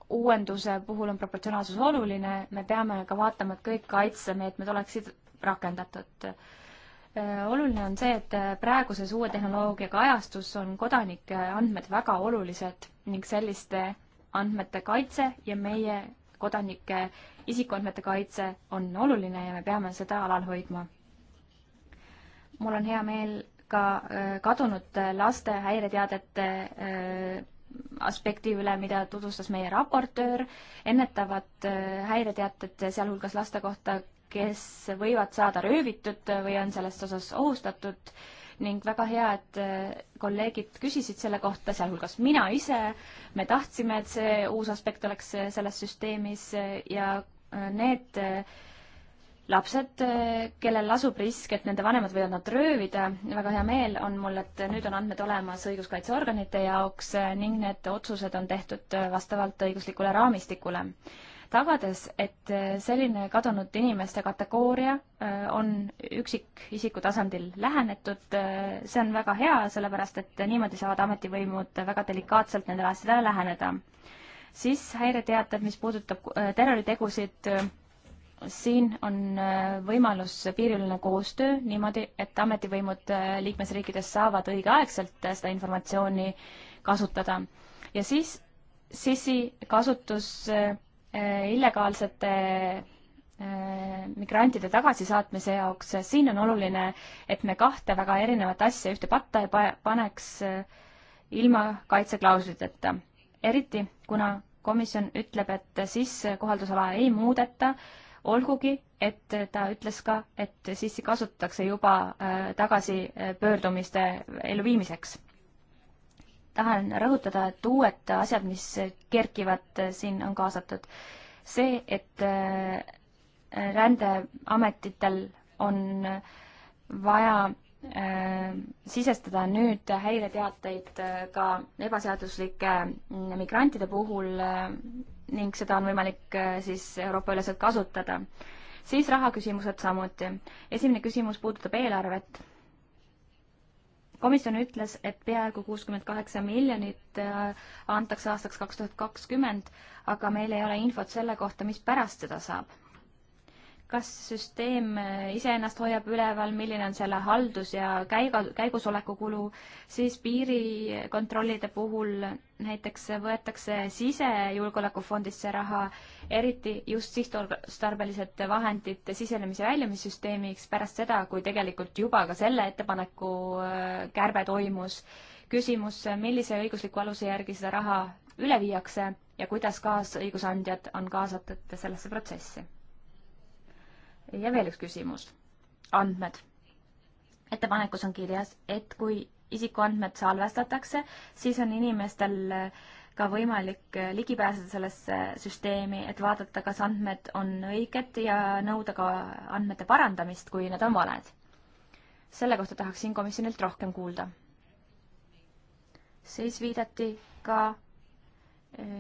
uuenduse puhul on proportsionaalsus oluline, me peame ka vaatama, et kõik kaitsemeetmed oleksid rakendatud. Äh, oluline on see, et praeguses uue tehnoloogiaga ajastus on kodanike andmed väga olulised ning selliste andmete kaitse ja meie kodanike isikuandmete kaitse on oluline ja me peame seda alal hoidma. mul on hea meel ka äh, kadunud laste häireteadete äh, aspekti üle, mida tutvustas meie raportöör, ennetavad äh, häireteated, sealhulgas laste kohta, kes võivad saada röövitud või on sellest osas ohustatud ning väga hea, et äh, kolleegid küsisid selle kohta, sealhulgas mina ise, me tahtsime, et see uus aspekt oleks äh, selles süsteemis ja need äh, lapsed, kellel lasub risk, et nende vanemad võivad nad röövida, väga hea meel on mul, et nüüd on andmed olemas õiguskaitseorganite jaoks ning need otsused on tehtud vastavalt õiguslikule raamistikule. tagades, et selline kadunud inimeste kategooria äh, on üksikisiku tasandil lähenetud, äh, see on väga hea, sellepärast et niimoodi saavad ametivõimud väga delikaatselt nendele asjadele läheneda. siis häireteated, mis puudutab äh, terroritegusid siin on äh, võimalus piiriline koostöö niimoodi, et ametivõimud äh, liikmesriikides saavad õigeaegselt äh, seda informatsiooni kasutada. ja siis sisi kasutus illegaalsete migrantide tagasisaatmise jaoks, siin on oluline, et me kahte väga erinevat asja ühte patta ei paneks ilma kaitseklausliteta. eriti, kuna komisjon ütleb, et siis kohaldusala ei muudeta äh, olgugi, et ta ütles ka, et siis kasutatakse juba äh, tagasipöördumiste äh, elluviimiseks. tahan rõhutada, et uued asjad, mis kerkivad, äh, siin on kaasatud. see, et rändeametitel on vaja sisestada nüüd häireteateid ka ebaseaduslike mm, migrantide puhul ning seda on võimalik äh, siis Euroopa-üleselt kasutada. siis rahaküsimused samuti. esimene küsimus puudutab eelarvet. komisjon ütles, et peaaegu kuuskümmend kaheksa miljonit äh, antakse aastaks kaks tuhat kakskümmend, aga meil ei ole infot selle kohta, mis pärast seda saab kas süsteem iseennast hoiab üleval, milline on selle haldus ja käiga, käigusoleku kulu, siis piirikontrollide puhul näiteks võetakse sisejulgeolekufondisse raha, eriti just sihtotstarbelised vahendid sisenemise väljumissüsteemiks pärast seda, kui tegelikult juba ka selle ettepaneku äh, kärbe toimus. küsimus, millise õigusliku aluse järgi seda raha üle viiakse ja kuidas kaasõigusandjad on kaasatud sellesse protsessi ja veel üks küsimus. andmed. ettepanekus on kirjas, et kui isikuandmed salvestatakse, siis on inimestel ka võimalik ligi pääseda sellesse süsteemi, et vaadata, kas andmed on õiged ja nõuda ka andmete parandamist, kui need on valed. selle kohta tahaksin komisjonilt rohkem kuulda. siis viidati ka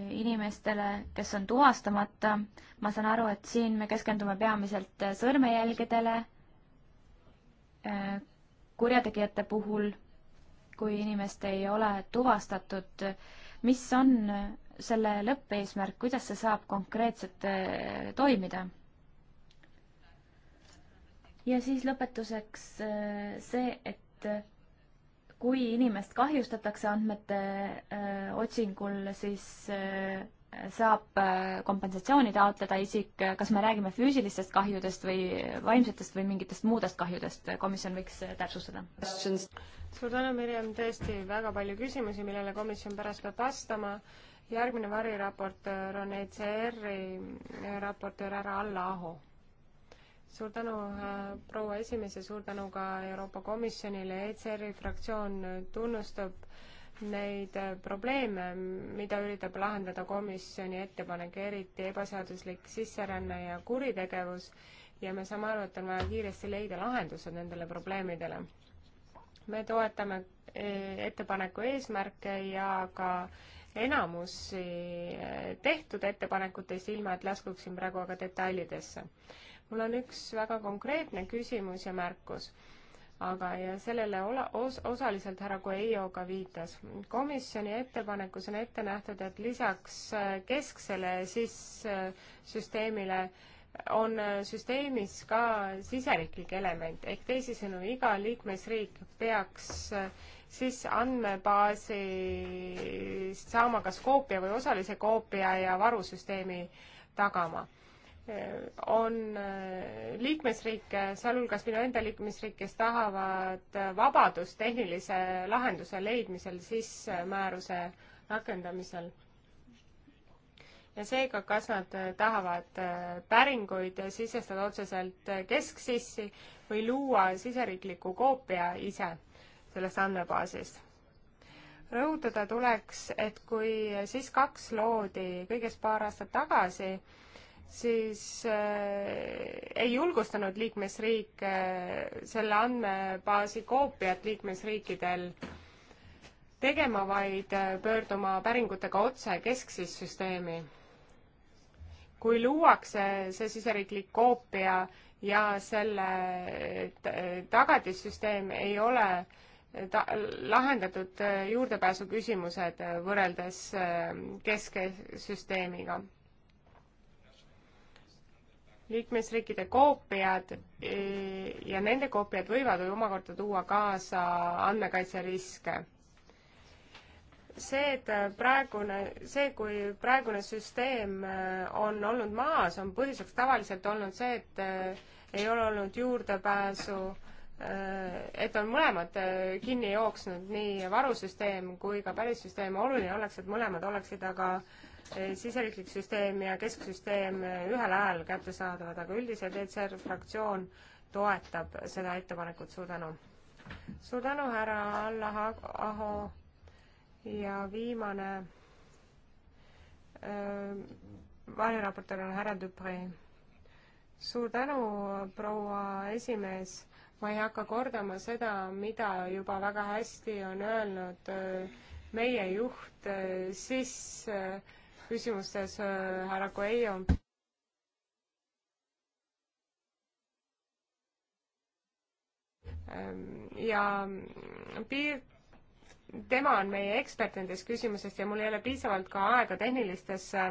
inimestele, kes on tuvastamata. ma saan aru, et siin me keskendume peamiselt sõrmejälgedele äh, kurjategijate puhul, kui inimest ei ole tuvastatud. mis on selle lõppeesmärk, kuidas see saab konkreetselt äh, toimida? ja siis lõpetuseks äh, see, et kui inimest kahjustatakse andmete äh, otsingul, siis äh, saab äh, kompensatsiooni taotleda isik, kas me räägime füüsilistest kahjudest või vaimsetest või mingitest muudest kahjudest, komisjon võiks täpsustada. suur tänu, Mirjam, tõesti väga palju küsimusi, millele komisjon pärast peab vastama. järgmine variraportöör on ECR-i raportöör härra Alla Aho suur tänu, äh, proua esimees ja suur tänu ka Euroopa Komisjonile, ECR-i fraktsioon äh, tunnustab neid äh, probleeme, mida üritab lahendada komisjoni ettepanek, eriti ebaseaduslik sisseränne ja kuritegevus, ja me saame aru, et on vaja kiiresti leida lahendused nendele probleemidele. me toetame ettepaneku eesmärke ja ka enamusi tehtud ettepanekutest, ilma et laskuksin praegu aga detailidesse mul on üks väga konkreetne küsimus ja märkus, aga, ja sellele ola-, os-, osaliselt härra Coelho ka viitas. komisjoni ettepanekus on ette nähtud, et lisaks äh, kesksele siis äh, süsteemile on äh, süsteemis ka siseriiklik element, ehk teisisõnu, iga liikmesriik peaks siis andmebaasist saama kas koopia või osalise koopia ja varusüsteemi tagama on äh, liikmesriike, sealhulgas minu enda liikmesriik, kes tahavad äh, vabadust tehnilise lahenduse leidmisel siis määruse rakendamisel. ja seega, kas nad äh, tahavad päringuid sisestada otseselt kesksissi või luua siseriikliku koopia ise sellest andmebaasist rõhutada tuleks, et kui SIS kaks loodi kõigest paar aastat tagasi, siis äh, ei julgustanud liikmesriik äh, selle andmebaasi koopiat liikmesriikidel tegema, vaid äh, pöörduma päringutega otse kesksesse süsteemi. kui luuakse see siseriiklik koopia ja selle äh, tagatissüsteem ei ole äh, ta-, lahendatud äh, juurdepääsu küsimused võrreldes kesksüsteemiga liikmesriikide koopiad ja nende koopiad võivad omakorda tuua kaasa andmekaitseriske. see, et praegune, see, kui praegune süsteem äh, on olnud maas, on põhjuseks tavaliselt olnud see, et äh, ei ole olnud juurdepääsu, äh, et on mõlemad kinni jooksnud, nii varusüsteem kui ka pärissüsteem. oluline oleks, et mõlemad oleksid aga äh, siseriiklik süsteem ja kesksüsteem ühel ajal kättesaadavad, aga üldiselt ECR fraktsioon toetab seda ettepanekut, suur tänu. suur tänu, härra Alla Aho ja viimane variraportöör on härra Dupree. suur tänu, proua esimees ma ei hakka kordama seda, mida juba väga hästi on öelnud meie juht SIS küsimustes äh, härra Coelho. Ähm, ja mm, piir, tema on meie ekspert nendes küsimuses ja mul ei ole piisavalt ka aega tehnilistesse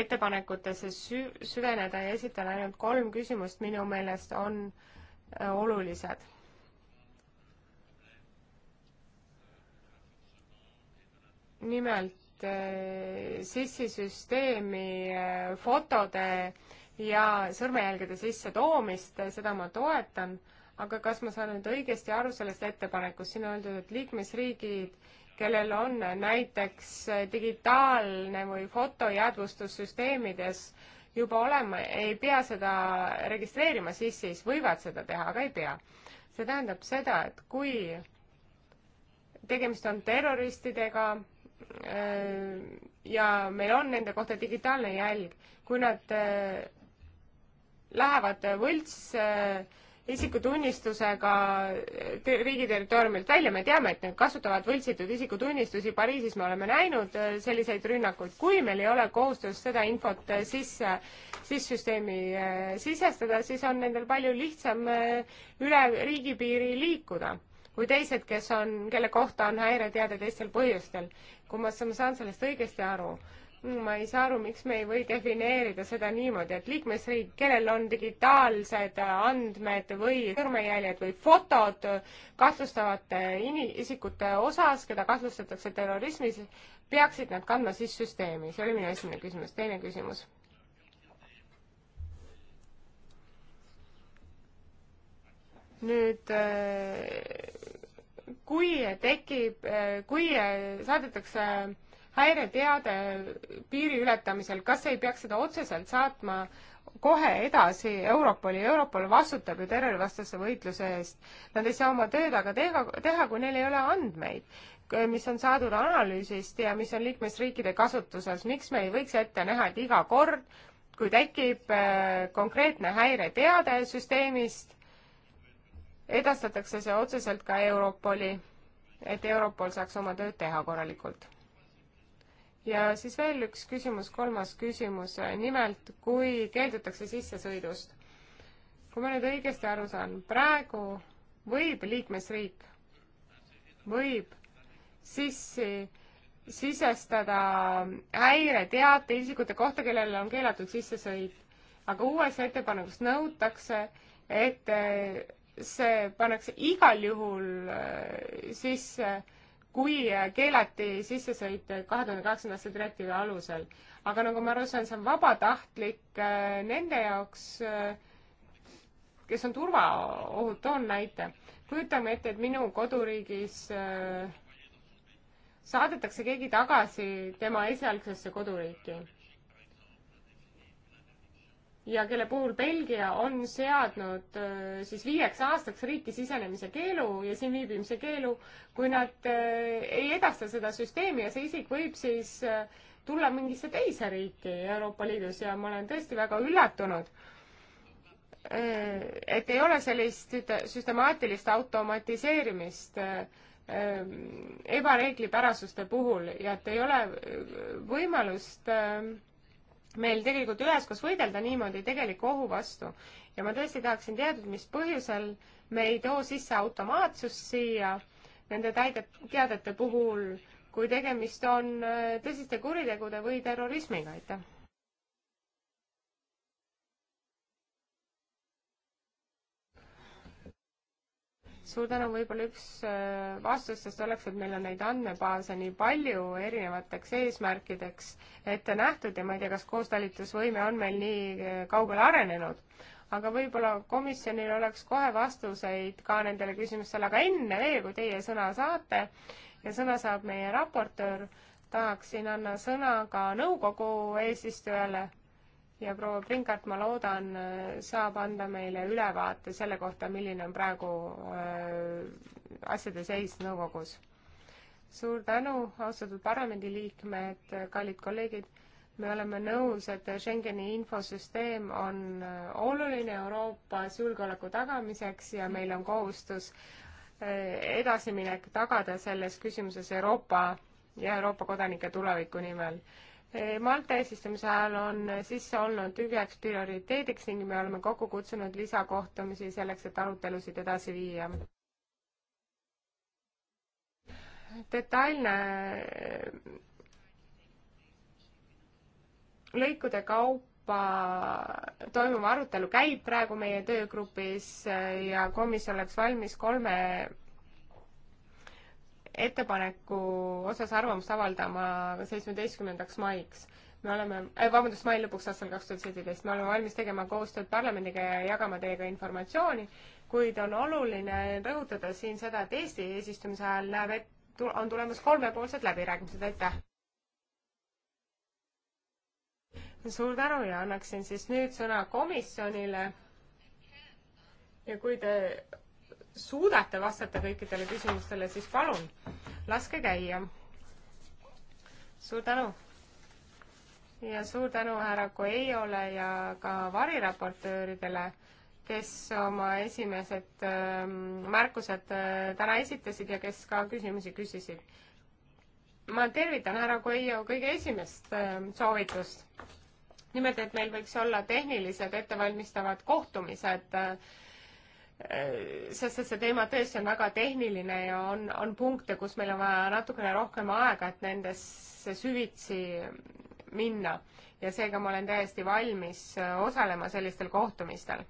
ettepanekutesse sü-, süveneda ja esitan ainult kolm küsimust minu meelest on äh, olulised. nimelt Äh, sissisüsteemi äh, fotode ja sõrmejälgede sissetoomist, äh, seda ma toetan, aga kas ma saan nüüd õigesti aru sellest ettepanekust, siin on öeldud, et liikmesriigid, kellel on näiteks digitaalne või fotojäädvustussüsteemides juba olema, ei pea seda registreerima sissis, võivad seda teha, aga ei pea. see tähendab seda, et kui tegemist on terroristidega, Äh, ja meil on nende kohta digitaalne jälg, kui nad äh, lähevad võlts äh, isikutunnistusega riigi territooriumilt välja, me teame, et nad kasutavad võltsitud isikutunnistusi, Pariisis me oleme näinud selliseid rünnakuid, kui meil ei ole kohustust seda infot sisse, siis süsteemi sisestada, siis on nendel palju lihtsam üle riigipiiri liikuda kui teised, kes on, kelle kohta on häireteade teistel põhjustel. kui ma, ma saan sellest õigesti aru, ma ei saa aru, miks me ei või defineerida seda niimoodi, et liikmesriik, kellel on digitaalsed andmed või sõrmejäljed või fotod kahtlustavate ini-, isikute osas, keda kahtlustatakse terrorismis, peaksid nad kandma siis süsteemi, see oli minu esimene küsimus, teine küsimus. nüüd äh kui tekib, kui saadetakse häireteade piiri ületamisel, kas ei peaks seda otseselt saatma kohe edasi Europoli, Europol vastutab ju terrorivastase võitluse eest. Nad ei saa oma tööd aga teha, teha, kui neil ei ole andmeid, mis on saadud analüüsist ja mis on liikmesriikide kasutuses. miks me ei võiks ette näha, et iga kord, kui tekib äh, konkreetne häireteade süsteemist, edastatakse see otseselt ka Europoli, et Europol saaks oma tööd teha korralikult. ja siis veel üks küsimus, kolmas küsimus, nimelt kui keeldutakse sissesõidust. kui ma nüüd õigesti aru saan, praegu võib liikmesriik, võib sissi sisestada häireteate isikute kohta, kellele on keelatud sissesõit. aga uues ettepanekus nõutakse, et see pannakse igal juhul äh, sisse, kui äh, keelati sissesõit kahe tuhande kaheksanda aasta direktiivi alusel. aga nagu ma aru saan, see on vabatahtlik äh, nende jaoks, kes on turvaohud, toon näite. kujutame ette, et minu koduriigis saadetakse keegi tagasi tema esialgsesse koduriiki ja kelle puhul Belgia on seadnud äh, siis viieks aastaks riiki sisenemise keelu ja siin viibimise keelu, kui nad äh, ei edasta seda süsteemi ja see isik võib siis äh, tulla mingisse teise riiki Euroopa Liidus ja ma olen tõesti väga üllatunud, et ei ole sellist süstemaatilist automatiseerimist ähm, ebareeglipärasuste puhul ja et ei ole võimalust meil tegelikult üheskoos võidelda niimoodi tegeliku ohu vastu. ja ma tõesti tahaksin teada, et mis põhjusel me ei too sisse automaatsust siia nende täidet-, teadete puhul, kui tegemist on äh, tõsiste kuritegude või terrorismiga, aitäh. suur tänu, võib-olla üks äh, vastustest oleks, et meil on neid andmebaase nii palju erinevateks eesmärkideks ette nähtud ja ma ei tea, kas koostalitusvõime on meil nii äh, kaugele arenenud, aga võib-olla komisjonil oleks kohe vastuseid ka nendele küsimustele, aga enne veel, kui teie sõna saate ja sõna saab meie raportöör, tahaksin anda sõna ka nõukogu eesistujale ja proua Prinkart, ma loodan, saab anda meile ülevaate selle kohta, milline on praegu äh, asjade seis nõukogus. suur tänu, austatud parlamendiliikmed, kallid kolleegid, me oleme nõus, et Schengeni infosüsteem on äh, oluline Euroopas julgeoleku tagamiseks ja meil on kohustus äh, edasiminek tagada selles küsimuses Euroopa ja Euroopa kodanike tuleviku nimel Eh, Malta eesistumise ajal on sisse olnud üheks prioriteediks ning me oleme kokku kutsunud lisakohtumisi selleks, et arutelusid edasi viia. detailne eh, lõikude kaupa toimuv arutelu käib praegu meie töögrupis eh, ja komisjon oleks valmis kolme ettepaneku osas arvamust avaldama seitsmeteistkümnendaks maiks. me oleme äh,, vabandust, mai lõpuks aastal kaks tuhat seitseteist, me oleme valmis tegema koostööd parlamendiga ja jagama teiega informatsiooni, kuid on oluline rõhutada siin seda, et Eesti eesistumise ajal näeb ette, on tulemas kolmepoolsed läbirääkimised, aitäh! suur tänu ja annaksin siis nüüd sõna komisjonile ja kui te suudate vastata kõikidele küsimustele, siis palun, laske käia. suur tänu! ja suur tänu härra Coelhole ja ka variraportööridele, kes oma esimesed ähm, märkused äh, täna esitasid ja kes ka küsimusi küsisid. ma tervitan härra Coelho kõige esimest ähm, soovitust. nimelt, et meil võiks olla tehnilised ettevalmistavad kohtumised äh, sest et see teema tõesti on väga tehniline ja on, on punkte, kus meil on vaja natukene rohkem aega, et nendesse süvitsi minna. ja seega ma olen täiesti valmis äh, osalema sellistel kohtumistel.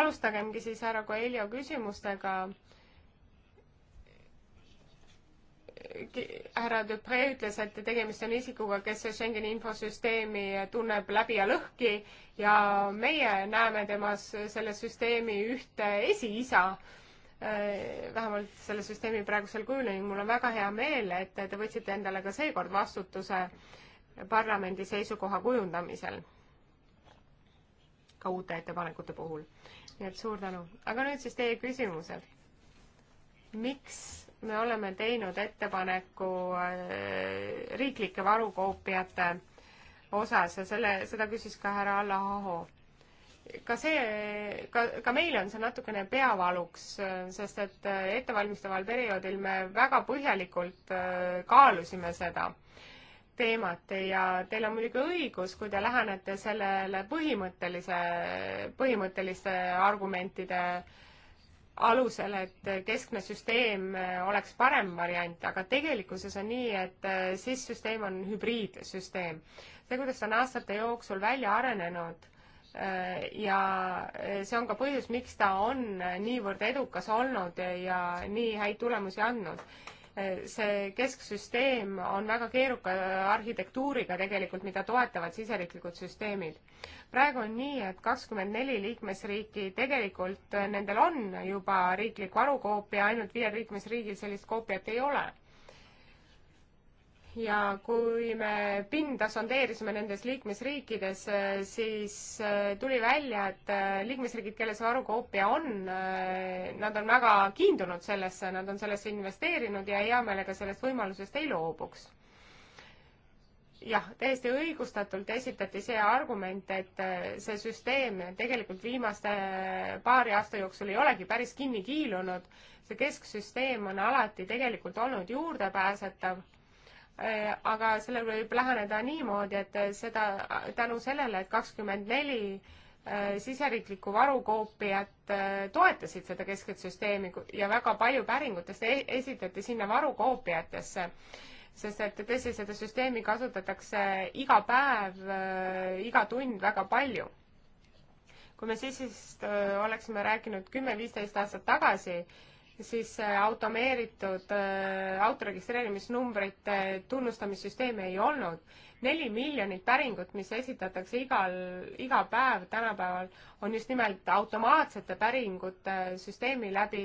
alustagemgi siis härra Coelho küsimustega härra Dupre ütles, et tegemist on isikuga, kes Schengeni infosüsteemi tunneb läbi ja lõhki ja meie näeme temas selle süsteemi ühte esiisa äh, vähemalt selle süsteemi praegusel kujul ning mul on väga hea meel, et te võtsite endale ka seekord vastutuse parlamendi seisukoha kujundamisel, ka uute ettepanekute puhul. nii et suur tänu. aga nüüd siis teie küsimused. miks me oleme teinud ettepaneku äh, riiklike varukoopiate osas ja selle, seda küsis ka härra Alla Aho. ka see, ka, ka meile on see natukene peavaluks, sest et äh, ettevalmistaval perioodil me väga põhjalikult äh, kaalusime seda teemat ja teil on muidugi õigus, kui te lähenete sellele põhimõttelise, põhimõtteliste argumentide äh, alusel, et keskne süsteem oleks parem variant, aga tegelikkuses on nii, et eh, SIS süsteem on hübriidsüsteem. see, kuidas ta on aastate jooksul välja arenenud eh, ja eh, see on ka põhjus, miks ta on niivõrd edukas olnud ja nii häid tulemusi andnud see kesksüsteem on väga keeruka arhitektuuriga tegelikult, mida toetavad siseriiklikud süsteemid. praegu on nii, et kakskümmend neli liikmesriiki tegelikult nendel on juba riiklik varukoopia, ainult viiel liikmesriigil sellist koopiat ei ole ja kui me pinda sondeerisime nendes liikmesriikides, siis äh, tuli välja, et äh, liikmesriigid, kellel see varukoopia on, äh, nad on väga kiindunud sellesse, nad on sellesse investeerinud ja hea meelega sellest võimalusest ei loobuks. jah, täiesti õigustatult esitati see argument, et see süsteem tegelikult viimaste paari aasta jooksul ei olegi päris kinni kiilunud, see kesksüsteem on alati tegelikult olnud juurdepääsetav Äh, aga sellele võib läheneda niimoodi, et seda tänu sellele, et kakskümmend neli äh, siseriiklikku varukoopijat äh, toetasid seda keskset süsteemi ja väga palju päringutest e-, esitati sinna varukoopiatesse, sest et tõesti, seda süsteemi kasutatakse iga päev, iga tund väga palju. kui me siis, siis oleksime rääkinud kümme-viisteist aastat tagasi, siis äh, automeeritud äh, auto registreerimisnumbrite tunnustamissüsteemi ei olnud. neli miljonit päringut, mis esitatakse igal, iga päev tänapäeval, on just nimelt automaatsete päringute süsteemi läbi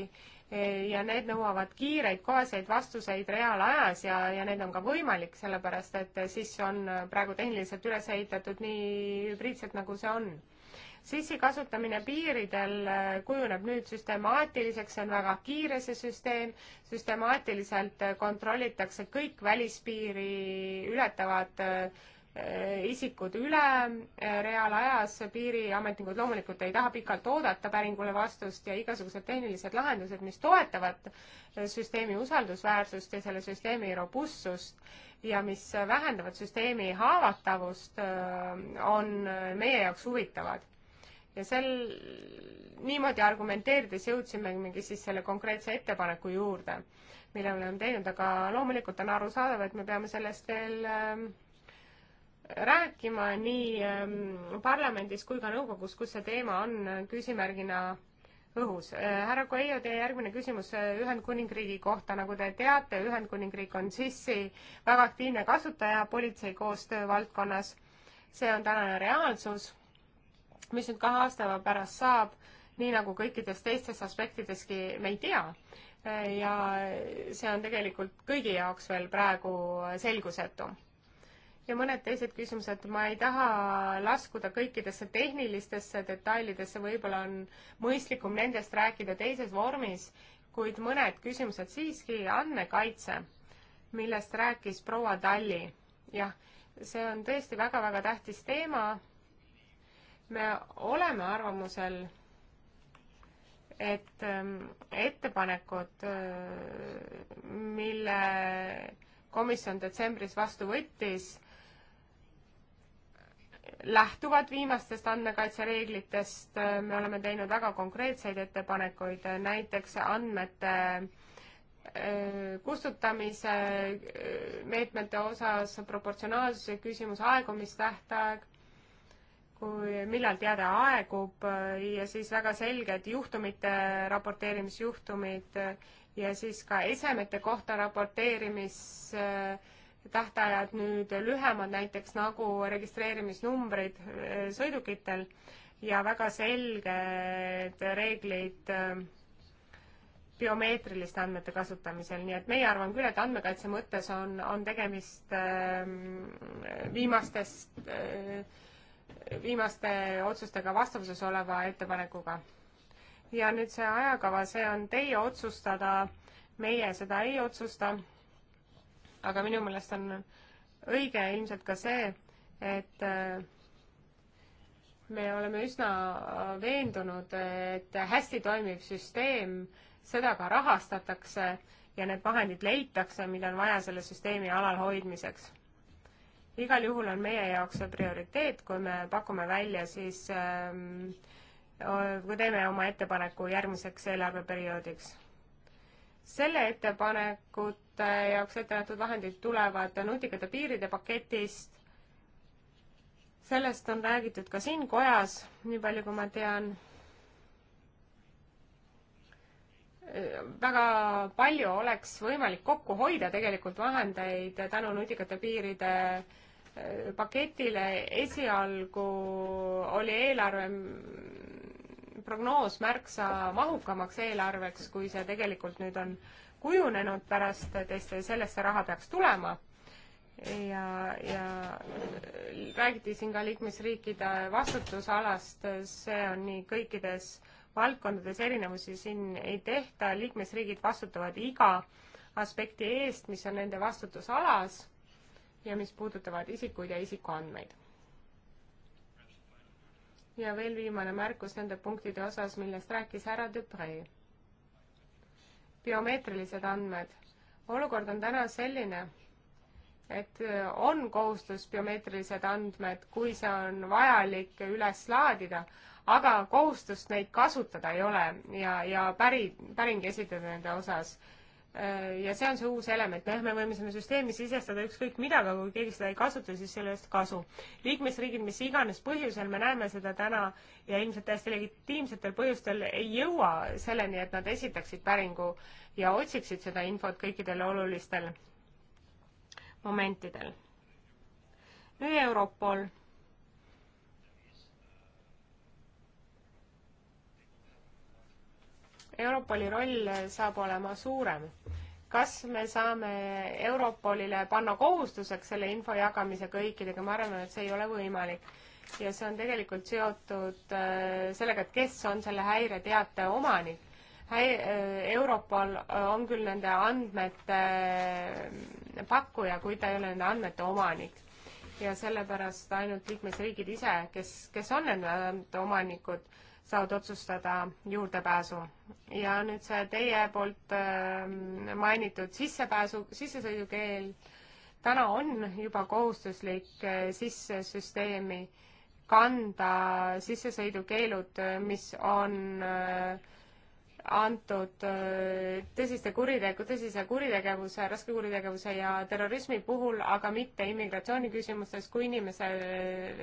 e, ja need nõuavad kiireid koheseid vastuseid reaalajas ja, ja need on ka võimalik, sellepärast et siis on praegu tehniliselt üles ehitatud nii hübriidselt, nagu see on sissi kasutamine piiridel äh, kujuneb nüüd süstemaatiliseks, see on väga kiire, see süsteem, süstemaatiliselt äh, kontrollitakse kõik välispiiri ületavad äh, isikud üle reaalajas, piiriametnikud loomulikult ei taha pikalt oodata päringule vastust ja igasugused tehnilised lahendused, mis toetavad süsteemi usaldusväärsust ja selle süsteemi robustsust ja mis vähendavad süsteemi haavatavust, on meie jaoks huvitavad ja sel, niimoodi argumenteerides jõudsimegi siis selle konkreetse ettepaneku juurde, mille me oleme teinud, aga loomulikult on arusaadav, et me peame sellest veel ähm, rääkima nii ähm, parlamendis kui ka nõukogus, kus see teema on küsimärgina õhus. Äh, härra Coelho, teie järgmine küsimus äh, Ühendkuningriigi kohta, nagu te teate, Ühendkuningriik on sissi väga aktiivne kasutaja politsei koostöö valdkonnas. see on tänane reaalsus mis nüüd kahe aasta pärast saab, nii nagu kõikides teistes aspektideski, me ei tea. ja see on tegelikult kõigi jaoks veel praegu selgusetu ja mõned teised küsimused, ma ei taha laskuda kõikidesse tehnilistesse detailidesse, võib-olla on mõistlikum nendest rääkida teises vormis, kuid mõned küsimused siiski, andmekaitse, millest rääkis proua Talli. jah, see on tõesti väga-väga tähtis teema me oleme arvamusel, et ähm, ettepanekud, äh, mille komisjon detsembris vastu võttis, lähtuvad viimastest andmekaitsereeglitest, äh, me oleme teinud väga konkreetseid ettepanekuid, äh, näiteks andmete kustutamise meetmete osas proportsionaalsuse küsimus, aegumistähtaeg kui, millal teade aegub äh, ja siis väga selged juhtumite raporteerimisjuhtumid äh, ja siis ka esemete kohta raporteerimistähtajad nüüd lühemad, näiteks nagu registreerimisnumbrid äh, sõidukitel ja väga selged reeglid biomeetriliste andmete kasutamisel, nii et meie arvame küll, et andmekaitse mõttes on, on tegemist äh, viimastest äh, viimaste otsustega vastavuses oleva ettepanekuga. ja nüüd see ajakava, see on teie otsustada, meie seda ei otsusta. aga minu meelest on õige ilmselt ka see, et me oleme üsna veendunud, et hästi toimiv süsteem, seda ka rahastatakse ja need vahendid leitakse, mida on vaja selle süsteemi alalhoidmiseks igal juhul on meie jaoks see prioriteet, kui me pakume välja siis ähm, äh, kui teeme oma ettepaneku järgmiseks eelarveperioodiks. selle ettepanekute jaoks ette nähtud vahendid tulevad nutikate piiride paketist, sellest on räägitud ka siin kojas, nii palju kui ma tean väga palju oleks võimalik kokku hoida tegelikult vahendeid tänu nutikate piiride paketile esialgu oli eelarve prognoos märksa mahukamaks eelarveks, kui see tegelikult nüüd on kujunenud pärast teiste, sellesse raha peaks tulema. ja, ja räägiti siin ka liikmesriikide vastutusalast, see on nii kõikides valdkondades erinevusi siin ei tehta, liikmesriigid vastutavad iga aspekti eest, mis on nende vastutusalas ja mis puudutavad isikuid ja isikuandmeid. ja veel viimane märkus nende punktide osas, millest rääkis härra Dupree. biomeetrilised andmed. olukord on täna selline, et äh, on kohustus biomeetrilised andmed, kui see on vajalik, üles laadida, aga kohustust neid kasutada ei ole ja, ja päri, päring esitada nende osas Äh, ja see on see uus element, jah, me võime sinna süsteemi sisestada ükskõik mida, aga kui keegi seda ei kasuta, siis selle eest kasu. liikmesriigid, mis iganes põhjusel, me näeme seda täna ja ilmselt täiesti legitiimsetel põhjustel ei jõua selleni, et nad esitaksid päringu ja otsiksid seda infot kõikidel olulistel momentidel. nüüd Europol Europoli roll saab olema suurem. kas me saame Europolile panna kohustuseks selle info jagamise kõikidega, ma arvan, et see ei ole võimalik. ja see on tegelikult seotud äh, sellega, et kes on selle häireteate omanik. Häi-, äh, Europol äh, on küll nende andmete pakkuja, kuid ta ei ole nende andmete omanik ja sellepärast ainult liikmesriigid ise, kes, kes on nende omanikud, saavad otsustada juurdepääsu. ja nüüd see teie poolt ähm, mainitud sissepääsu, sissesõidukeel täna on juba kohustuslik äh, sisse süsteemi kanda sissesõidukeelud, mis on äh, antud äh, tõsiste kuritegu, tõsise kuritegevuse, raske kuritegevuse ja terrorismi puhul, aga mitte immigratsiooniküsimustes, kui inimese äh,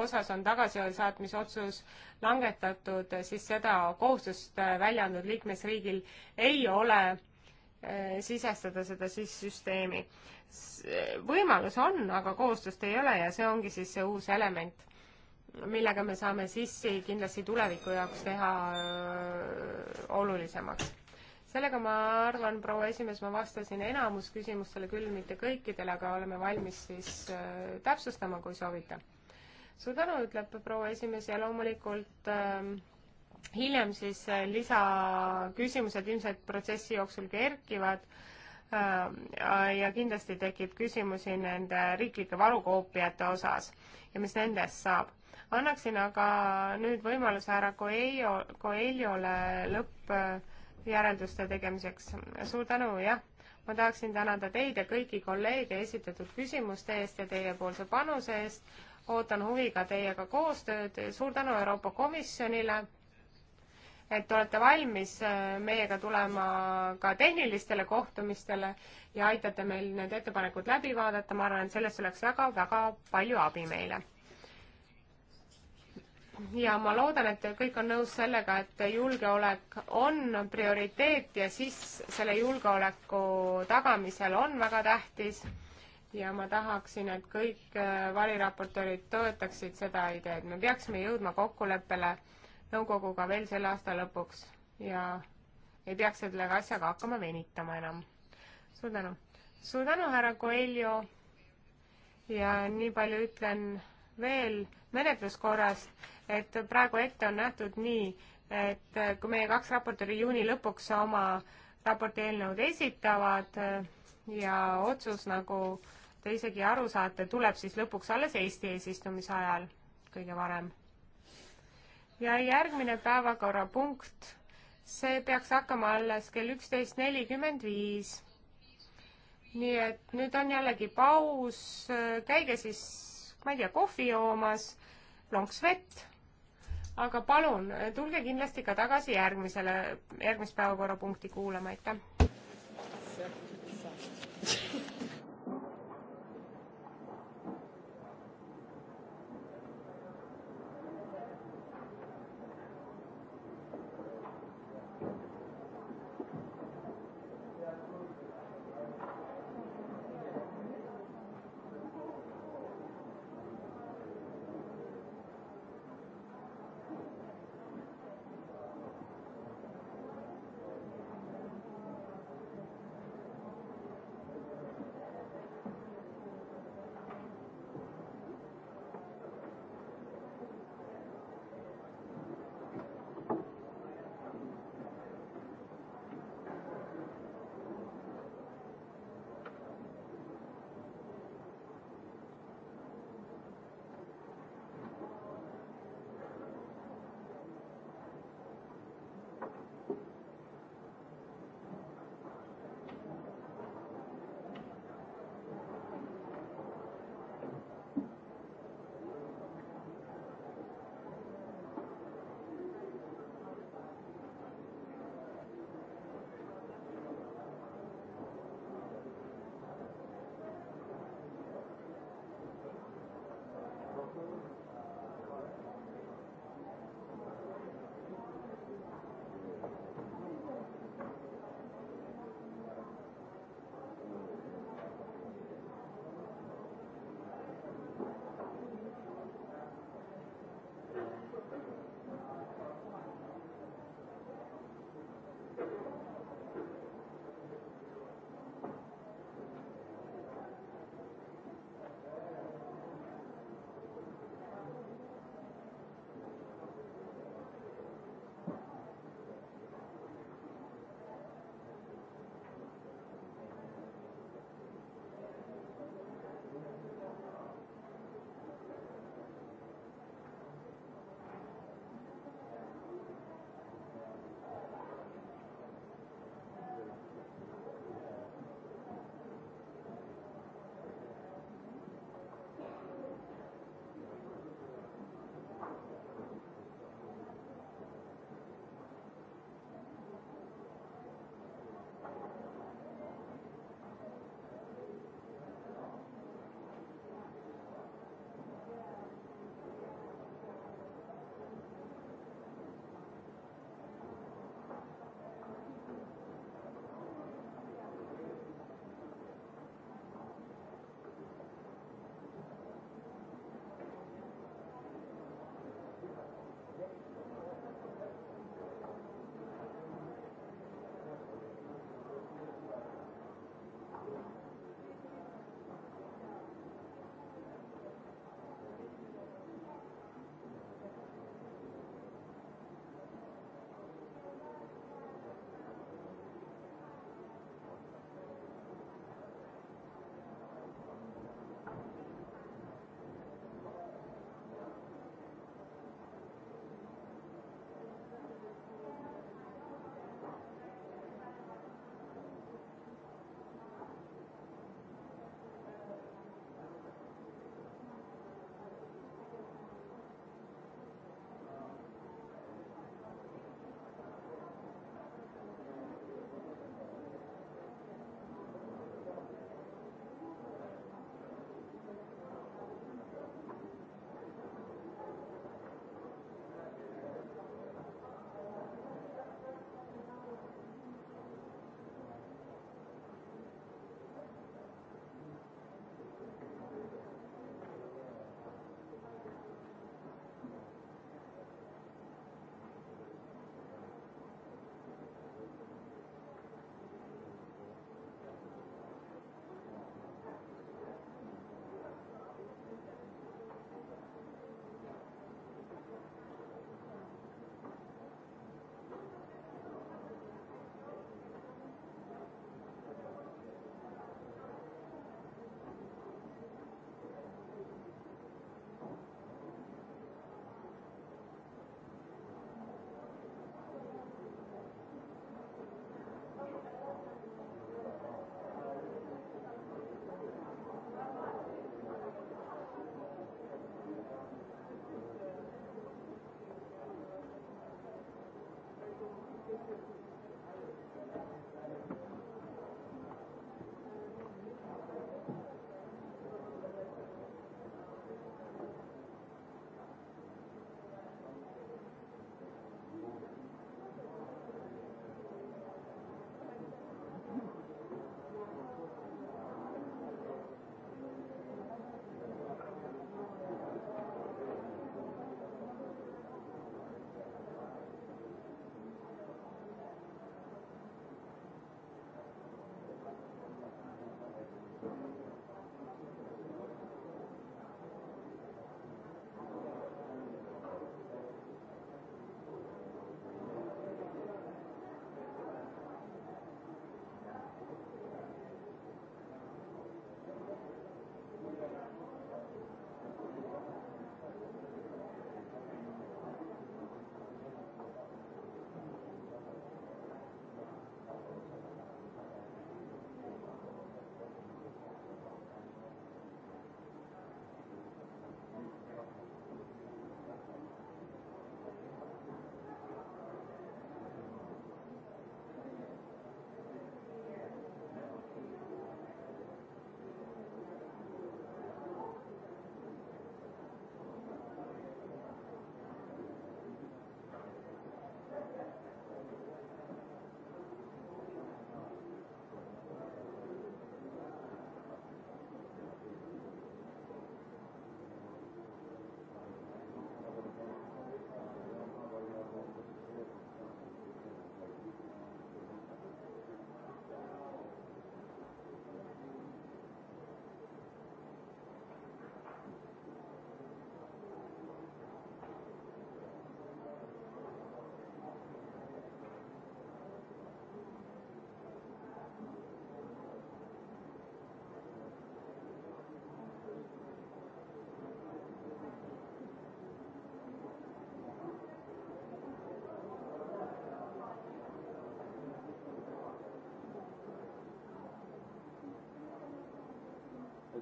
osas on tagasisaatmise otsus langetatud, siis seda kohustust äh, välja andnud liikmesriigil ei ole sisestada seda siis süsteemi. võimalus on, aga kohustust ei ole ja see ongi siis see uus element millega me saame sissi kindlasti tuleviku jaoks teha olulisemaks. sellega ma arvan, proua esimees, ma vastasin enamus küsimustele küll, mitte kõikidele, aga oleme valmis siis täpsustama, kui soovite. suur tänu, ütleb proua esimees ja loomulikult hiljem siis äh, lisaküsimused ilmselt protsessi jooksul kerkivad äh, ja kindlasti tekib küsimusi nende riiklike varukoopiate osas ja mis nendest saab annaksin aga nüüd võimaluse härra Coelho, Coelhole lõppjärelduste tegemiseks. suur tänu, jah. ma tahaksin tänada teid ja kõiki kolleege esitatud küsimuste eest ja teiepoolse panuse eest. ootan huviga teiega koostööd. suur tänu Euroopa Komisjonile, et olete valmis äh, meiega tulema ka tehnilistele kohtumistele ja aitate meil need ettepanekud läbi vaadata. ma arvan, et sellest oleks väga-väga palju abi meile ja ma loodan, et kõik on nõus sellega, et julgeolek on prioriteet ja siis selle julgeoleku tagamisel on väga tähtis ja ma tahaksin, et kõik äh, variraportöörid toetaksid seda ideed. me peaksime jõudma kokkuleppele nõukoguga veel selle aasta lõpuks ja ei peaks selle asjaga hakkama venitama enam. suur tänu. suur tänu, härra Coelho. ja nii palju ütlen veel menetluskorrast, et praegu ette on nähtud nii, et äh, kui meie kaks raportööri juuni lõpuks oma raporti eelnõud esitavad äh, ja otsus, nagu te isegi aru saate, tuleb siis lõpuks alles Eesti eesistumise ajal kõige varem. ja järgmine päevakorrapunkt, see peaks hakkama alles kell üksteist nelikümmend viis. nii et nüüd on jällegi paus, käige siis ma ei tea, kohvi joomas, lonks vett, aga palun, tulge kindlasti ka tagasi järgmisele, järgmist päevakorrapunkti kuulama, aitäh!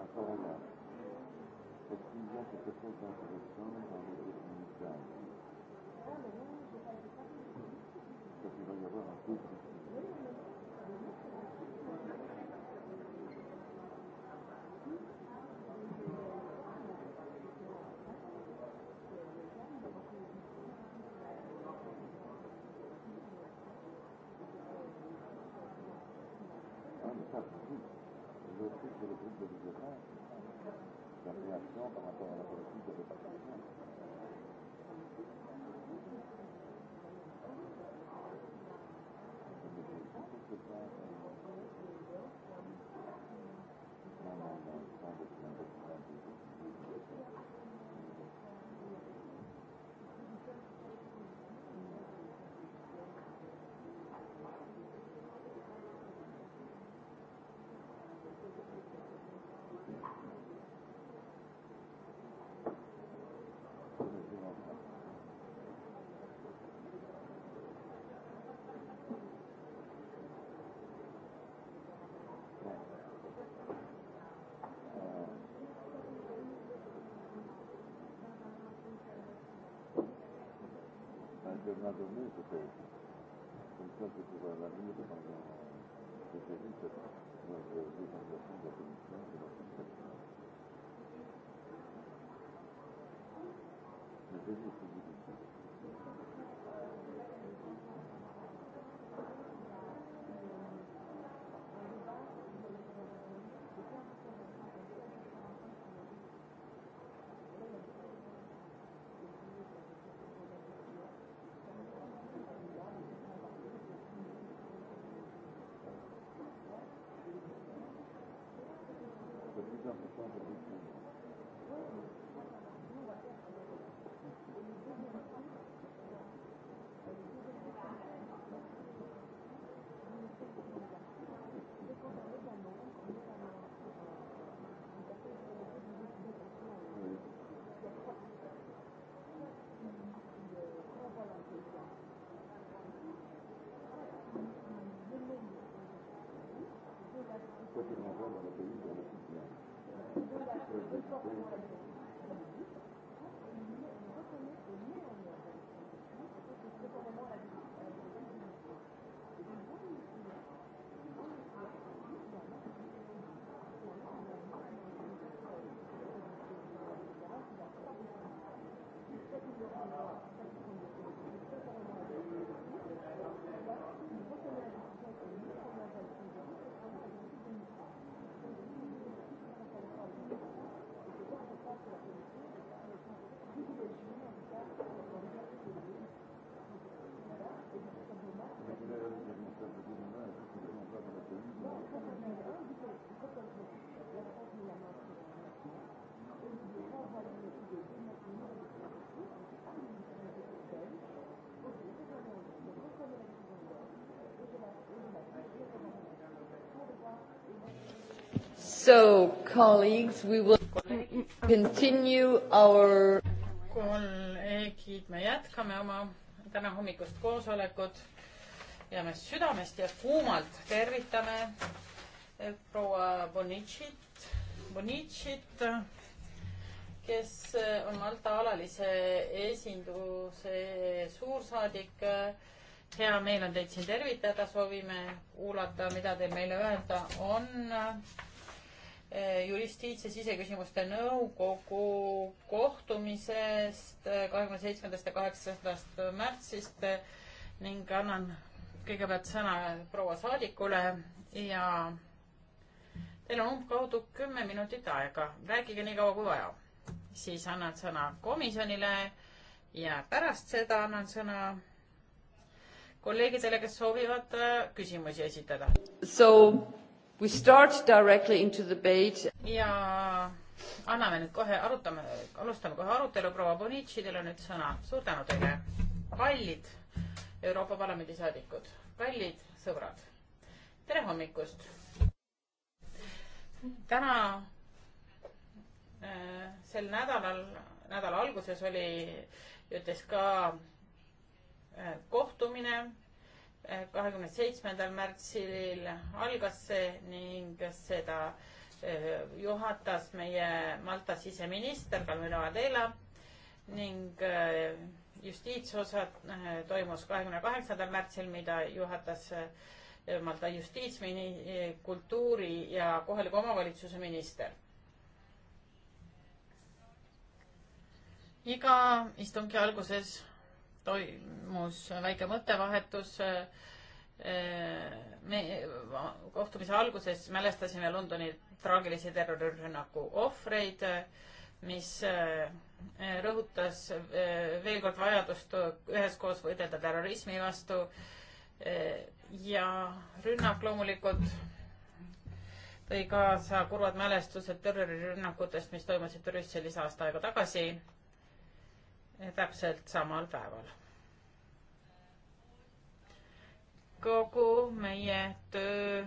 Cavallari. È sfigliato per questa persona da un comunitario. Capiva che aveva tutti και δυνατομή το θέλει. Τον στέλνει του Βαγανίου το Παγκόσμιο. Και τελείται να διαβεί τον διαστήμα του Μισθού και να στέλνει. Με τέτοιες Thank you. So, colleagues, we will continue our kolleegid, me jätkame oma täna hommikust koosolekut ja me südamest ja kuumalt tervitame eh, proua Bonicit, Bonicit, kes eh, on Malta alalise esinduse suursaadik. hea meel on teid siin tervitada, soovime kuulata, mida teil meile öelda on Eh, juristiits- ja siseküsimuste nõukogu kohtumisest eh, kahekümne seitsmendast ja kaheksandast märtsist eh, ning annan kõigepealt sõna proua saadikule ja teil on umbkaudu kümme minutit aega, rääkige nii kaua kui vaja. siis annan sõna komisjonile ja pärast seda annan sõna kolleegidele, kes soovivad küsimusi esitada. So We start directly into debate. ja anname nüüd kohe, arutame, alustame kohe arutelu, proua Bonici, teil on nüüd sõna. suur tänu teile, kallid Euroopa Parlamendi saadikud, kallid sõbrad, tere hommikust. täna äh, sel nädalal, nädala alguses oli, ütles ka äh, kohtumine kahekümne seitsmendal märtsil algas see ning seda eh, juhatas meie Malta siseminister Kalmino Adela ning eh, justiitsosa eh, toimus kahekümne kaheksandal märtsil, mida juhatas Malta justiitsmini-, kultuuri ja kohaliku omavalitsuse minister. iga istungi alguses toimus väike mõttevahetus. Eh, me kohtumise alguses mälestasime Londoni traagilisi terrorirünnaku ohvreid, mis eh, rõhutas eh, veel kord vajadust üheskoos võidelda terrorismi vastu. ja rünnak loomulikult tõi kaasa kurvad mälestused terrorirünnakutest, mis toimusid Brüsselis aasta aega tagasi täpselt samal päeval. kogu meie töö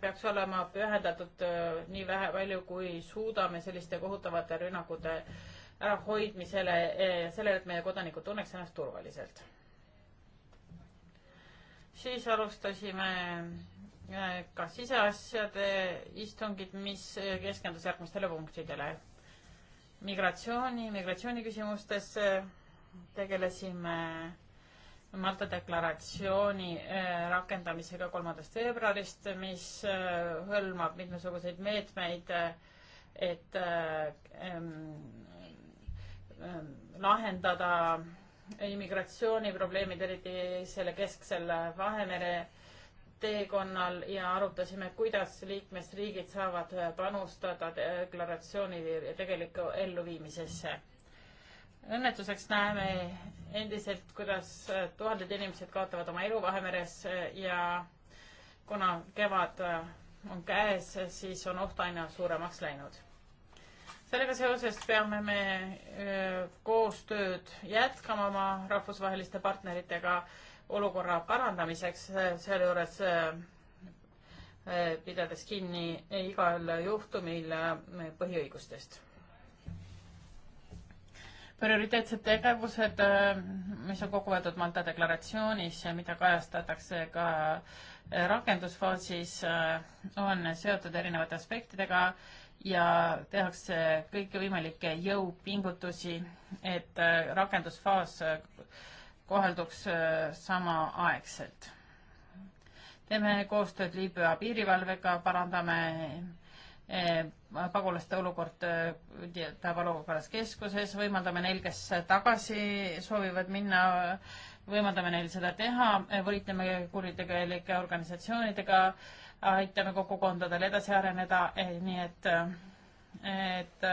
peaks olema pühendatud äh, nii vähe palju, kui suudame selliste kohutavate rünnakute ärahoidmisele ja äh, sellele, et meie kodanikud tunneks ennast turvaliselt. siis alustasime äh, ka siseasjade istungit, mis keskendus järgmistele punktidele migratsiooni, migratsiooniküsimustes tegelesime Malta deklaratsiooni äh, rakendamisega kolmandast veebruarist, mis äh, hõlmab mitmesuguseid meetmeid, äh, et lahendada immigratsiooniprobleemid, eriti selle kesksel Vahemere teekonnal ja arutasime, kuidas liikmesriigid saavad panustada deklaratsiooni tegelikku elluviimisesse. õnnetuseks näeme endiselt, kuidas tuhanded inimesed kaotavad oma elu Vahemeres ja kuna kevad on käes, siis on oht aina suuremaks läinud. sellega seoses peame me koostööd jätkama oma rahvusvaheliste partneritega olukorra parandamiseks, sealjuures eh, eh, pidades kinni igal juhtumil eh, põhiõigustest. prioriteetsed tegevused, mis on kokku võetud Malta deklaratsioonis ja mida kajastatakse ka rakendusfaasis, on seotud erinevate aspektidega ja tehakse kõiki võimalikke jõupingutusi, et rakendusfaas kohalduks äh, samaaegselt. teeme koostööd Liibüa piirivalvega, parandame äh, pagulaste olukord tavaolukorras äh, keskuses, võimaldame neil, kes tagasi soovivad minna, võimaldame neil seda teha, võitleme kuritegelike organisatsioonidega, aitame kogukondadel edasi areneda eh,, nii et, et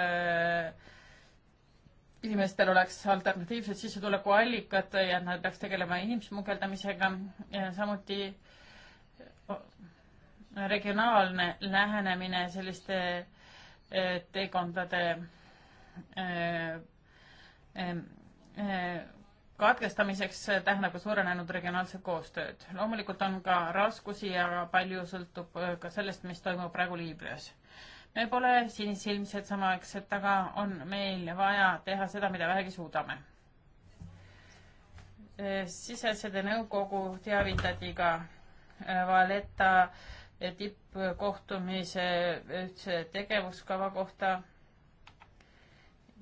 inimestel oleks alternatiivsed sissetulekuallikad ja nad peaks tegelema inimsmugeldamisega, samuti regionaalne lähenemine selliste e, teekondade e, e, katkestamiseks tähendab ka suurenenud regionaalset koostööd. loomulikult on ka raskusi ja palju sõltub ka sellest, mis toimub praegu Liibüas me pole sinisilmsed samaaegselt, aga on meil vaja teha seda, mida vähegi suudame. Eh, siseasjade nõukogu teavitati ka eh, Valeta eh, tippkohtumise üldse tegevuskava kohta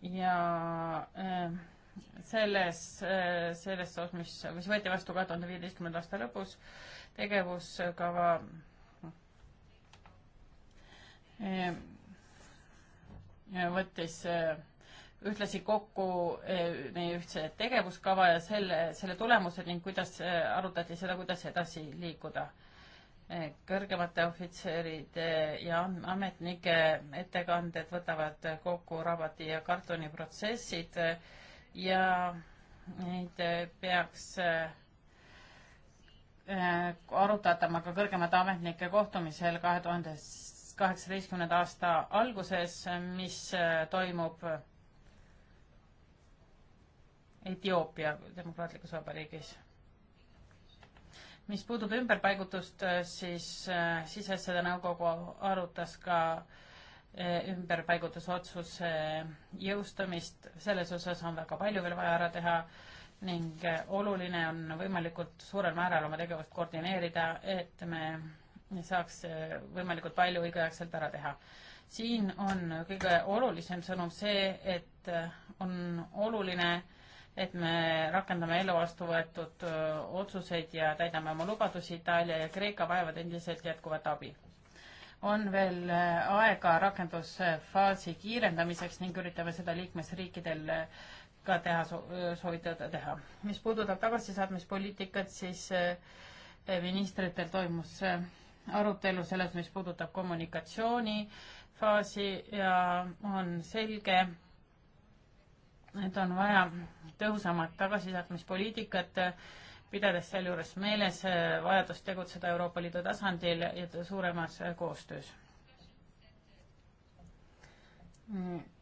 ja selles, selles osas, mis, mis võeti vastu kahe tuhande viieteistkümnenda aasta lõpus, tegevuskava Ehm, võttis äh, ühtlasi kokku äh, meie ühtse tegevuskava ja selle, selle tulemused ning kuidas äh, arutati seda, kuidas edasi liikuda. kõrgemate ohvitseride ja ametnike ettekanded võtavad kokku rabati ja kartoni protsessid ja neid peaks arutatama ka kõrgemate ametnike kohtumisel kahe tuhandes kaheksateistkümnenda aasta alguses, mis äh, toimub Etioopia Demokraatlikus Vabariigis. mis puudub ümberpaigutust, äh, siis äh, Siseasjade Nõukogu arutas ka ümberpaigutusotsuse jõustamist, selles osas on väga palju veel vaja ära teha ning oluline on võimalikult suurel määral oma tegevust koordineerida, et me saaks eh, võimalikult palju õigeaegselt ära teha. siin on kõige olulisem sõnum see, et eh, on oluline, et me rakendame ellu vastu võetud eh, otsuseid ja täidame oma lubadusi, Itaalia ja Kreeka vajavad endiselt jätkuvat abi. on veel aega rakendusfaasi kiirendamiseks ning üritame seda liikmesriikidel ka teha, soovitada teha. mis puudutab tagasisaatmispoliitikat, siis ministritel toimus arutelu selles, mis puudutab kommunikatsioonifaasi ja on selge, et on vaja tõhusamat tagasisaatmispoliitikat, pidades sealjuures meeles äh, vajadust tegutseda Euroopa Liidu tasandil ja suuremas äh, koostöös.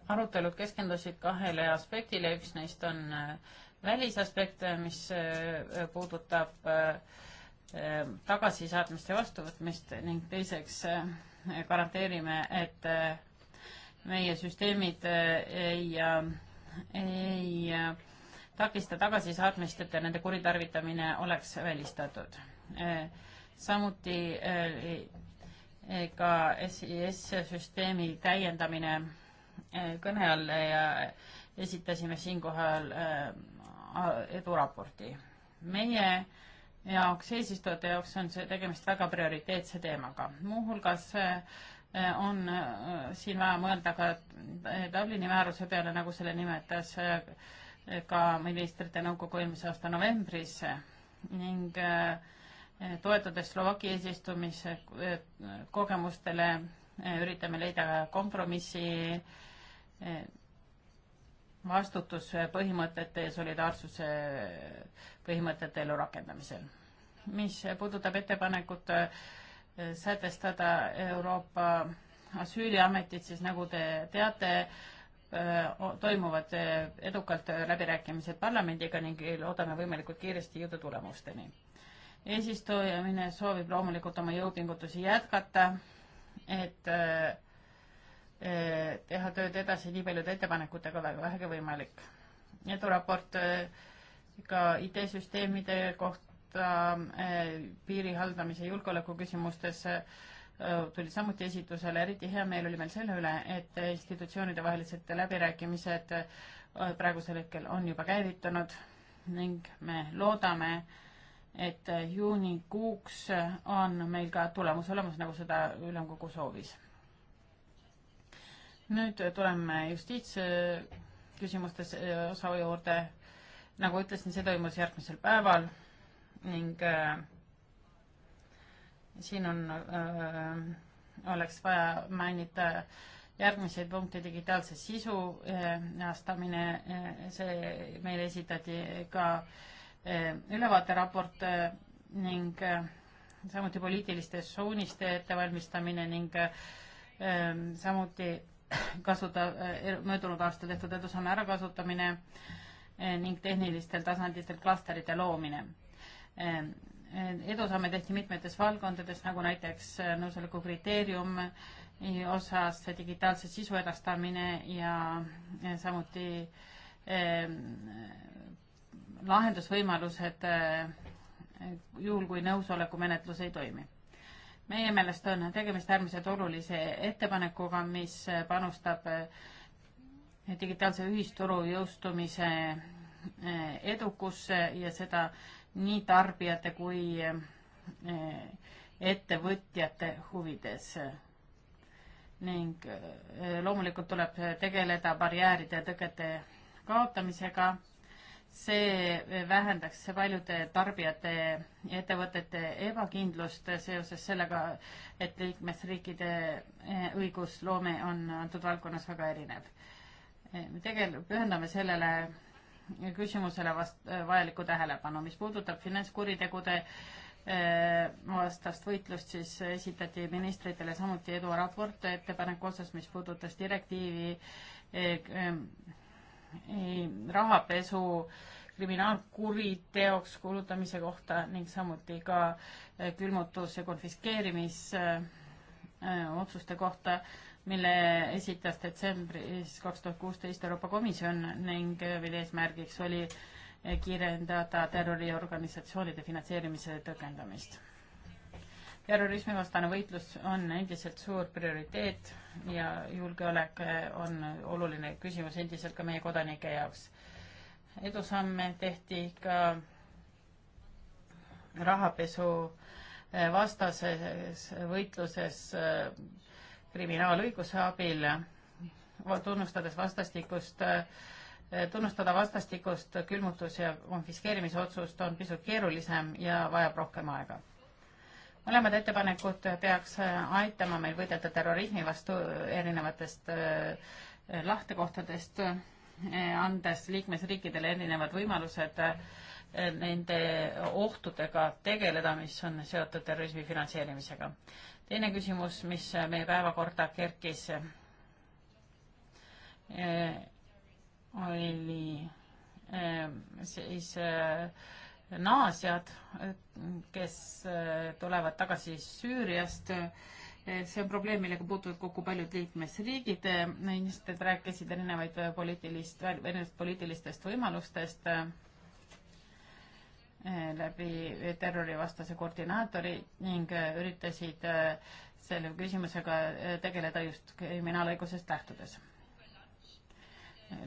arutelud keskendusid kahele aspektile, üks neist on äh, välisaspekt, mis puudutab äh, Äh, tagasisaatmist ja vastuvõtmist ning teiseks äh, garanteerime, et äh, meie süsteemid ei, ei takista tagasisaatmist, et nende kuritarvitamine oleks välistatud. samuti ka SIS süsteemi täiendamine kõne all ja esitasime siinkohal eduraporti. meie äh, jaoks, eesistujate jaoks on see tegemist väga prioriteetse teemaga. muuhulgas eh, on eh, siin vaja mõelda ka eh, Dublini määruse peale, nagu selle nimetas ka ministrite nõukogu eelmise aasta novembris ning toetudes Slovakkia eesistumise kogemustele, üritame leida kompromissi vastutuspõhimõtete ja solidaarsuse põhimõtete elu rakendamisel. mis puudutab ettepanekut eh, sätestada Euroopa asüüliametit, siis nagu te teate, eh, toimuvad eh, edukalt läbirääkimised parlamendiga ning loodame võimalikult kiiresti jõuda tulemusteni. eesistumine soovib loomulikult oma jõupingutusi jätkata, et Eh, teha tööd edasi nii paljude ettepanekutega kui vähegi võimalik. eduraport eh, ka IT-süsteemide kohta eh, piiri haldamise julgeoleku küsimustes tuli samuti esitusele, eriti hea meel oli meil selle üle, et institutsioonide vahelised läbirääkimised praegusel hetkel on juba käivitunud ning me loodame, et juunikuuks on meil ka tulemus olemas, nagu seda ülemkogu soovis nüüd tuleme justiitsküsimustes eh, osa juurde. nagu ütlesin, see toimus järgmisel päeval ning äh, siin on äh,, oleks vaja mainida järgmiseid punkte, digitaalse sisu heastamine äh,, see meile esitati ka ülevaateraport ning samuti poliitiliste suuniste ettevalmistamine ning samuti kasuta, eh, er-, möödunud aastal tehtud edusamme ärakasutamine eh, ning tehnilistel tasanditel klasterite loomine. Eh, edusamme tehti mitmetes valdkondades, nagu näiteks nõusoleku kriteerium osas digitaalse sisu edastamine ja samuti lahendusvõimalused juhul, kui nõusolekumenetlus ei toimi meie meelest on tegemist äärmiselt olulise ettepanekuga, mis panustab eh, digitaalse ühisturu jõustumise eh, edukusse ja seda nii tarbijate kui eh, ettevõtjate huvides. ning loomulikult tuleb tegeleda barjääride ja tõkete kaotamisega see eh, vähendaks paljude tarbijate ja ettevõtete ebakindlust seoses sellega, et liikmesriikide eh, õigusloome on antud valdkonnas väga erinev. Eh, tegel-, pühendame sellele küsimusele vast-, vajalikku tähelepanu. mis puudutab finantskuritegude vastast võitlust, siis esitati ministritele samuti eduraport ettepaneku osas, mis puudutas direktiivi Eh, rahapesu kriminaalkuriteoks kuulutamise kohta ning samuti ka eh, külmutus- ja konfiskeerimisotsuste eh, kohta, mille esitas detsembris kaks tuhat kuusteist Euroopa Komisjon ning mille eesmärgiks oli kirjeldada terroriorganisatsioonide finantseerimise tõkendamist terrorismivastane võitlus on endiselt suur prioriteet ja julgeolek on oluline küsimus endiselt ka meie kodanike jaoks. edusamme tehti ka rahapesu eh, vastases võitluses eh, kriminaalõiguse abil, tunnustades vastastikust eh, tunnustada vastastikust külmutus- ja konfiskeerimisotsust on pisut keerulisem ja vajab rohkem aega mõlemad ettepanekud peaks äh, aitama meil võidelda terrorismi vastu äh, erinevatest äh, lahtekohtadest, andes liikmesriikidele erinevad võimalused nende ohtudega tegeleda, mis on seotud terrorismi finantseerimisega. teine küsimus, mis meie päevakorda kerkis, oli siis äh, naasjad, kes eh, tulevad tagasi Süüriast. Eh, see on probleem, millega puutuvad kokku paljud liikmesriigid. Eh, inimesed rääkisid erinevaid poliitilist, erinevatest poliitilistest võimalustest läbi terrorivastase koordinaatori ning üritasid selle küsimusega tegeleda just kriminaalõigusest lähtudes.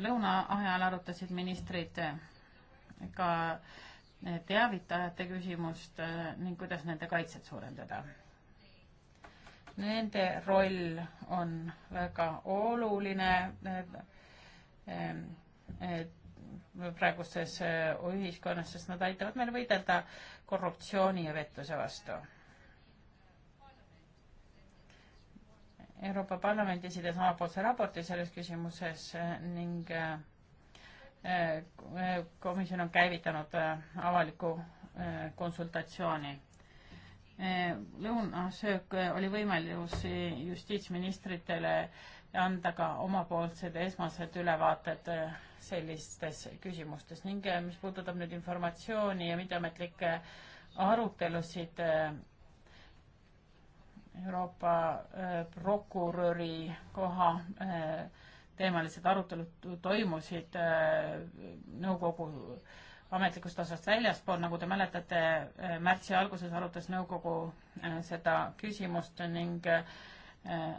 lõuna ajal arutasid ministrid ka äh, teavitajate küsimust eh, ning kuidas nende kaitset suurendada. Nende roll on väga oluline eh, eh, praeguses ühiskonnas, sest nad aitavad meil võidelda korruptsiooni ja vettuse vastu. Euroopa Parlament esitas omapoolse raporti selles küsimuses ning Äh, äh, komisjon on käivitanud äh, avaliku konsultatsiooni. lõunasöök oli võimalus justiitsministritele anda ka omapoolsed esmased ülevaated sellistes küsimustes ning mis puudutab nüüd informatsiooni ja mitteametlikke arutelusid Euroopa prokuröri koha äh, teemalised arutelud toimusid äh, nõukogu ametlikust osast väljaspool, nagu te mäletate, äh, märtsi alguses arutas nõukogu äh, seda küsimust ning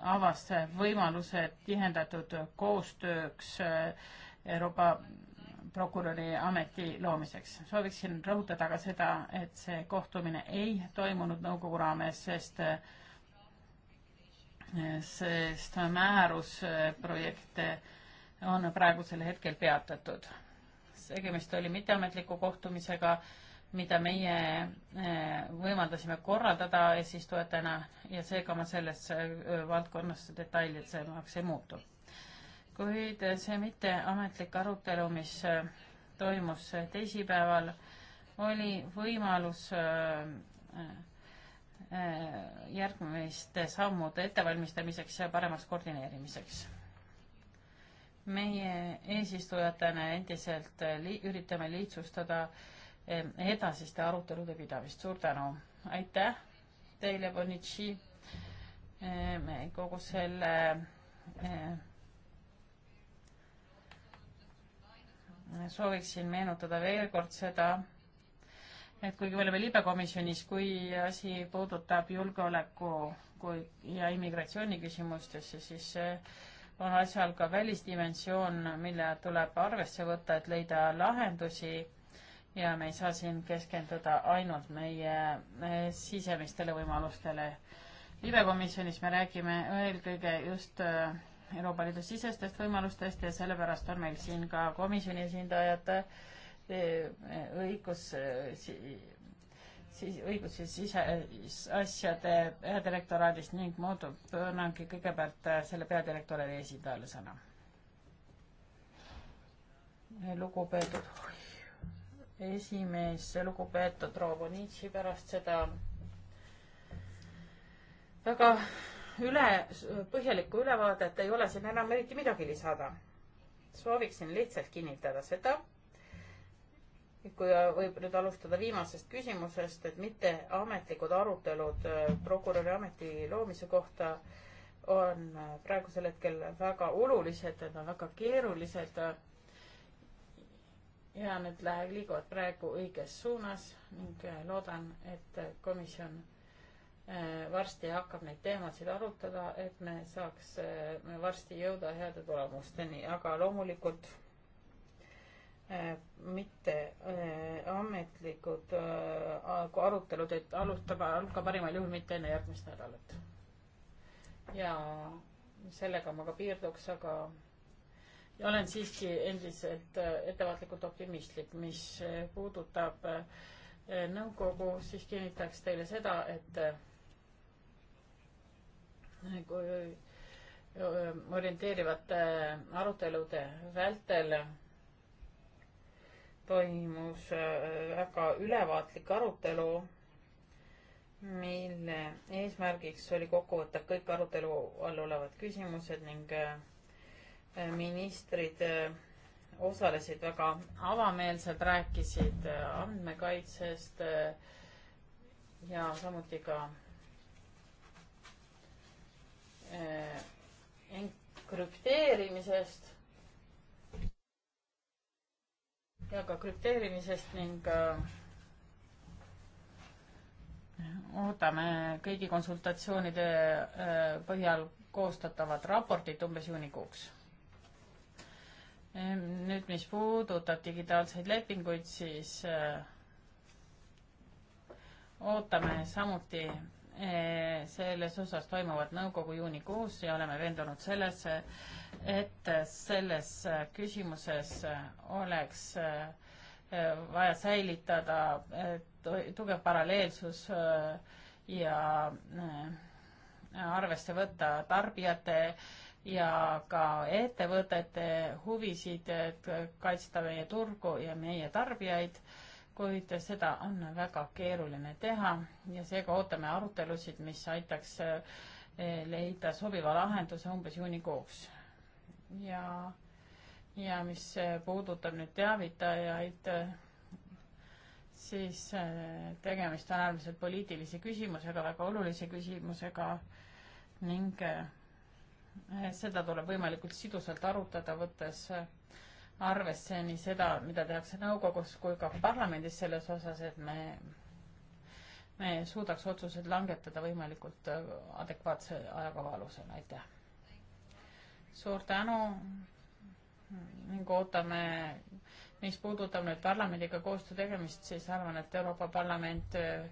avas võimaluse tihendatud koostööks Euroopa prokuröri ameti loomiseks. sooviksin rõhutada ka seda, et see kohtumine ei toimunud nõukogu raames, sest äh, sest määrusprojekt on praegusel hetkel peatatud. tegemist oli mitteametliku kohtumisega, mida meie eh, võimaldasime korraldada eesistujatena ja seega ma selles eh, valdkonnas detailsemaks ei muutu. kuid see mitteametlik arutelu, mis eh, toimus teisipäeval, oli võimalus Äh, järgmiste sammude ettevalmistamiseks ja paremaks koordineerimiseks. meie eesistujatena endiselt li üritame lihtsustada äh, edasiste arutelude pidamist. suur tänu, aitäh teile, Bonici, äh, kogu selle sooviksin meenutada veel kord seda, et kuigi me oleme libekomisjonis, kui asi puudutab julgeoleku kui ja immigratsiooni küsimustesse, siis on asjal ka välisdimensioon, mille tuleb arvesse võtta, et leida lahendusi ja me ei saa siin keskenduda ainult meie sisemistele võimalustele. libekomisjonis me räägime eelkõige just äh, Euroopa Liidu sisestest võimalustest ja sellepärast on meil siin ka komisjoni esindajad äh, õigus siis õigus siis siseasjade peadirektoraadist ning muutub annangi kõigepealt selle peadirektorile esindajale sõna. lugupeetud esimees, lugupeetud Robonitši pärast seda väga üle, põhjalikku ülevaadet ei ole siin enam eriti midagi lisada. sooviksin lihtsalt kinnitada seda kui võib nüüd alustada viimasest küsimusest, et mitteametlikud arutelud äh, prokuröri ameti loomise kohta on äh, praegusel hetkel väga olulised, need on väga keerulised. Äh, ja need lähevad, liiguvad praegu õiges suunas ning loodan, et komisjon varsti hakkab neid teemasid arutada, et me saaks me varsti jõuda heade tulemusteni, aga loomulikult Äh, mitte äh, ametlikud äh, arutelud, et alustab, algab parimal juhul mitte enne järgmist nädalat. ja sellega ma ka piirduks, aga ja olen siiski endiselt ettevaatlikult optimistlik, mis puudutab nõukogu, siis kinnitaks teile seda, et kui orienteerivate arutelude vältel toimus äh, väga ülevaatlik arutelu, mille eesmärgiks oli kokku võtta kõik arutelu all olevad küsimused ning äh, ministrid äh, osalesid väga avameelselt, rääkisid andmekaitsest ja samuti ka enkrüpteerimisest ja ka krüpteerimisest ning äh, ootame kõigi konsultatsioonide äh, põhjal koostatavat raportit umbes juunikuuks. Ehm, nüüd, mis puudutab digitaalseid lepinguid, siis äh, ootame samuti Eh, selles osas toimuvad nõukogu juunikuus ja oleme veendunud selles, et selles küsimuses oleks eh, vaja säilitada tugev paralleelsus eh, ja arvesse võtta tarbijate ja ka ettevõtete huvisid, et kaitsta meie turgu ja meie tarbijaid kuid seda on väga keeruline teha ja seega ootame arutelusid, mis aitaks eh, leida sobiva lahenduse umbes juunikuuks. ja, ja mis eh, puudutab nüüd teavitajaid, eh, siis tegemist on äärmiselt poliitilise küsimusega, väga olulise küsimusega ning seda tuleb võimalikult sidusalt arutada, võttes arvesse nii seda, mida tehakse nõukogus kui ka parlamendis selles osas, et me, me suudaks otsused langetada võimalikult äh, adekvaatse ajakava alusel, aitäh. suur tänu ning ootame, mis puudutab nüüd parlamendiga koostöö tegemist, siis arvan, et Euroopa Parlament äh,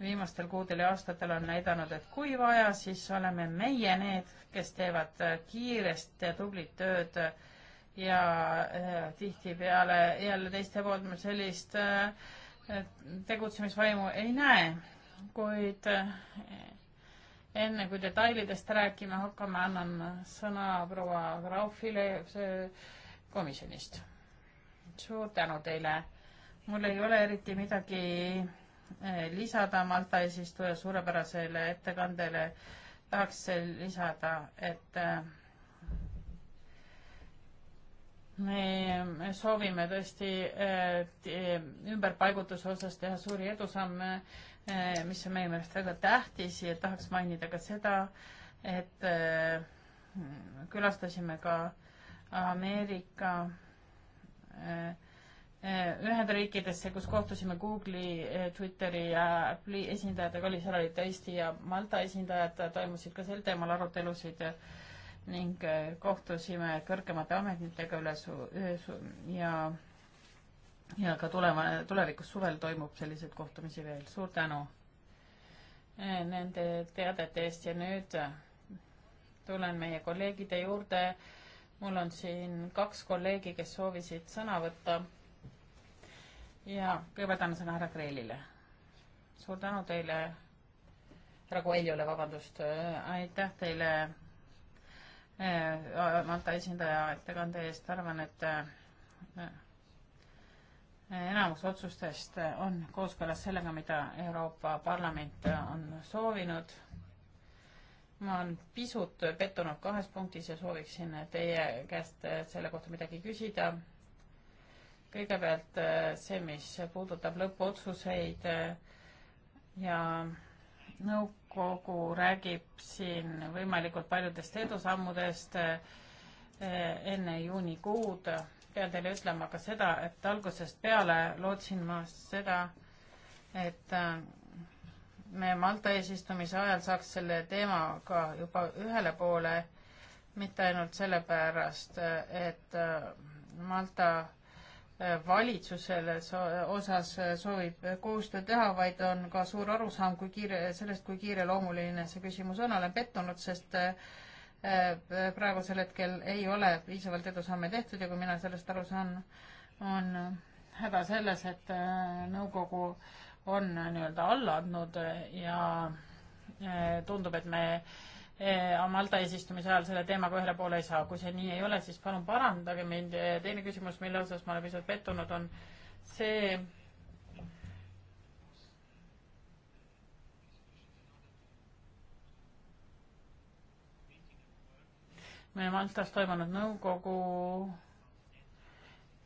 viimastel kuudel ja aastatel on näidanud, et kui vaja, siis oleme meie need, kes teevad äh, kiirest ja tublit tööd ja eh, tihtipeale jälle teiste poolt me sellist eh, tegutsemisvaimu ei näe, kuid eh, enne kui detailidest rääkima hakkame, annan sõna proua Graufile komisjonist. suur tänu teile. mul ei ole eriti midagi lisada Malta eesistuja suurepärasele ettekandele. tahaks lisada, et me soovime tõesti eh, ümberpaigutuse osas teha suuri edusamme, eh, mis on meie meelest väga tähtis ja tahaks mainida ka seda, et eh, külastasime ka Ameerika Ühendriikidesse, kus kohtusime Google'i, Twitteri ja Apple'i esindajatega, oli, seal olid Eesti ja Malta esindajad, toimusid ka sel teemal arutelusid ning äh, kohtusime kõrgemate ametitega üle su-, su ja ja ka tuleva, tulevikus suvel toimub selliseid kohtumisi veel. suur tänu äh, nende teadete eest ja nüüd äh, tulen meie kolleegide juurde. mul on siin kaks kolleegi, kes soovisid sõna võtta. ja kõigepealt annan sõna härra Kreelile. suur tänu teile, härra Koeljole, vabandust. aitäh teile Eh, Malta esindaja ettekande eest, arvan, et eh, eh, enamus otsustest on kooskõlas sellega, mida Euroopa Parlament on soovinud. ma olen pisut pettunud kahes punktis ja sooviksin teie käest selle kohta midagi küsida. kõigepealt see, mis puudutab lõpuotsuseid ja nõu- no,, nõukogu räägib siin võimalikult paljudest edusammudest eh, enne juunikuud. pean teile ütlema ka seda, et algusest peale lootsin ma seda, et eh, me Malta eesistumise ajal saaks selle teemaga juba ühele poole, mitte ainult sellepärast, eh, et Malta valitsusele so osas soovib koostööd teha, vaid on ka suur arusaam, kui kiire, sellest, kui kiireloomuline see küsimus on, olen pettunud, sest äh, praegusel hetkel ei ole piisavalt edusamme tehtud ja kui mina sellest aru saan, on häda selles, et äh, nõukogu on äh, nii-öelda alla andnud ja tundub, et me Eh, Malta eesistumise ajal selle teemaga ühele poole ei saa. kui see nii ei ole, siis palun parandage mind. teine küsimus, mille osas ma olen pisut pettunud, on see, meie Maltas toimunud nõukogu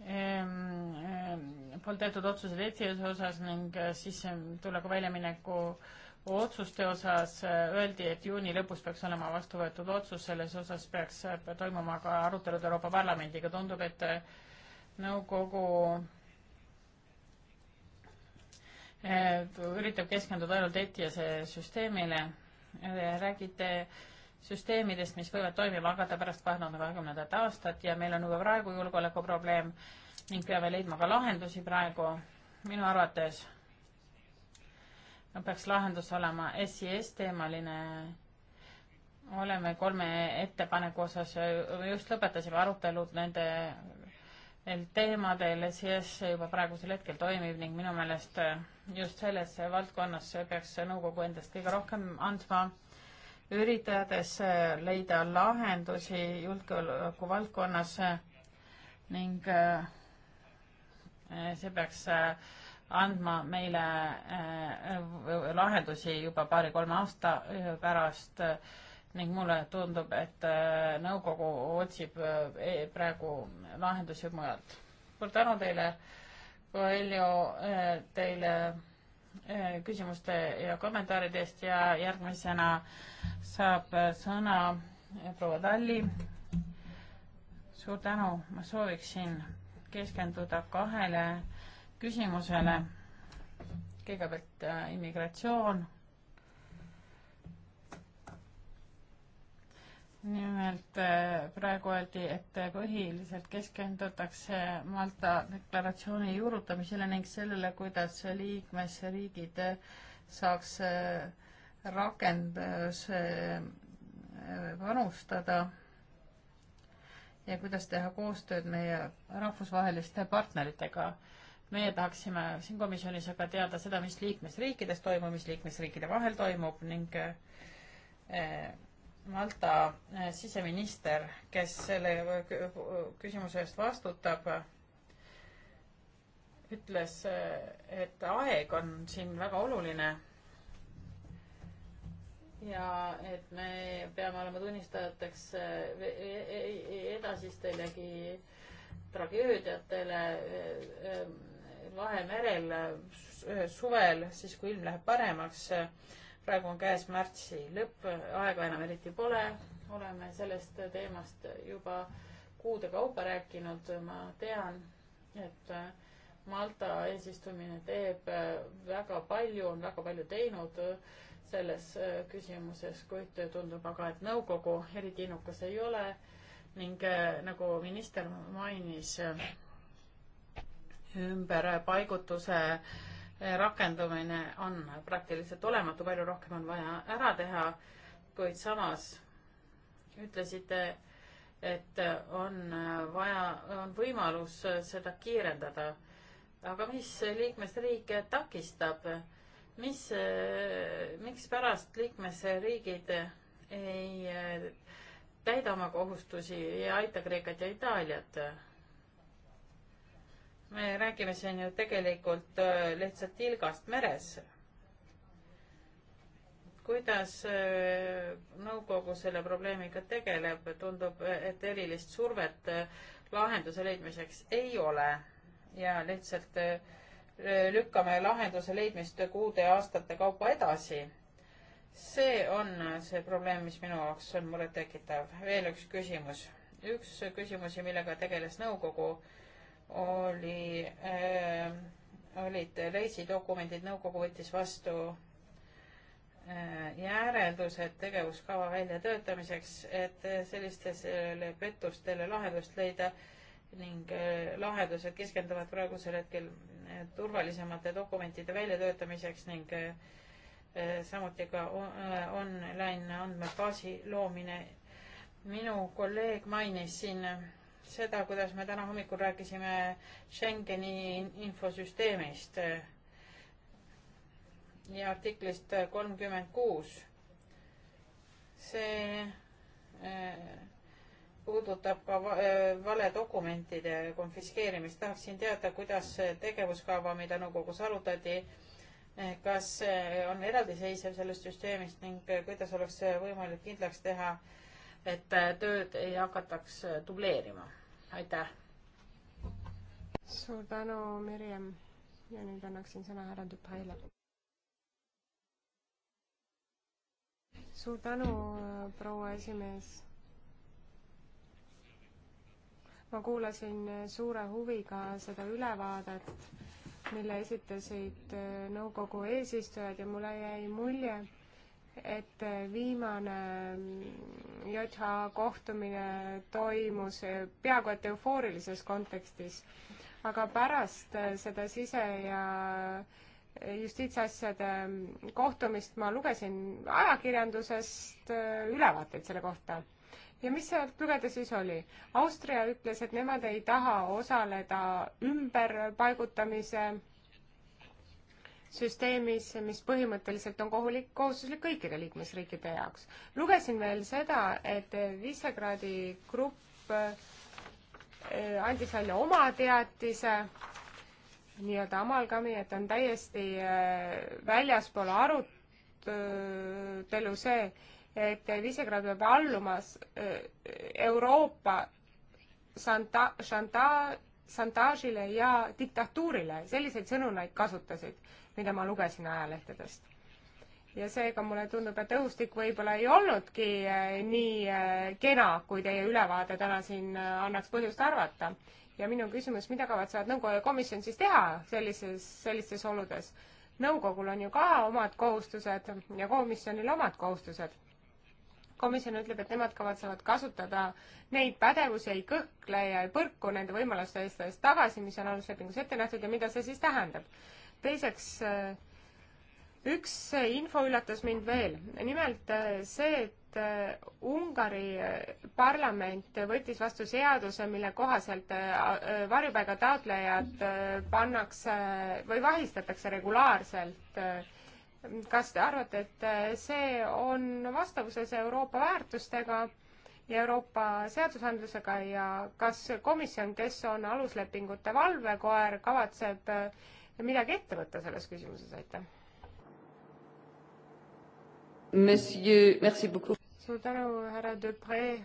ehm, ehm, poolt tehtud otsused ETS osas ning eh, sisse eh, tulla ka väljamineku äh, otsuste osas äh, öeldi, et juuni lõpus peaks olema vastu võetud otsus, selles osas peaks äh, toimuma ka arutelud Euroopa Parlamendiga, tundub, et äh, nõukogu üritab keskenduda ainult ETIAS-e süsteemile, räägite süsteemidest, mis võivad toimima hakata pärast kahe tuhande kahekümnendat aastat ja meil on juba praegu julgeolekuprobleem ning peame leidma ka lahendusi praegu, minu arvates peaks lahendus olema SIS teemaline. oleme kolme ettepaneku osas, just lõpetasime arutelud nende teemadel, SIS juba praegusel hetkel toimib ning minu meelest just selles valdkonnas peaks nõukogu endast kõige rohkem andma, üritades leida lahendusi julgeoleku valdkonnas ning see peaks äh, andma meile äh, lahendusi juba paari-kolme aasta äh, pärast äh, ning mulle tundub, et äh, nõukogu otsib äh, e, praegu lahendusi mujalt. suur tänu teile, Koeljo, äh, teile küsimuste ja kommentaaride eest ja järgmisena saab sõna proua Talli. suur tänu, ma sooviksin keskenduda kahele küsimusele. kõigepealt äh, immigratsioon. nimelt äh, praegu öeldi, et äh, põhiliselt keskendutakse Malta deklaratsiooni juurutamisele ning sellele, kuidas liikmesriigid äh, saaks äh, rakenduse äh, panustada ja kuidas teha koostööd meie rahvusvaheliste partneritega meie tahaksime siin komisjonis aga teada seda, mis liikmesriikides toimub, mis liikmesriikide vahel toimub ning eh, Malta eh, siseminister, kes selle küsimuse eest vastutab, ütles, eh, et aeg on siin väga oluline. ja et me peame olema tunnistajateks e, e, e, edasistelegi tragöödiatele Vahemerel suvel, siis kui ilm läheb paremaks. praegu on käes märtsi lõpp, aega enam eriti pole, oleme sellest teemast juba kuude kaupa rääkinud, ma tean, et Malta eesistumine teeb väga palju, on väga palju teinud selles küsimuses, kuid tundub aga, et nõukogu eriti innukas ei ole ning nagu minister mainis, ümberpaigutuse eh, rakendumine on praktiliselt olematu, palju rohkem on vaja ära teha, kuid samas ütlesite, et on eh, vaja, on võimalus seda kiirendada. aga mis liikmesriike takistab, mis, eh, mikspärast liikmesriigid ei täida oma kohustusi, ei aita Kreekat ja Itaaliat? me räägime siin ju tegelikult äh, lihtsalt tilgast meres. kuidas äh, nõukogu selle probleemiga tegeleb, tundub, äh, et erilist survet lahenduse leidmiseks ei ole ja lihtsalt lükkame lahenduse leidmist kuude ja aastate kaupa edasi. see on see probleem, mis minu jaoks on murettekitav. veel üks küsimus. üks küsimusi, millega tegeles nõukogu oli äh,, olid reisidokumendid, nõukogu võttis vastu äh, järeldused tegevuskava väljatöötamiseks, et sellistele pettustele lahendust leida ning äh, lahendused keskenduvad praegusel hetkel äh, turvalisemate dokumentide väljatöötamiseks ning äh, äh, samuti ka online andmebaasi loomine. minu kolleeg mainis siin seda, kuidas me täna hommikul rääkisime Schengeni infosüsteemist ja artiklist kolmkümmend kuus. see eh, puudutab ka eh, valedokumentide konfiskeerimist. tahaksin teada, kuidas tegevuskava, mida nõukogus arutati, eh, kas on eraldiseisev sellest süsteemist ning kuidas oleks võimalik kindlaks teha, et äh, tööd ei hakataks äh, dubleerima. aitäh! suur tänu, Mirjam! ja nüüd annaksin sõna härra Dupaile. suur tänu, äh, proua esimees! ma kuulasin suure huviga seda ülevaadet, mille esitasid nõukogu eesistujad ja mulle jäi mulje, et viimane mm, JH kohtumine toimus peaaegu et eufoorilises kontekstis, aga pärast seda sise- ja justiitsasjade mm, kohtumist ma lugesin ajakirjandusest äh, ülevaateid selle kohta. ja mis sealt lugeda siis oli? Austria ütles, et nemad ei taha osaleda ümberpaigutamise süsteemis, mis põhimõtteliselt on kohulik, kohustuslik kõikide liikmesriikide jaoks. lugesin veel seda, et Visegradi grupp eh, andis välja oma teatise nii-öelda amalgami, et on täiesti eh, väljaspool arutelu see, et Visegrad peab alluma eh, Euroopa šanta-, šanta-, šantaažile ja diktatuurile, selliseid sõnu nad kasutasid mida ma lugesin ajalehtedest. ja seega mulle tundub, et õhustik võib-olla ei olnudki äh, nii äh, kena, kui teie ülevaade täna siin äh, annaks põhjust arvata. ja minu küsimus, mida kavatsevad nõukogu ja komisjon siis teha sellises, sellistes oludes? nõukogul on ju ka omad kohustused ja komisjonil omad kohustused. komisjon ütleb, et nemad kavatsevad kasutada neid pädevusi, ei kõhkle ja ei põrku nende võimaluste eest tagasi, mis on aluslepingus ette nähtud ja mida see siis tähendab teiseks, äh, üks info üllatas mind veel, nimelt äh, see, et äh, Ungari parlament võttis vastu seaduse, mille kohaselt varjupaiga taotlejad pannakse või vahistatakse regulaarselt. kas te arvate, et see on vastavuses Euroopa väärtustega? ja Euroopa seadusandlusega ja kas komisjon, kes on aluslepingute valvekoer, kavatseb äh, midagi ette võtta selles küsimuses, aitäh. suur tänu, härra Dupre.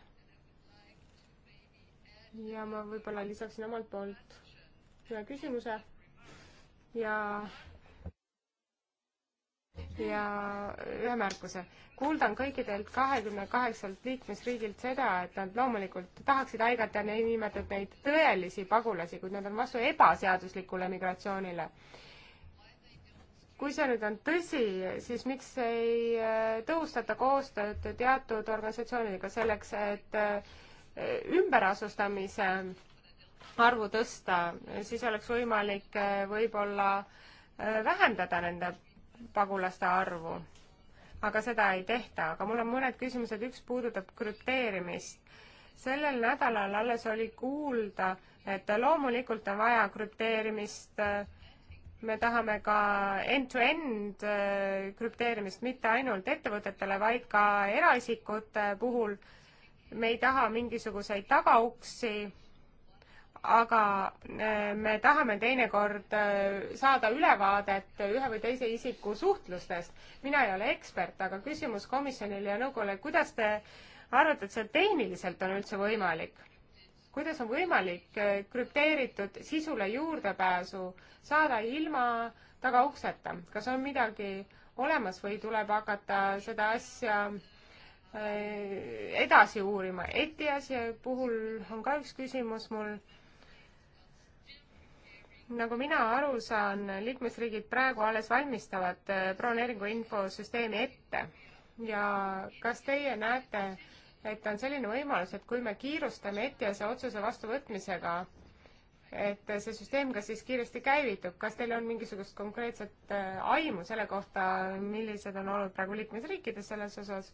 ja ma võib-olla lisaksin omalt poolt ühe küsimuse ja ja ühe märkuse. kuuldan kõikidelt kahekümne kaheksalt liikmesriigilt seda, et nad loomulikult tahaksid aidata niinimetatud neid tõelisi pagulasi, kuid nad on vastu ebaseaduslikule migratsioonile. kui see nüüd on tõsi, siis miks ei äh, tõhustata koostööd teatud organisatsioonidega selleks, et äh, ümberasustamise arvu tõsta, siis oleks võimalik äh, võib-olla vähendada nende pagulaste arvu. aga seda ei tehta, aga mul on mõned küsimused, üks puudutab krüpteerimist. sellel nädalal alles oli kuulda, et loomulikult on vaja krüpteerimist, me tahame ka end-to-end -end äh, krüpteerimist, mitte ainult ettevõtetele, vaid ka eraisikute puhul. me ei taha mingisuguseid tagauksi aga äh, me tahame teinekord äh, saada ülevaadet ühe või teise isiku suhtlustest. mina ei ole ekspert, aga küsimus komisjonile ja nõukogule, kuidas te arvate, et see tehniliselt on üldse võimalik? kuidas on võimalik äh, krüpteeritud sisule juurdepääsu saada ilma tagaukseta? kas on midagi olemas või tuleb hakata seda asja edasi uurima. Etiasi puhul on ka üks küsimus mul nagu mina aru saan, liikmesriigid praegu alles valmistavad äh, broneeringu infosüsteemi ette ja kas teie näete, et on selline võimalus, et kui me kiirustame ETIAS-e otsuse vastuvõtmisega, et see süsteem kas siis kiiresti käivitub, kas teil on mingisugust konkreetset äh, aimu selle kohta, millised on olnud praegu liikmesriikides selles osas?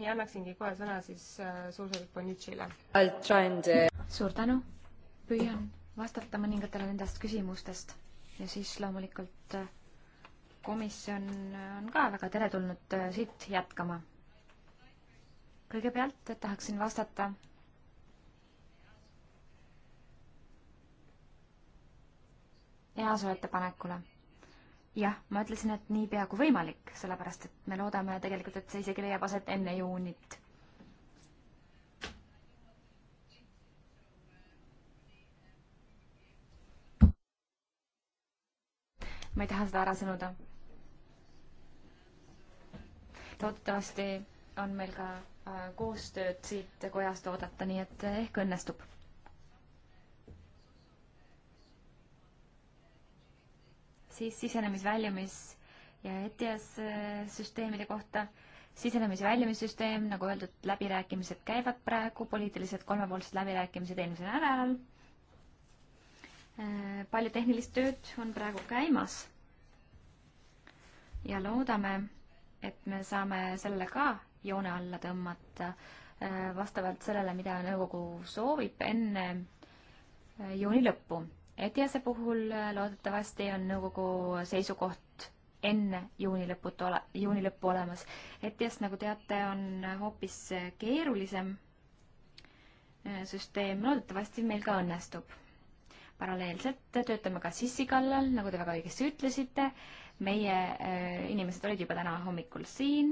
ja annaksingi kohe sõna siis äh, suursaadik Bonitšile. suur tänu, püüan vastata mõningatele nendest küsimustest ja siis loomulikult äh, komisjon äh, on ka väga teretulnud äh, siit jätkama. kõigepealt tahaksin vastata EASO ettepanekule. jah, ma ütlesin, et niipea kui võimalik, sellepärast et me loodame tegelikult, et see isegi leiab aset enne juunit ma ei taha seda ära sõnuda. loodetavasti on meil ka äh, koostööd siit kojast oodata, nii et äh, ehk õnnestub. siis sisenemis-väljumis ja ETIAS süsteemide kohta sisenemis-väljumissüsteem, nagu öeldud, läbirääkimised käivad praegu, poliitilised kolmepoolsed läbirääkimised eelmisel nädalal. Äh, palju tehnilist tööd on praegu käimas. ja loodame, et me saame selle ka joone alla tõmmata äh, vastavalt sellele, mida nõukogu soovib enne äh, juuni lõppu. ETIAS-e puhul loodetavasti on nõukogu seisukoht enne juuni lõput ole, juuni lõppu olemas. ETIAS, nagu teate, on hoopis keerulisem süsteem, loodetavasti meil ka õnnestub paralleelselt töötame ka sissi kallal, nagu te väga õigesti ütlesite. meie äh, inimesed olid juba täna hommikul siin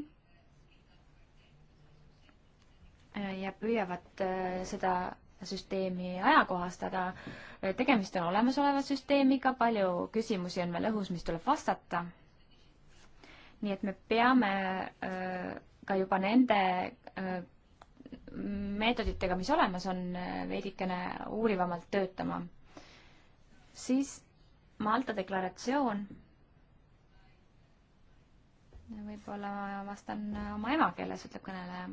äh, ja püüavad äh, seda süsteemi ajakohastada. Äh, tegemist on olemasoleva süsteemiga, palju küsimusi on veel õhus, mis tuleb vastata. nii et me peame äh, ka juba nende äh, meetoditega, mis olemas on, veidikene uurivamalt töötama siis Malta deklaratsioon. võib-olla vastan oma emakeeles, ütleb kõneleja.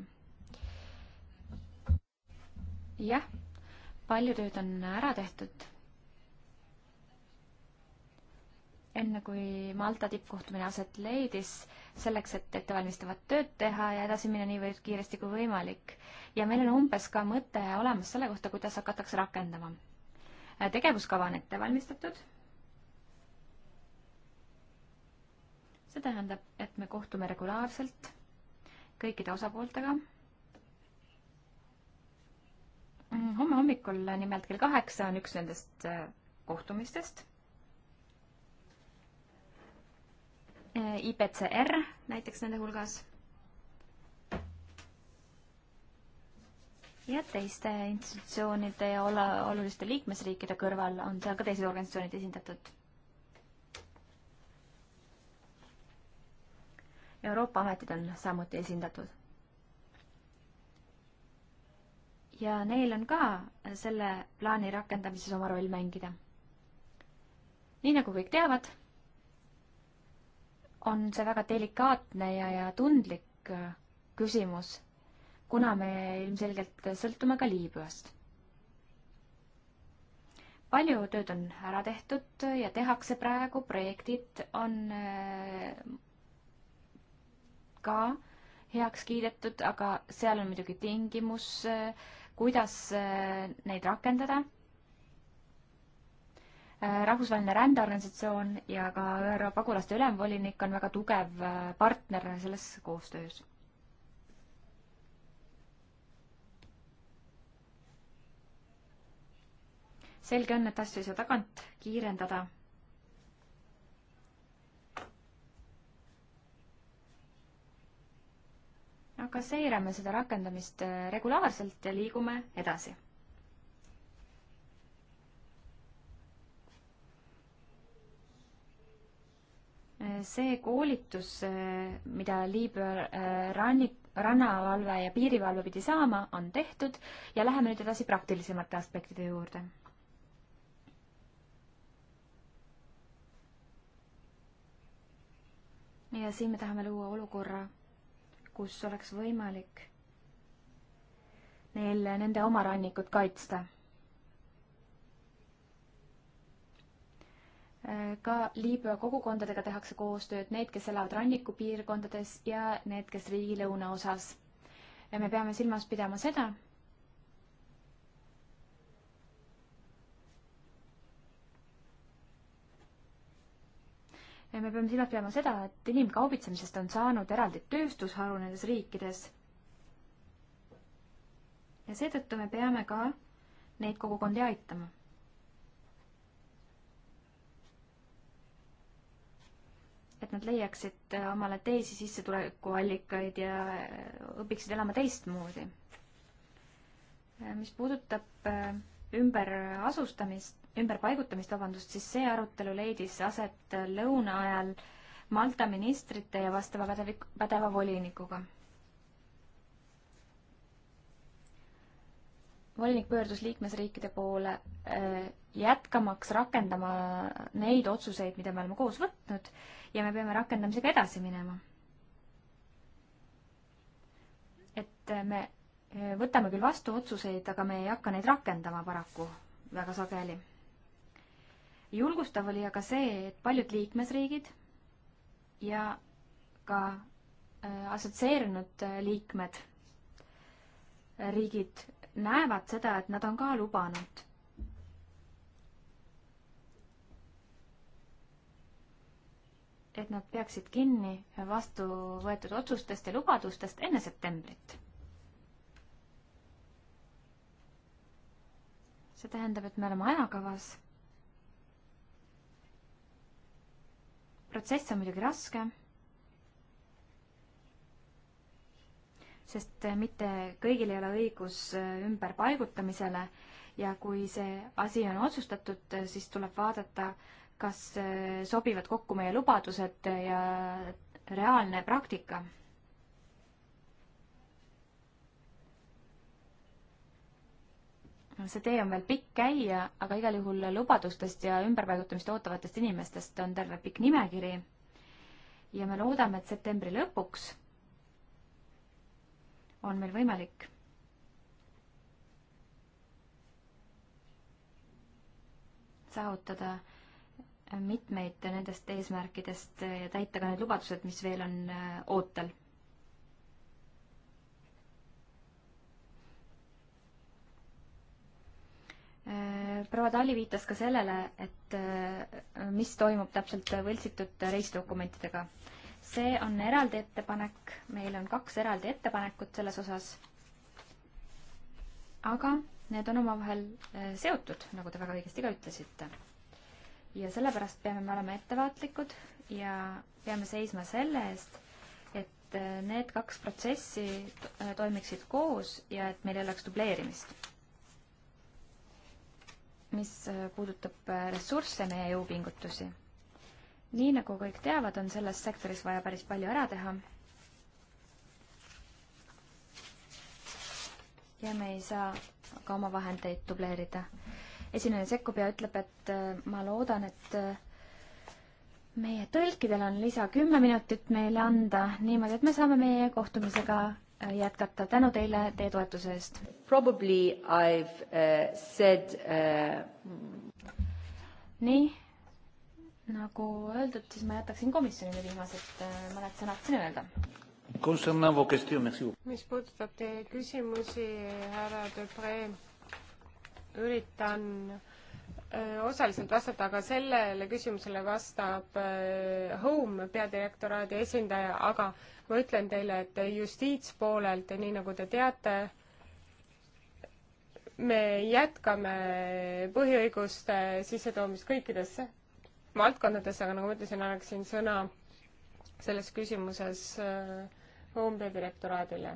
jah, palju tööd on ära tehtud. enne kui Malta tippkohtumine aset leidis, selleks, et ettevalmistavat tööd teha ja edasi minna niivõrd kiiresti kui võimalik. ja meil on umbes ka mõte olemas selle kohta, kuidas hakatakse rakendama tegevuskava on ette valmistatud. see tähendab, et me kohtume regulaarselt kõikide osapooltega. Mm, homme hommikul nimelt kell kaheksa on üks nendest äh, kohtumistest äh, IPCR näiteks nende hulgas. ja teiste institutsioonide ja ole, oluliste liikmesriikide kõrval on seal ka teised organisatsioonid esindatud. Euroopa ametid on samuti esindatud. ja neil on ka selle plaani rakendamises oma roll mängida. nii nagu kõik teavad, on see väga delikaatne ja, ja tundlik äh, küsimus kuna me ilmselgelt sõltume ka Liibüast. palju tööd on ära tehtud ja tehakse praegu, projektid on äh, ka heaks kiidetud, aga seal on muidugi tingimus, äh, kuidas äh, neid rakendada. rahvusvaheline rändeorganisatsioon ja ka ÜRO pagulaste ülemvolinik on väga tugev partner selles koostöös selge on, et asju ei saa tagant kiirendada. aga seirame seda rakendamist äh, regulaarselt ja liigume edasi äh, see koolitus, äh, mida Liibüa rannik, rannavalve ja piirivalve pidi saama, on tehtud ja läheme nüüd edasi praktilisemate aspektide juurde. ja siin me tahame luua olukorra, kus oleks võimalik neil nende oma rannikut kaitsta. ka Liibüa kogukondadega tehakse koostööd, need, kes elavad rannikupiirkondades ja need, kes riigi lõunaosas. me peame silmas pidama seda, me peame silmas pidama seda, et inimkaubitsemisest on saanud eraldi tööstusharu nendes riikides. ja seetõttu me peame ka neid kogukondi aitama. et nad leiaksid omale teisi sissetulekuallikaid ja õpiksid elama teistmoodi. mis puudutab äh, ümberasustamist, ümberpaigutamist, vabandust, siis see arutelu leidis aset lõuna ajal Malta ministrite ja vastava pädevik, pädeva volinikuga. volinik pöördus liikmesriikide poole äh, jätkamaks rakendama neid otsuseid, mida me oleme koos võtnud ja me peame rakendamisega edasi minema. et me Eh, võtame küll vastu otsuseid, aga me ei hakka neid rakendama paraku väga sageli. julgustav oli aga see, et paljud liikmesriigid ja ka eh, assotsieerunud eh, liikmed, riigid näevad seda, et nad on ka lubanud et nad peaksid kinni vastu võetud otsustest ja lubadustest enne septembrit see tähendab, et me oleme ajakavas. protsess on muidugi raske. sest mitte kõigil ei ole õigus ümberpaigutamisele ja kui see asi on otsustatud, siis tuleb vaadata, kas sobivad kokku meie lubadused ja reaalne praktika see tee on veel pikk käia, aga igal juhul lubadustest ja ümberpaigutamist ootavatest inimestest on terve pikk nimekiri. ja me loodame, et septembri lõpuks on meil võimalik saavutada mitmeid nendest eesmärkidest ja täita ka need lubadused, mis veel on äh, ootel Äh, proua Tali viitas ka sellele, et äh, mis toimub täpselt võltsitud reisidokumentidega. see on eraldi ettepanek, meil on kaks eraldi ettepanekut selles osas. aga need on omavahel äh, seotud, nagu te väga õigesti ka ütlesite. ja sellepärast peame me olema ettevaatlikud ja peame seisma selle eest, et need kaks protsessi toimiksid koos ja et meil ei oleks dubleerimist mis äh, puudutab äh, ressursse, meie jõupingutusi. nii nagu kõik teavad, on selles sektoris vaja päris palju ära teha. ja me ei saa ka oma vahendeid dubleerida. esineja sekkub ja ütleb, et äh, ma loodan, et meie tõlkidel on lisa kümme minutit meile anda, niimoodi, et me saame meie kohtumisega jätkata. tänu teile teie toetuse eest. Probably I have uh, said uh... nii, nagu öeldud, siis ma jätaksin komisjonile viimased uh, mõned sõnad siin öelda. mis puudutab teie küsimusi, härra Debre, üritan uh, Äh, osaliselt vastata, aga sellele küsimusele vastab äh, Home peadirektoraadi esindaja, aga ma ütlen teile, et justiitspoolelt, nii nagu te teate, me jätkame põhiõiguste sissetoomist kõikidesse valdkondadesse, aga nagu ma ütlesin, annaksin sõna selles küsimuses äh, Home peadirektoraadile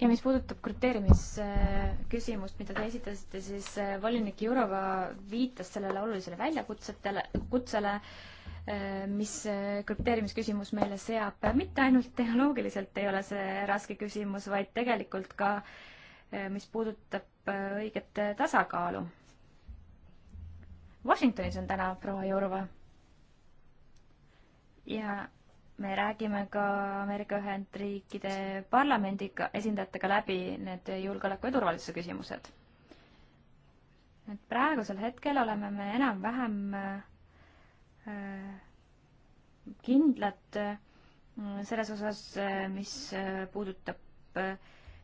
ja mis puudutab kriteerimisküsimust, mida te esitasite, siis äh, volinik Jurova viitas sellele olulisele väljakutsetele, kutsele, äh, mis äh, krüpteerimisküsimus meile seab. mitte ainult tehnoloogiliselt ei ole see raske küsimus, vaid tegelikult ka, mis puudutab õiget tasakaalu. Washingtonis on täna proua Jurova. ja me räägime ka Ameerika Ühendriikide parlamendiga, esindajatega läbi need julgeoleku ja turvalisuse küsimused. et praegusel hetkel oleme me enam-vähem äh, kindlad äh, selles osas, äh, mis puudutab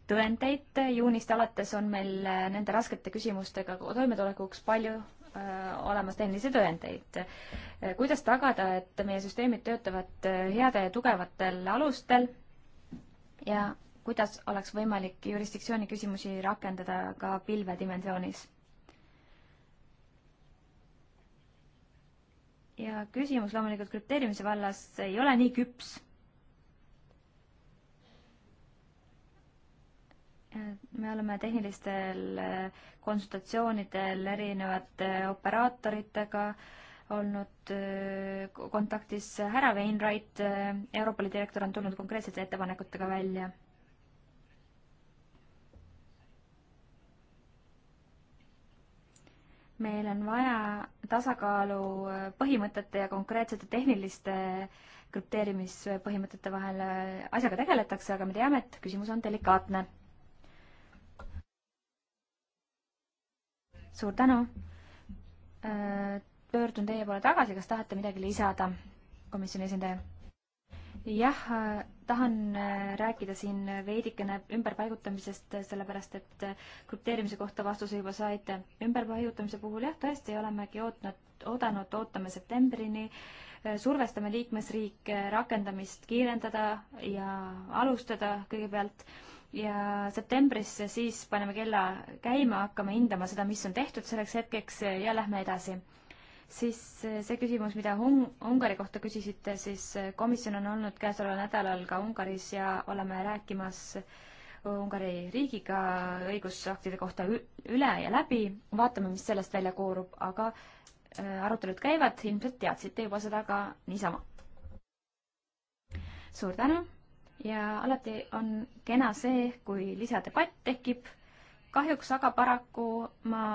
tõendeid, juunist alates on meil nende raskete küsimustega toimetulekuks palju Äh, olemas tehnilisi tõendeid. Äh, kuidas tagada, et meie süsteemid töötavad äh, heade ja tugevatel alustel ja kuidas oleks võimalik jurisdiktsiooni küsimusi rakendada ka pilvedimensioonis? ja küsimus loomulikult krüpteerimise vallas ei ole nii küps me oleme tehnilistel eh, konsultatsioonidel erinevate eh, operaatoritega olnud eh, kontaktis. härra Wainwright, Europoli direktor, on tulnud konkreetsete ettepanekutega välja. meil on vaja tasakaalu põhimõtete ja konkreetsete tehniliste krüpteerimispõhimõtete vahel. asjaga tegeletakse, aga me teame, et küsimus on delikaatne suur tänu. Äh, pöördun teie poole tagasi, kas tahate midagi lisada, komisjoni esindaja? jah, äh, tahan äh, rääkida siin veidikene ümberpaigutamisest, sellepärast et krüpteerimise kohta vastuse juba saite. ümberpaigutamise puhul jah, tõesti olemegi ootnud, oodanud, ootame septembrini, survestame liikmesriike rakendamist kiirendada ja alustada kõigepealt ja septembris siis paneme kella käima, hakkame hindama seda, mis on tehtud selleks hetkeks eh, ja lähme edasi. siis eh, see küsimus, mida Ung-, Ungari kohta küsisite, siis eh, komisjon on olnud käesoleval nädalal ka Ungaris ja oleme rääkimas Ungari riigiga õigusaktide kohta üle ja läbi, vaatame, mis sellest välja koorub, aga arutelud käivad, ilmselt teadsite juba seda ka niisama. suur tänu ja alati on kena see, kui lisadebatt tekib. kahjuks aga paraku ma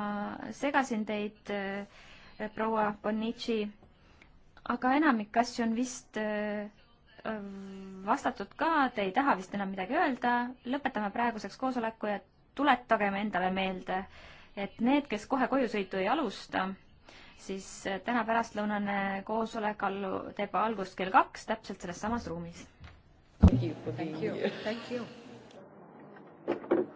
segasin teid, äh, proua Bonnici, aga enamik asju on vist äh, vastatud ka, te ei taha vist enam midagi öelda, lõpetame praeguseks koosoleku ja tuletagem endale meelde, et need, kes kohe kojusõitu ei alusta, siis äh, täna pärastlõunane koosolek allu-, teeb algust kell kaks täpselt selles samas ruumis Thank you for being Thank you. here. Thank you.